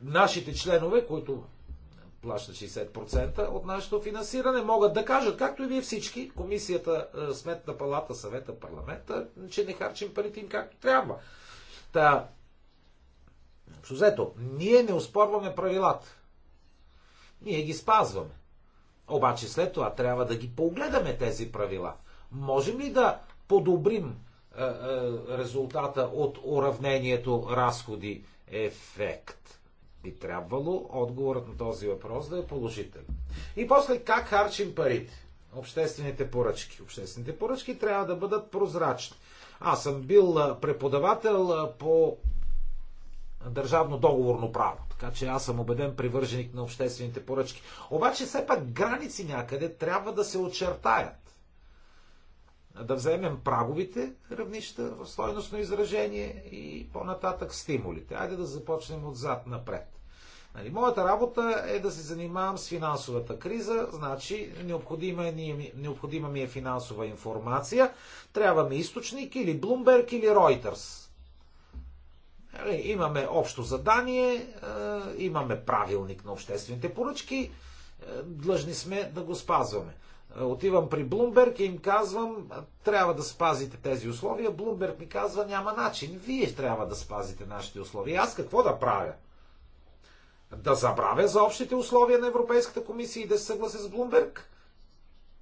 нашите членове, които плащат 60% от нашето финансиране, могат да кажат, както и вие всички, комисията, е, сметна палата, съвета, парламента, че не харчим парите им както трябва. Та, Взето, ние не успорваме правилата. Ние ги спазваме. Обаче след това трябва да ги погледаме тези правила. Можем ли да подобрим е, е, резултата от уравнението разходи-ефект? би трябвало отговорът на този въпрос да е положителен. И после как харчим парите? Обществените поръчки. Обществените поръчки трябва да бъдат прозрачни. Аз съм бил преподавател по държавно договорно право. Така че аз съм убеден привърженик на обществените поръчки. Обаче все пак граници някъде трябва да се очертаят да вземем праговите равнища в стойностно изражение и по-нататък стимулите. Айде да започнем отзад напред. Нали, моята работа е да се занимавам с финансовата криза, значи необходима, е, необходима ми е финансова информация, трябва ми източник или Bloomberg или Reuters. Нали, имаме общо задание, е, имаме правилник на обществените поръчки, е, длъжни сме да го спазваме отивам при Блумберг и им казвам, трябва да спазите тези условия. Блумберг ми казва, няма начин. Вие трябва да спазите нашите условия. аз какво да правя? Да забравя за общите условия на Европейската комисия и да се съглася с Блумберг?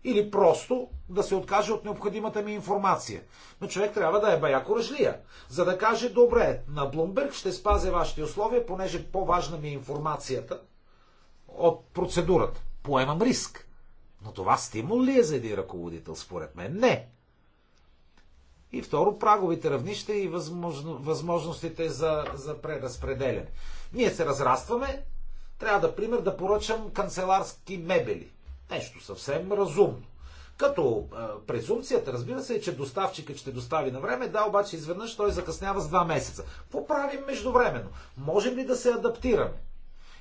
Или просто да се откаже от необходимата ми информация. Но човек трябва да е бая коръжлия, за да каже, добре, на Блумберг ще спазя вашите условия, понеже по-важна ми е информацията от процедурата. Поемам риск. Но това стимул ли е за един ръководител, според мен? Не. И второ, праговите равнища и възможно, възможностите за, за преразпределяне. Ние се разрастваме, трябва да, пример, да поръчам канцеларски мебели. Нещо съвсем разумно. Като е, презумцията, разбира се, е, че доставчикът ще достави на време, да, обаче изведнъж той закъснява с два месеца. Какво правим междувременно? Можем ли да се адаптираме?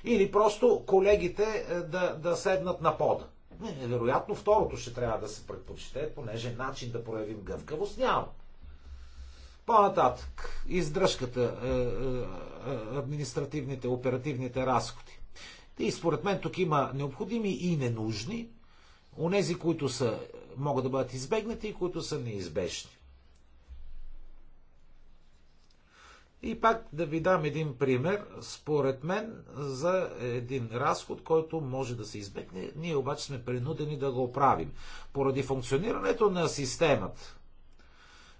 Или просто колегите е, да, да седнат на пода? Не, вероятно второто ще трябва да се предпочете, понеже начин да проявим гъвкавост няма. По-нататък, издръжката, е, е, е, административните, оперативните разходи. И според мен тук има необходими и ненужни, онези, които са, могат да бъдат избегнати и които са неизбежни. И пак да ви дам един пример, според мен, за един разход, който може да се избегне. Ние обаче сме принудени да го правим. Поради функционирането на системата,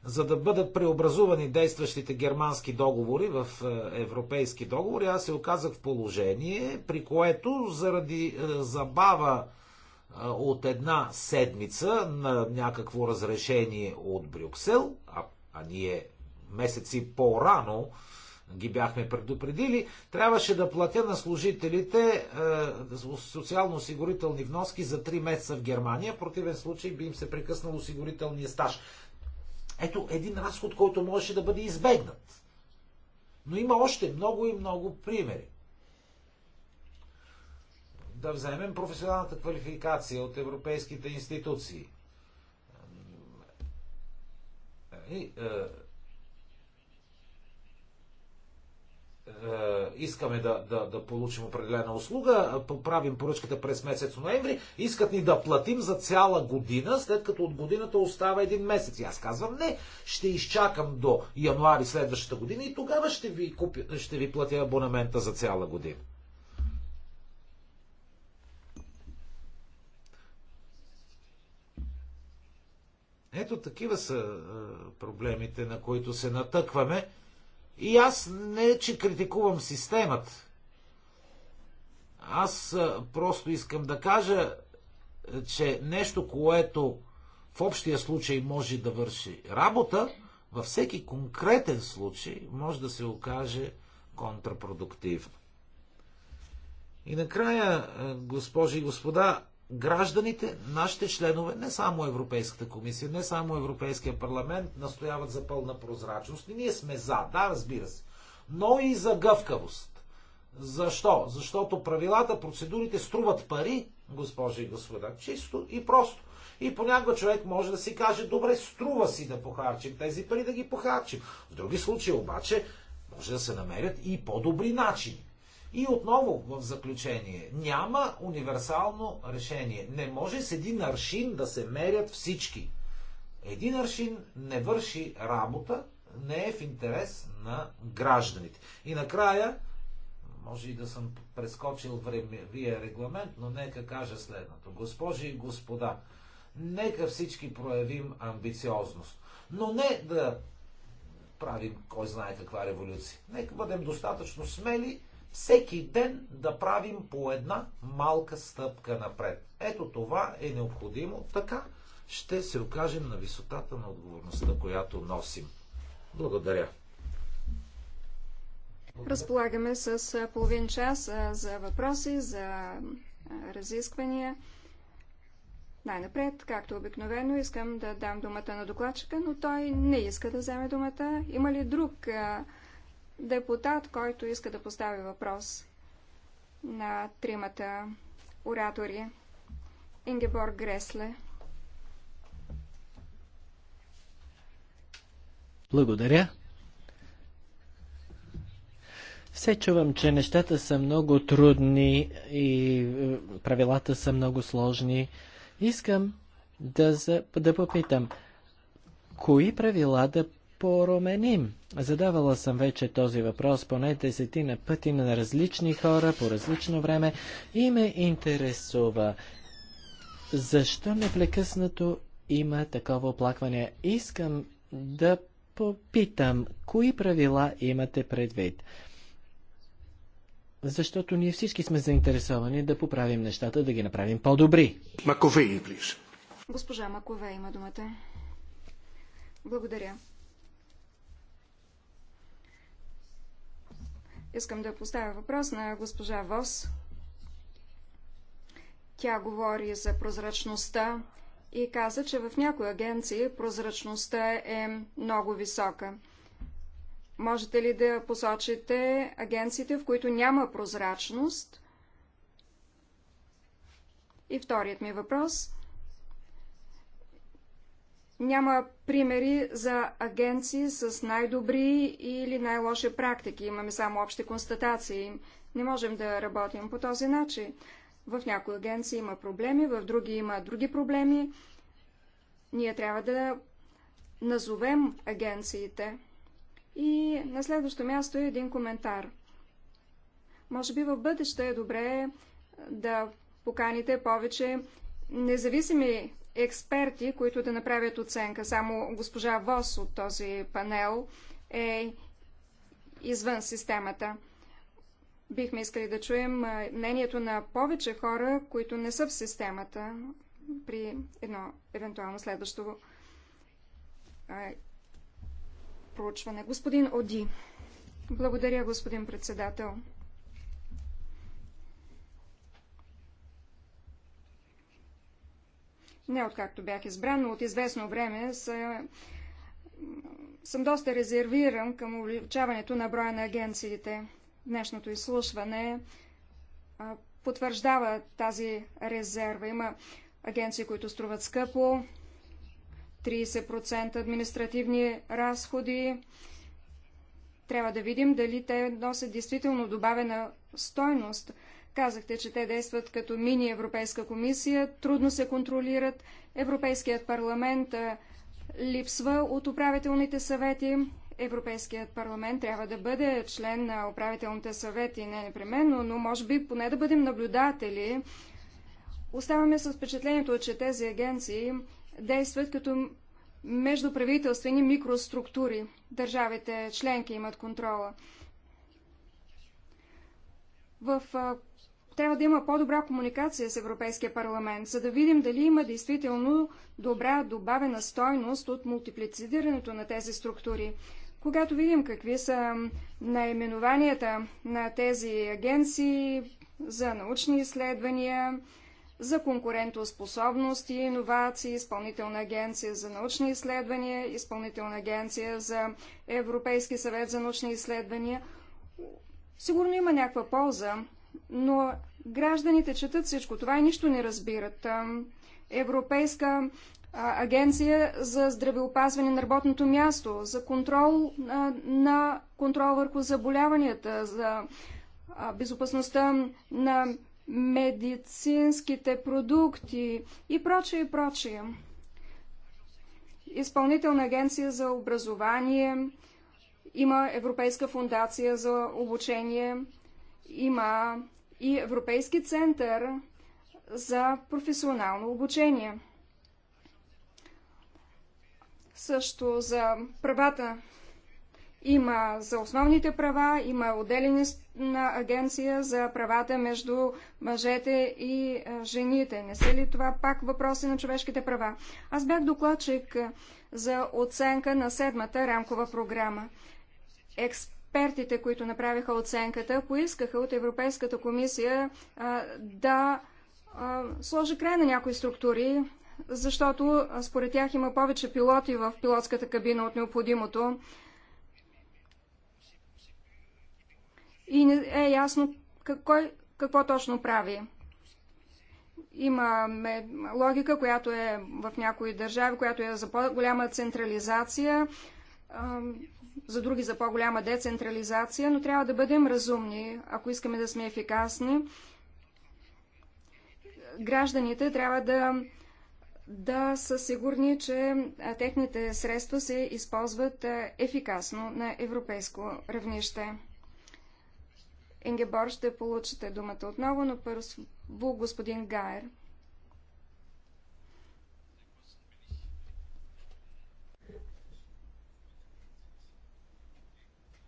за да бъдат преобразувани действащите германски договори в е, европейски договори, аз се оказах в положение, при което заради е, забава е, от една седмица на някакво разрешение от Брюксел, а, а ние месеци по-рано ги бяхме предупредили, трябваше да платя на служителите е, социално-осигурителни вноски за 3 месеца в Германия. В противен случай би им се прекъснал осигурителния стаж. Ето един разход, който можеше да бъде избегнат. Но има още много и много примери. Да вземем професионалната квалификация от европейските институции. Е, и, е, Е, искаме да, да, да получим определена услуга, е, правим поръчката през месец ноември, искат ни да платим за цяла година, след като от годината остава един месец. И аз казвам, не, ще изчакам до януари следващата година и тогава ще ви, купя, ще ви платя абонамента за цяла година. Ето такива са е, проблемите, на които се натъкваме. И аз не, че критикувам системата. Аз просто искам да кажа, че нещо, което в общия случай може да върши работа, във всеки конкретен случай може да се окаже контрапродуктивно. И накрая, госпожи и господа, гражданите, нашите членове, не само Европейската комисия, не само Европейския парламент, настояват за пълна прозрачност. И ние сме за, да, разбира се. Но и за гъвкавост. Защо? Защото правилата, процедурите струват пари, госпожи и господа. Чисто и просто. И понякога човек може да си каже, добре, струва си да похарчим тези пари, да ги похарчим. В други случаи обаче може да се намерят и по-добри начини. И отново в заключение, няма универсално решение. Не може с един аршин да се мерят всички. Един аршин не върши работа, не е в интерес на гражданите. И накрая, може и да съм прескочил времевия регламент, но нека кажа следното. Госпожи и господа, нека всички проявим амбициозност. Но не да правим кой знае каква революция. Нека бъдем достатъчно смели всеки ден да правим по една малка стъпка напред. Ето това е необходимо. Така ще се окажем на висотата на отговорността, която носим. Благодаря. Разполагаме с половин час за въпроси, за разисквания. Най-напред, както обикновено, искам да дам думата на докладчика, но той не иска да вземе думата. Има ли друг депутат, който иска да постави въпрос на тримата оратори. Ингебор Гресле. Благодаря. Все чувам, че нещата са много трудни и е, правилата са много сложни. Искам да, за, да попитам, кои правила да променим. Задавала съм вече този въпрос поне десетина пъти на различни хора по различно време и ме интересува защо непрекъснато има такова оплакване. Искам да попитам, кои правила имате предвид? Защото ние всички сме заинтересовани да поправим нещата, да ги направим по-добри. Маковей, плиз. Госпожа Маковей има думата. Благодаря. Искам да поставя въпрос на госпожа Вос. Тя говори за прозрачността и каза, че в някои агенции прозрачността е много висока. Можете ли да посочите агенциите, в които няма прозрачност? И вторият ми въпрос – няма примери за агенции с най-добри или най-лоши практики. Имаме само общи констатации. Не можем да работим по този начин. В някои агенции има проблеми, в други има други проблеми. Ние трябва да назовем агенциите. И на следващо място е един коментар. Може би в бъдеще е добре да поканите повече независими експерти, които да направят оценка. Само госпожа Вос от този панел е извън системата. Бихме искали да чуем мнението на повече хора, които не са в системата при едно евентуално следващо проучване. Господин Оди. Благодаря, господин председател. не откакто бях избран, но от известно време са, съм доста резервиран към увеличаването на броя на агенциите. Днешното изслушване потвърждава тази резерва. Има агенции, които струват скъпо, 30% административни разходи. Трябва да видим дали те носят действително добавена стойност – Казахте, че те действат като мини-Европейска комисия, трудно се контролират. Европейският парламент липсва от управителните съвети. Европейският парламент трябва да бъде член на управителните съвети, не непременно, но може би поне да бъдем наблюдатели. Оставаме с впечатлението, че тези агенции действат като междуправителствени микроструктури. Държавите членки имат контрола. В трябва да има по-добра комуникация с Европейския парламент, за да видим дали има действително добра добавена стойност от мултиплицирането на тези структури. Когато видим какви са наименованията на тези агенции за научни изследвания, за конкурентоспособност и иновации, изпълнителна агенция за научни изследвания, изпълнителна агенция за Европейски съвет за научни изследвания. Сигурно има някаква полза но гражданите четат всичко това и нищо не разбират. Европейска агенция за здравеопазване на работното място, за контрол на контрол върху заболяванията, за безопасността на медицинските продукти и прочее, и прочее. Изпълнителна агенция за образование, има Европейска фундация за обучение, има и Европейски център за професионално обучение. Също за правата има за основните права, има отделени на агенция за правата между мъжете и жените. Не са ли това пак въпроси на човешките права? Аз бях докладчик за оценка на седмата рамкова програма. Експ експертите, които направиха оценката, поискаха от Европейската комисия а, да а, сложи край на някои структури, защото според тях има повече пилоти в пилотската кабина от необходимото. И не е ясно какво, какво точно прави. Има логика, която е в някои държави, която е за по-голяма централизация за други за по-голяма децентрализация, но трябва да бъдем разумни, ако искаме да сме ефикасни. Гражданите трябва да, да са сигурни, че техните средства се използват ефикасно на европейско равнище. Ингебор ще получите думата отново, но първо господин Гайер.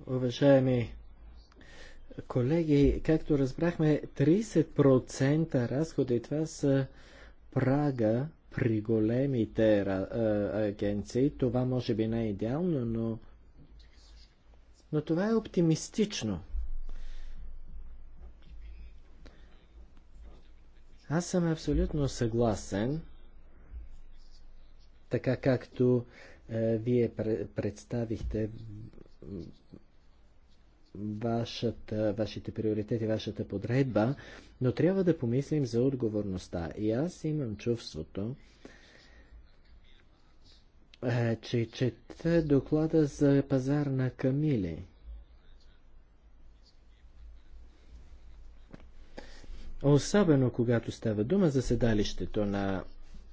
Уважаеми колеги, както разбрахме, 30% разходи това са прага при големите агенции. Това може би не е идеално, но, но това е оптимистично. Аз съм абсолютно съгласен, така както е, вие представихте вашата, вашите приоритети, вашата подредба, но трябва да помислим за отговорността. И аз имам чувството, е, че чета доклада за пазар на камили. Особено когато става дума за седалището на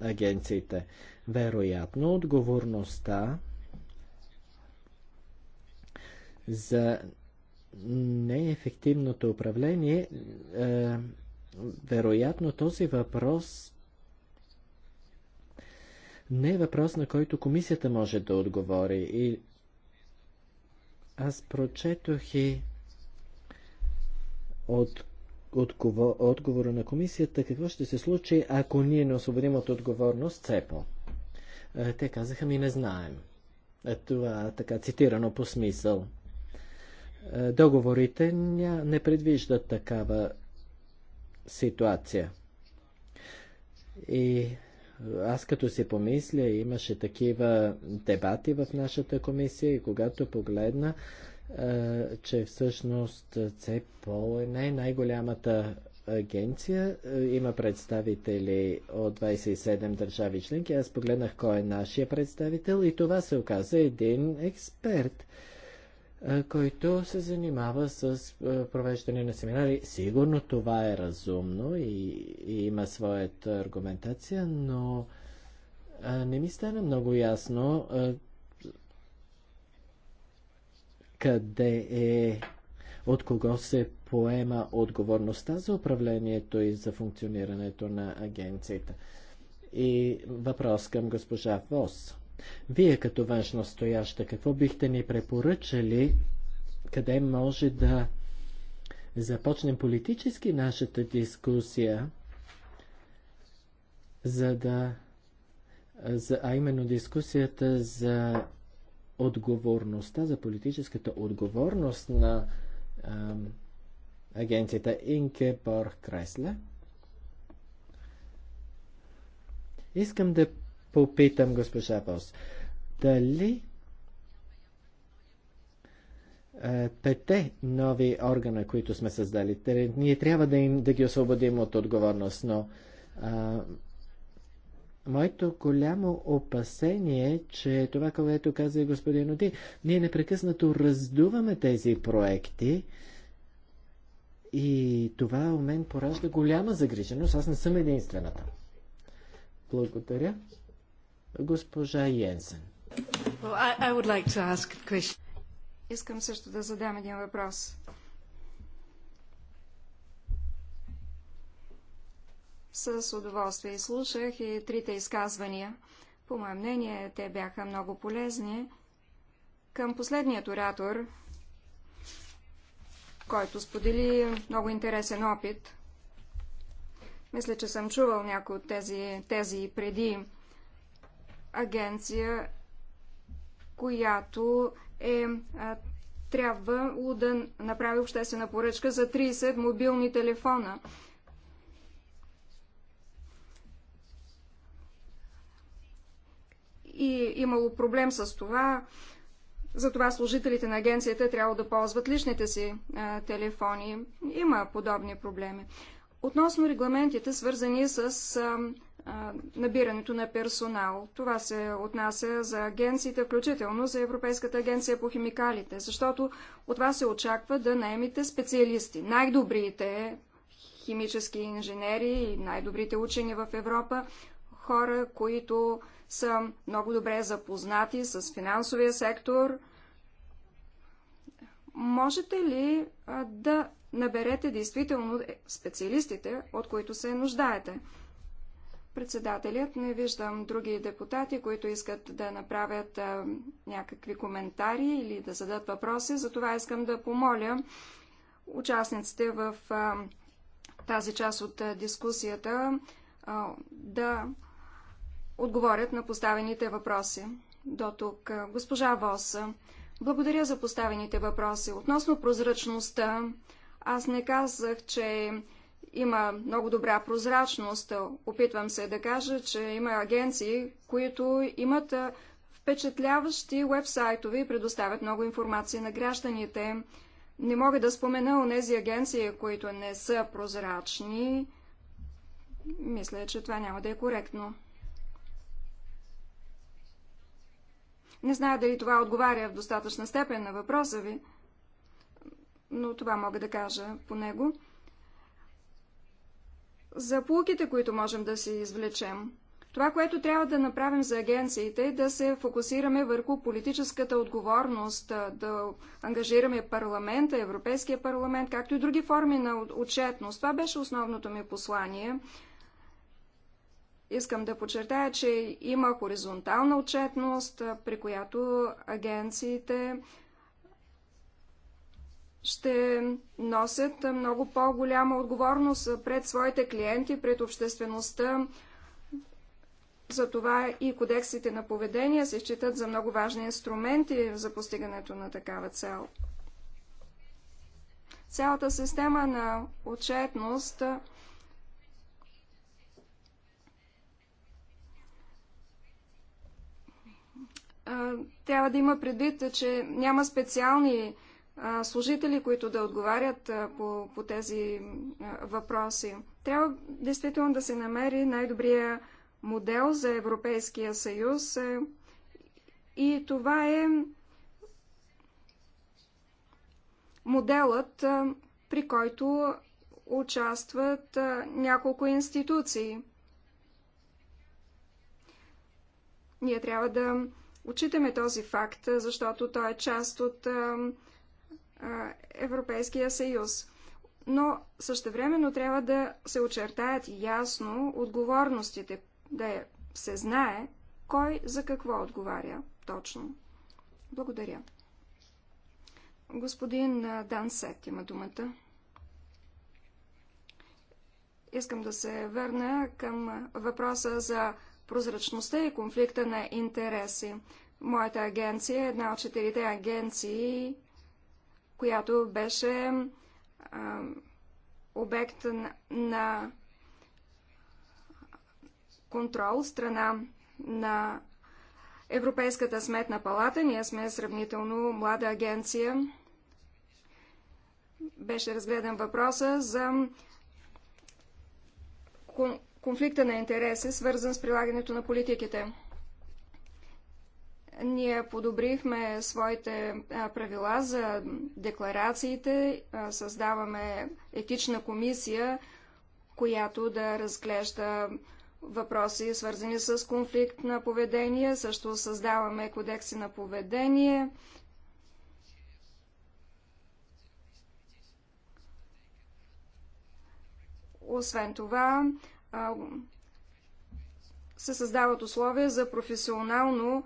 агенциите. Вероятно, отговорността за неефективното управление, е, вероятно този въпрос не е въпрос, на който комисията може да отговори. И аз прочетох и от отговор, отговора на комисията какво ще се случи, ако ние не освободим от отговорност ЦЕПО. Е, те казаха ми не знаем. Е, това е така цитирано по смисъл. Е, договорите не предвиждат такава ситуация. И аз като си помисля, имаше такива дебати в нашата комисия и когато погледна, е, че всъщност ЦЕПОЛ е не най-голямата агенция. Е, има представители от 27 държави членки. Аз погледнах кой е нашия представител и това се оказа един експерт който се занимава с провеждане на семинари. Сигурно това е разумно и, и има своята аргументация, но не ми стана много ясно къде е, от кого се поема отговорността за управлението и за функционирането на агенцията. И въпрос към госпожа Вос. Вие като важно стояща, какво бихте ни препоръчали, къде може да започнем политически нашата дискусия, за да, за, а именно дискусията за отговорността, за политическата отговорност на ам, агенцията Инке Борг Кресле. Искам да попитам госпожа Бос. Дали е, пете нови органа, които сме създали. Ние трябва да, им, да ги освободим от отговорност, но а, моето голямо опасение е, че това, което каза и господин Оди, ние непрекъснато раздуваме тези проекти и това у мен поражда голяма загриженост. Аз не съм единствената. Благодаря. Госпожа Йенсен. Well, I, I like Искам също да задам един въпрос. С удоволствие слушах и трите изказвания. По мое мнение, те бяха много полезни. Към последният оратор, който сподели много интересен опит, мисля, че съм чувал някои от тези тези преди агенция, която е трябвало да направи обществена поръчка за 30 мобилни телефона. И имало проблем с това. Затова служителите на агенцията трябва да ползват личните си а, телефони. Има подобни проблеми. Относно регламентите, свързани с а, набирането на персонал. Това се отнася за агенциите, включително за Европейската агенция по химикалите, защото от вас се очаква да наемите специалисти, най-добрите химически инженери и най-добрите учени в Европа, хора, които са много добре запознати с финансовия сектор. Можете ли да наберете действително специалистите, от които се нуждаете? Председателят не виждам други депутати, които искат да направят а, някакви коментари или да зададат въпроси. Затова искам да помоля участниците в а, тази част от а, дискусията а, да отговорят на поставените въпроси. До тук. Госпожа Воса, благодаря за поставените въпроси. Относно прозрачността, аз не казах, че има много добра прозрачност. Опитвам се да кажа, че има агенции, които имат впечатляващи вебсайтове и предоставят много информация на гражданите. Не мога да спомена о тези агенции, които не са прозрачни. Мисля, че това няма да е коректно. Не зная дали това отговаря в достатъчна степен на въпроса ви, но това мога да кажа по него за полуките, които можем да си извлечем. Това, което трябва да направим за агенциите, е да се фокусираме върху политическата отговорност, да ангажираме парламента, Европейския парламент, както и други форми на отчетност. Това беше основното ми послание. Искам да подчертая, че има хоризонтална отчетност, при която агенциите ще носят много по-голяма отговорност пред своите клиенти, пред обществеността. Затова и кодексите на поведение се считат за много важни инструменти за постигането на такава цел. Цялата система на отчетност трябва да има предвид, че няма специални служители, които да отговарят по, по тези въпроси. Трябва действително да се намери най-добрия модел за Европейския съюз и това е моделът, при който участват няколко институции. Ние трябва да учитаме този факт, защото той е част от Европейския съюз. Но същевременно трябва да се очертаят ясно отговорностите, да се знае кой за какво отговаря точно. Благодаря. Господин Дансет има думата. Искам да се върна към въпроса за прозрачността и конфликта на интереси. Моята агенция е една от четирите агенции, която беше а, обект на, на контрол страна на Европейската сметна палата. Ние сме сравнително млада агенция. Беше разгледан въпроса за конфликта на интереси, свързан с прилагането на политиките. Ние подобрихме своите правила за декларациите, създаваме етична комисия, която да разглежда въпроси, свързани с конфликт на поведение. Също създаваме кодекси на поведение. Освен това, се създават условия за професионално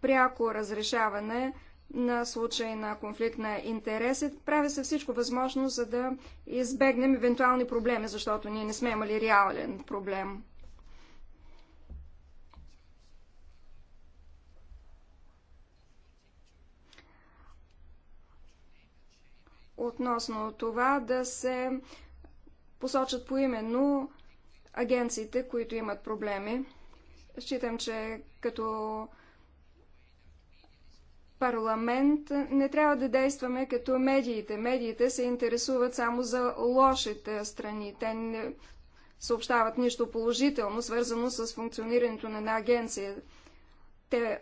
пряко разрешаване на случай на конфликт на интереси. Прави се всичко възможно, за да избегнем евентуални проблеми, защото ние не сме имали реален проблем. Относно това да се посочат поименно агенциите, които имат проблеми. Считам, че като парламент не трябва да действаме като медиите. Медиите се интересуват само за лошите страни. Те не съобщават нищо положително, свързано с функционирането на една агенция. Те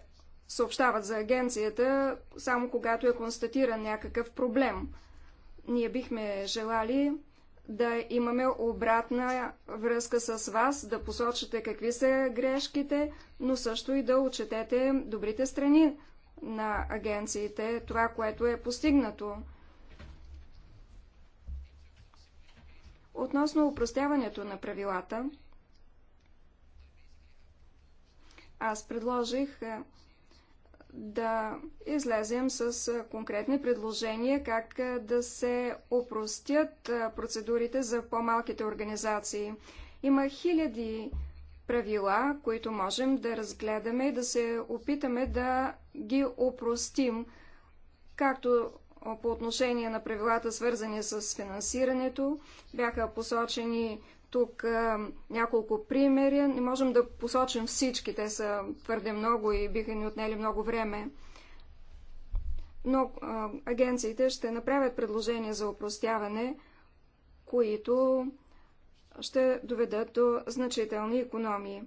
съобщават за агенцията само когато е констатиран някакъв проблем. Ние бихме желали да имаме обратна връзка с вас, да посочите какви са грешките, но също и да отчетете добрите страни на агенциите, това, което е постигнато. Относно упростяването на правилата, аз предложих е, да излезем с е, конкретни предложения как е, да се опростят процедурите за по-малките организации. Има хиляди правила, които можем да разгледаме и да се опитаме да ги опростим, както по отношение на правилата, свързани с финансирането. Бяха посочени тук а, няколко примери. Не можем да посочим всички, те са твърде много и биха ни отнели много време. Но а, агенциите ще направят предложения за опростяване, които ще доведат до значителни економии.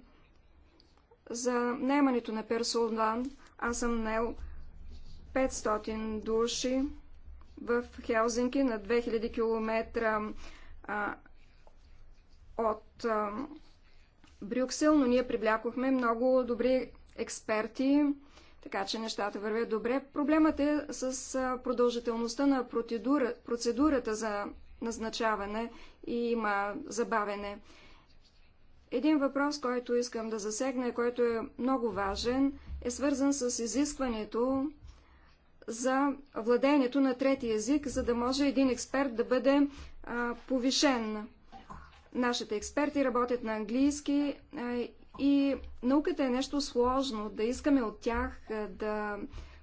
За наймането на персонал аз съм наел 500 души в Хелзинки на 2000 км а, от а, Брюксел, но ние привлякохме много добри експерти, така че нещата вървят добре. Проблемът е с продължителността на процедура, процедурата за назначаване и има забавене. Един въпрос, който искам да засегна и който е много важен, е свързан с изискването за владението на трети език, за да може един експерт да бъде а, повишен. Нашите експерти работят на английски а, и науката е нещо сложно. Да искаме от тях а, да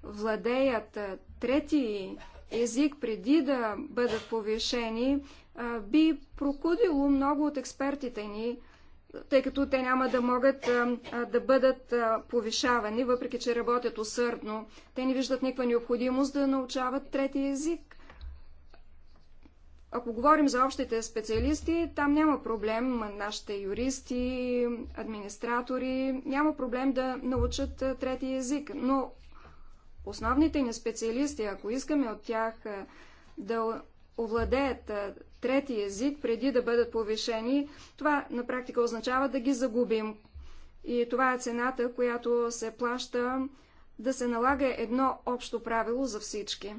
владеят а, трети език преди да бъдат повишени, а, би прокудило много от експертите ни, тъй като те няма да могат да бъдат повишавани, въпреки че работят усърдно. Те не виждат никаква необходимост да научават трети език. Ако говорим за общите специалисти, там няма проблем. Нашите юристи, администратори, няма проблем да научат трети език. Но основните ни специалисти, ако искаме от тях да овладеят трети език преди да бъдат повишени, това на практика означава да ги загубим. И това е цената, която се плаща да се налага едно общо правило за всички.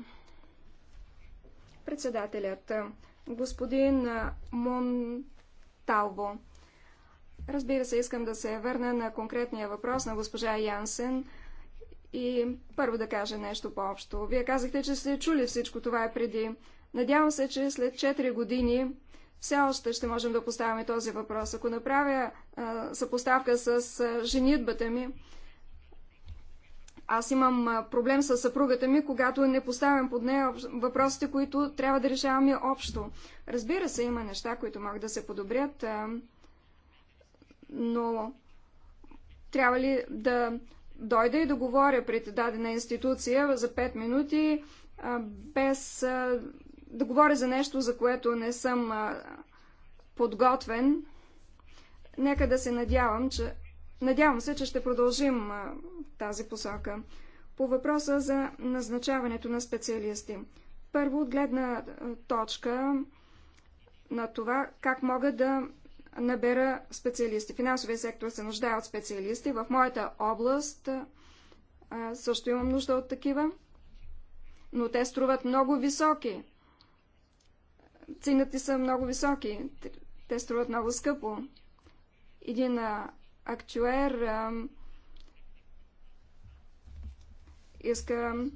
Председателят, господин Монталбо, Разбира се, искам да се върна на конкретния въпрос на госпожа Янсен и първо да кажа нещо по-общо. Вие казахте, че сте чули всичко това преди. Надявам се, че след 4 години все още ще можем да поставяме този въпрос. Ако направя а, съпоставка с а, женитбата ми, аз имам а, проблем с съпругата ми, когато не поставям под нея въпросите, които трябва да решаваме общо. Разбира се, има неща, които могат да се подобрят, а, но трябва ли да дойда и да говоря пред дадена институция за 5 минути, а, без а, да говоря за нещо, за което не съм подготвен. Нека да се надявам, че... Надявам се, че ще продължим тази посока. По въпроса за назначаването на специалисти. Първо, от гледна точка на това, как мога да набера специалисти. Финансовия сектор се нуждае от специалисти. В моята област също имам нужда от такива, но те струват много високи цените са много високи. Те струват много скъпо. Един актюер а, иска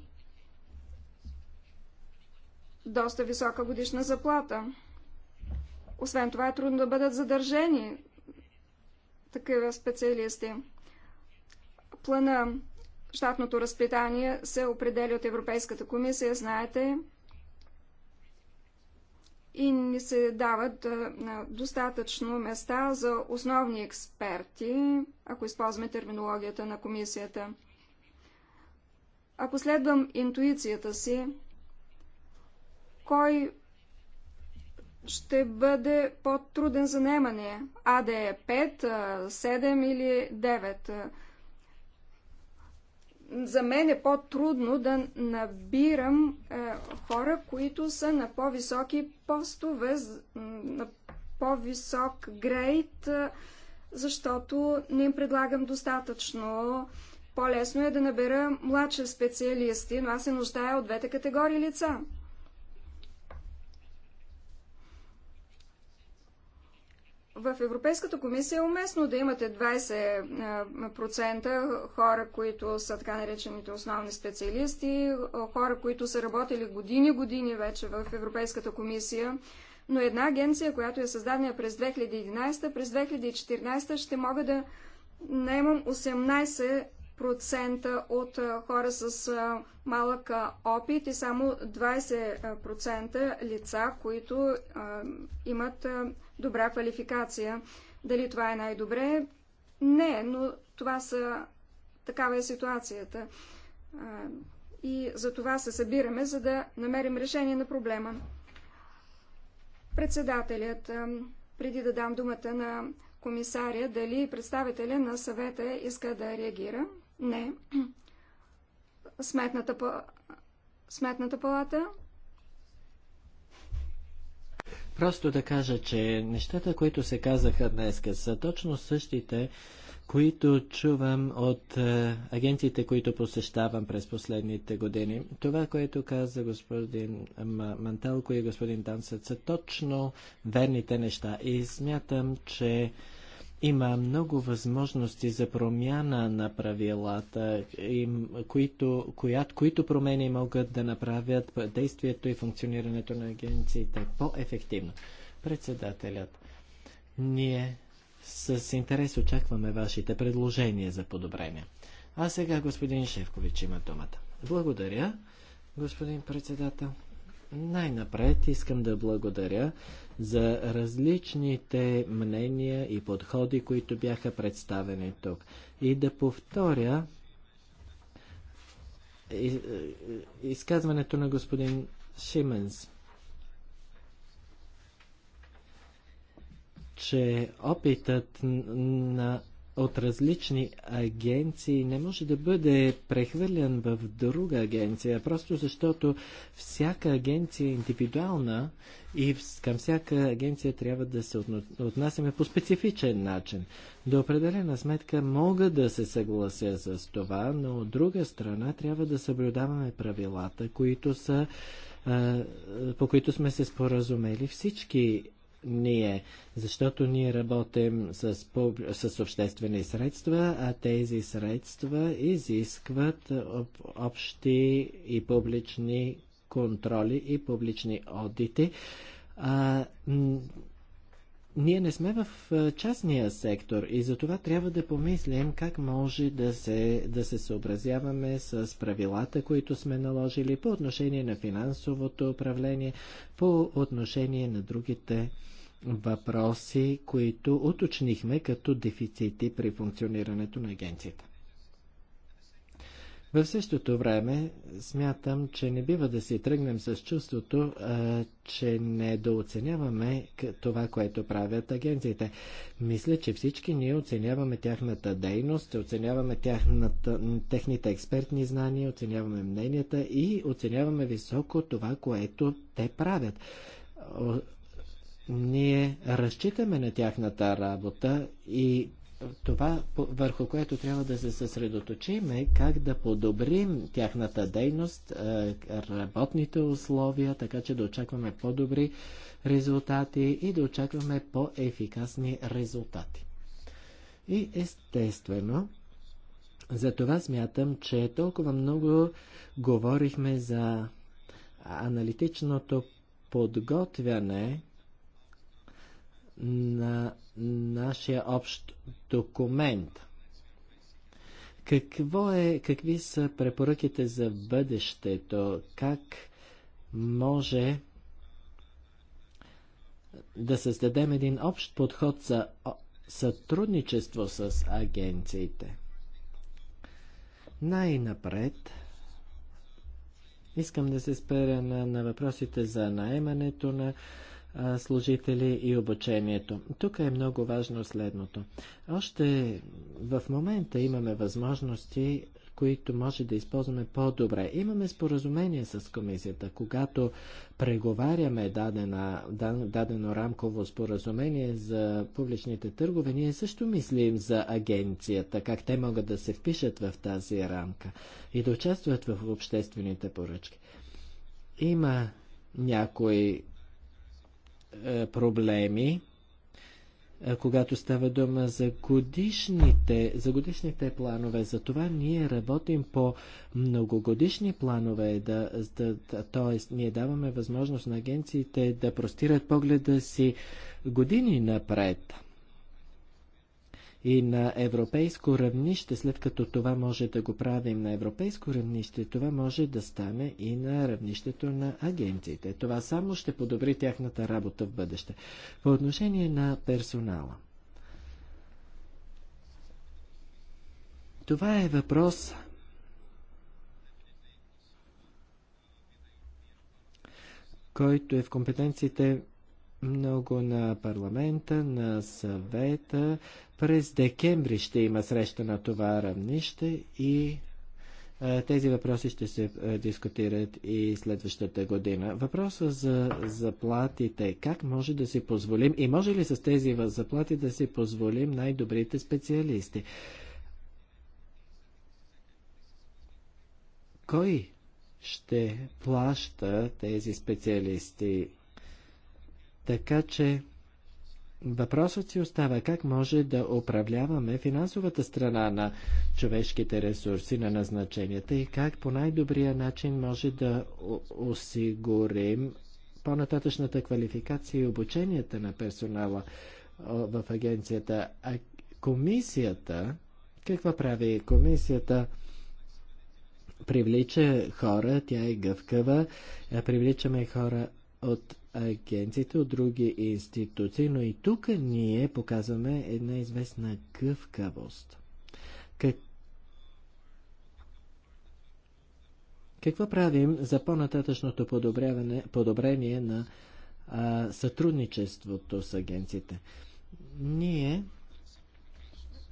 доста висока годишна заплата. Освен това е трудно да бъдат задържани такива специалисти. Плана щатното разпитание се определя от Европейската комисия, знаете, и ни се дават достатъчно места за основни експерти, ако използваме терминологията на комисията. Ако следвам интуицията си, кой ще бъде по-труден за наемане? АД е 5, 7 или 9? за мен е по-трудно да набирам е, хора, които са на по-високи постове, на по-висок грейд, е, защото не им предлагам достатъчно. По-лесно е да набера младши специалисти, но аз се нуждая от двете категории лица. В Европейската комисия е уместно да имате 20% хора, които са така наречените основни специалисти, хора, които са работили години-години вече в Европейската комисия, но една агенция, която е създадена през 2011, през 2014 ще мога да наемам 18% от хора с малък опит и само 20% лица, които а, имат а, добра квалификация. Дали това е най-добре? Не, но това са... Такава е ситуацията. И за това се събираме, за да намерим решение на проблема. Председателят, преди да дам думата на комисаря, дали представителя на съвета иска да реагира? Не. Сметната, Сметната палата? Просто да кажа, че нещата, които се казаха днес, са точно същите, които чувам от е, агенциите, които посещавам през последните години. Това, което каза господин Манталко и господин Тансът, са точно верните неща. И смятам, че има много възможности за промяна на правилата, които, коят, които промени могат да направят действието и функционирането на агенциите по-ефективно. Председателят, ние с интерес очакваме вашите предложения за подобрение. А сега господин Шевкович има думата. Благодаря, господин председател. Най-напред искам да благодаря за различните мнения и подходи, които бяха представени тук. И да повторя е, изказването на господин Шименс, че опитът на от различни агенции не може да бъде прехвърлен в друга агенция, просто защото всяка агенция е индивидуална и към всяка агенция трябва да се отнасяме по специфичен начин. До определена сметка мога да се съглася с това, но от друга страна трябва да съблюдаваме правилата, които са по които сме се споразумели всички ние, защото ние работим с, с обществени средства, а тези средства изискват об... общи и публични контроли и публични одити. А, ние не сме в частния сектор и за това трябва да помислим как може да се, да се съобразяваме с правилата, които сме наложили по отношение на финансовото управление, по отношение на другите въпроси, които уточнихме като дефицити при функционирането на агенцията. В същото време смятам, че не бива да си тръгнем с чувството, че недооценяваме това, което правят агенциите. Мисля, че всички ние оценяваме тяхната дейност, оценяваме тяхната, техните експертни знания, оценяваме мненията и оценяваме високо това, което те правят. Ние разчитаме на тяхната работа и това, върху което трябва да се съсредоточим е как да подобрим тяхната дейност, е, работните условия, така че да очакваме по-добри резултати и да очакваме по-ефикасни резултати. И естествено, за това смятам, че толкова много говорихме за аналитичното подготвяне на нашия общ документ. Какво е, какви са препоръките за бъдещето? Как може да създадем един общ подход за сътрудничество с агенциите? Най-напред искам да се спера на, на въпросите за наемането на служители и обучението. Тук е много важно следното. Още в момента имаме възможности, които може да използваме по-добре. Имаме споразумение с комисията. Когато преговаряме дадена, дадено рамково споразумение за публичните търгове, ние също мислим за агенцията, как те могат да се впишат в тази рамка и да участват в обществените поръчки. Има някои е, проблеми, е, когато става дума за годишните, за годишните планове. За това ние работим по многогодишни планове, да, да, т.е. ние даваме възможност на агенциите да простират погледа си години напред и на европейско равнище, след като това може да го правим на европейско равнище, това може да стане и на равнището на агенциите. Това само ще подобри тяхната работа в бъдеще. По отношение на персонала. Това е въпрос, който е в компетенциите много на парламента, на съвета. През декември ще има среща на това равнище и тези въпроси ще се дискутират и следващата година. Въпросът за заплатите. Как може да си позволим и може ли с тези заплати да си позволим най-добрите специалисти? Кой ще плаща тези специалисти така че въпросът си остава как може да управляваме финансовата страна на човешките ресурси, на назначенията и как по най-добрия начин може да осигурим по-нататъчната квалификация и обученията на персонала в агенцията. А комисията, какво прави комисията? Привлича хора, тя е гъвкава, привличаме хора от агенциите, от други институции, но и тук ние показваме една известна гъвкавост. Как... Какво правим за по-нататъчното подобрение на а, сътрудничеството с агенциите? Ние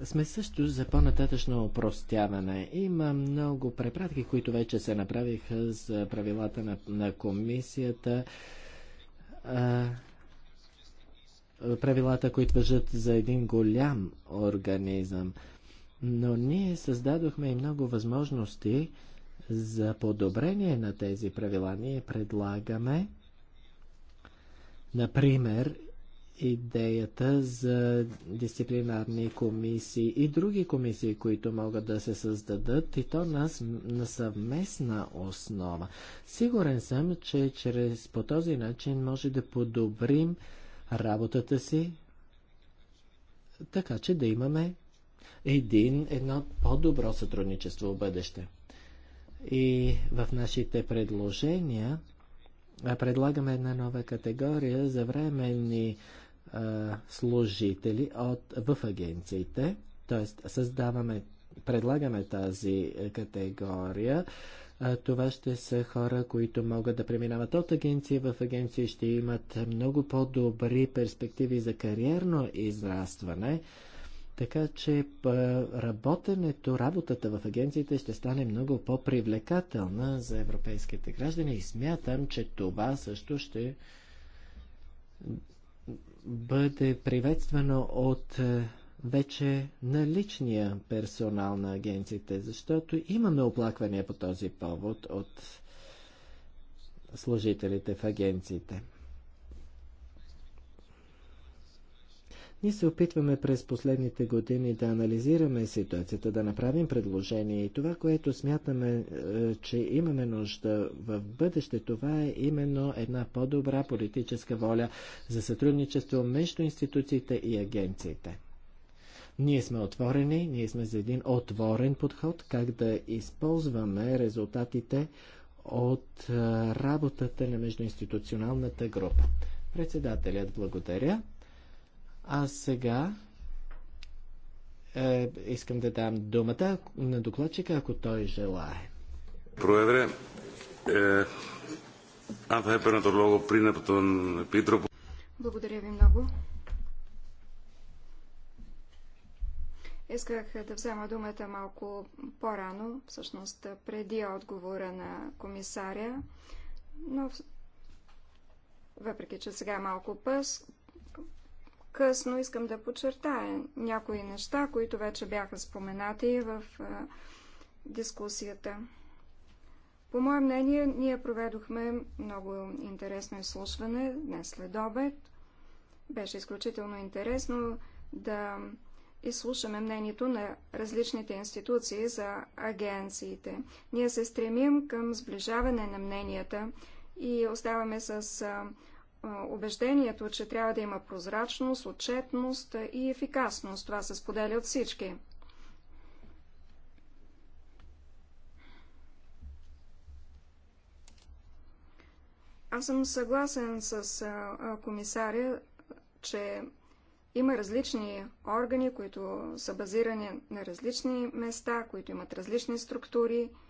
сме също за по-нататъчно опростяване. Има много препратки, които вече се направиха за правилата на, на комисията. А, а, правилата, които въжат за един голям организъм. Но ние създадохме и много възможности за подобрение на тези правила. Ние предлагаме, например, идеята за дисциплинарни комисии и други комисии, които могат да се създадат и то на, на съвместна основа. Сигурен съм, че чрез, по този начин може да подобрим работата си, така че да имаме един, едно по-добро сътрудничество в бъдеще. И в нашите предложения предлагаме една нова категория за временни служители от, в агенциите, т.е. създаваме, предлагаме тази е, категория. Това ще са хора, които могат да преминават от агенция в агенция, ще имат много по-добри перспективи за кариерно израстване. Така че работенето, работата в агенциите ще стане много по-привлекателна за европейските граждани и смятам, че това също ще бъде приветствано от е, вече наличния персонал на агенциите, защото имаме оплаквания по този повод от служителите в агенциите. Ние се опитваме през последните години да анализираме ситуацията, да направим предложение и това, което смятаме, е, че имаме нужда в бъдеще, това е именно една по-добра политическа воля за сътрудничество между институциите и агенциите. Ние сме отворени, ние сме за един отворен подход, как да използваме резултатите от е, работата на междуинституционалната група. Председателят благодаря. А сега е, искам да дам думата на докладчика, ако той желае. Проедре, е, αν θα έπαιρνα το λόγο Благодаря ви много. Исках да взема думата малко по-рано, всъщност преди отговора на комисаря, но въпреки, че сега е малко късно, искам да подчертая някои неща, които вече бяха споменати в дискусията. По мое мнение, ние проведохме много интересно изслушване днес след обед. Беше изключително интересно да изслушаме мнението на различните институции за агенциите. Ние се стремим към сближаване на мненията и оставаме с убеждението, че трябва да има прозрачност, отчетност и ефикасност. Това се споделя от всички. Аз съм съгласен с комисаря, че има различни органи, които са базирани на различни места, които имат различни структури –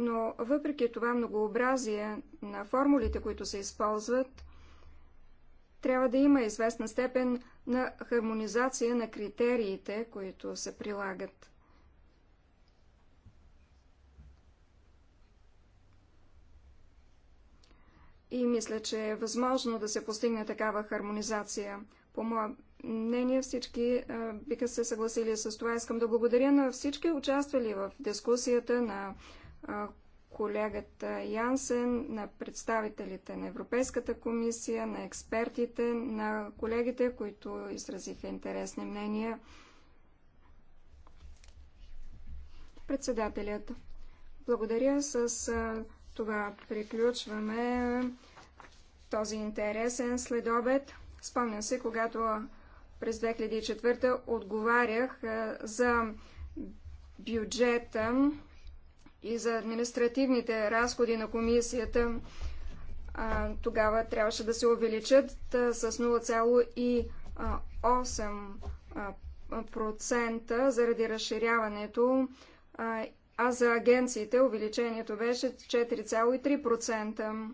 но въпреки това многообразие на формулите, които се използват, трябва да има известна степен на хармонизация на критериите, които се прилагат. И мисля, че е възможно да се постигне такава хармонизация. По мое мнение всички е, биха се съгласили с това. Искам да благодаря на всички участвали в дискусията, на колегата Янсен, на представителите на Европейската комисия, на експертите, на колегите, които изразиха интересни мнения. Председателят. Благодаря. С това приключваме този интересен следобед. Спомням се, когато през 2004 отговарях за бюджета и за административните разходи на комисията, а, тогава трябваше да се увеличат а, с 0,8% заради разширяването, а, а за агенциите увеличението беше 4,3%.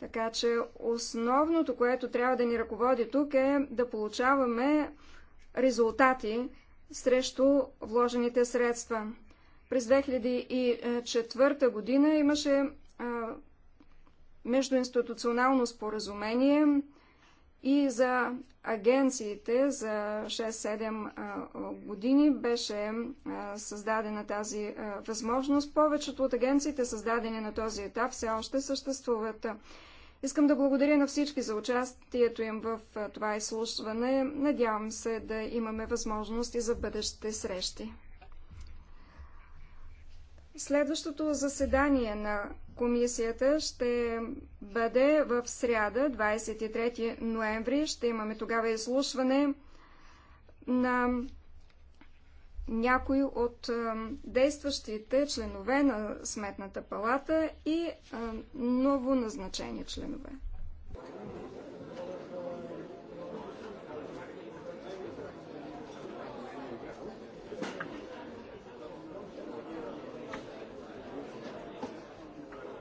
Така че основното, което трябва да ни ръководи тук е да получаваме резултати срещу вложените средства. През 2004 година имаше междуинституционално споразумение и за агенциите за 6-7 години беше създадена тази възможност. Повечето от агенциите, създадени на този етап, все още съществуват. Искам да благодаря на всички за участието им в това изслушване. Надявам се да имаме възможности за бъдещите срещи. Следващото заседание на комисията ще бъде в сряда, 23 ноември. Ще имаме тогава изслушване на някои от действащите членове на Сметната палата и новоназначени членове.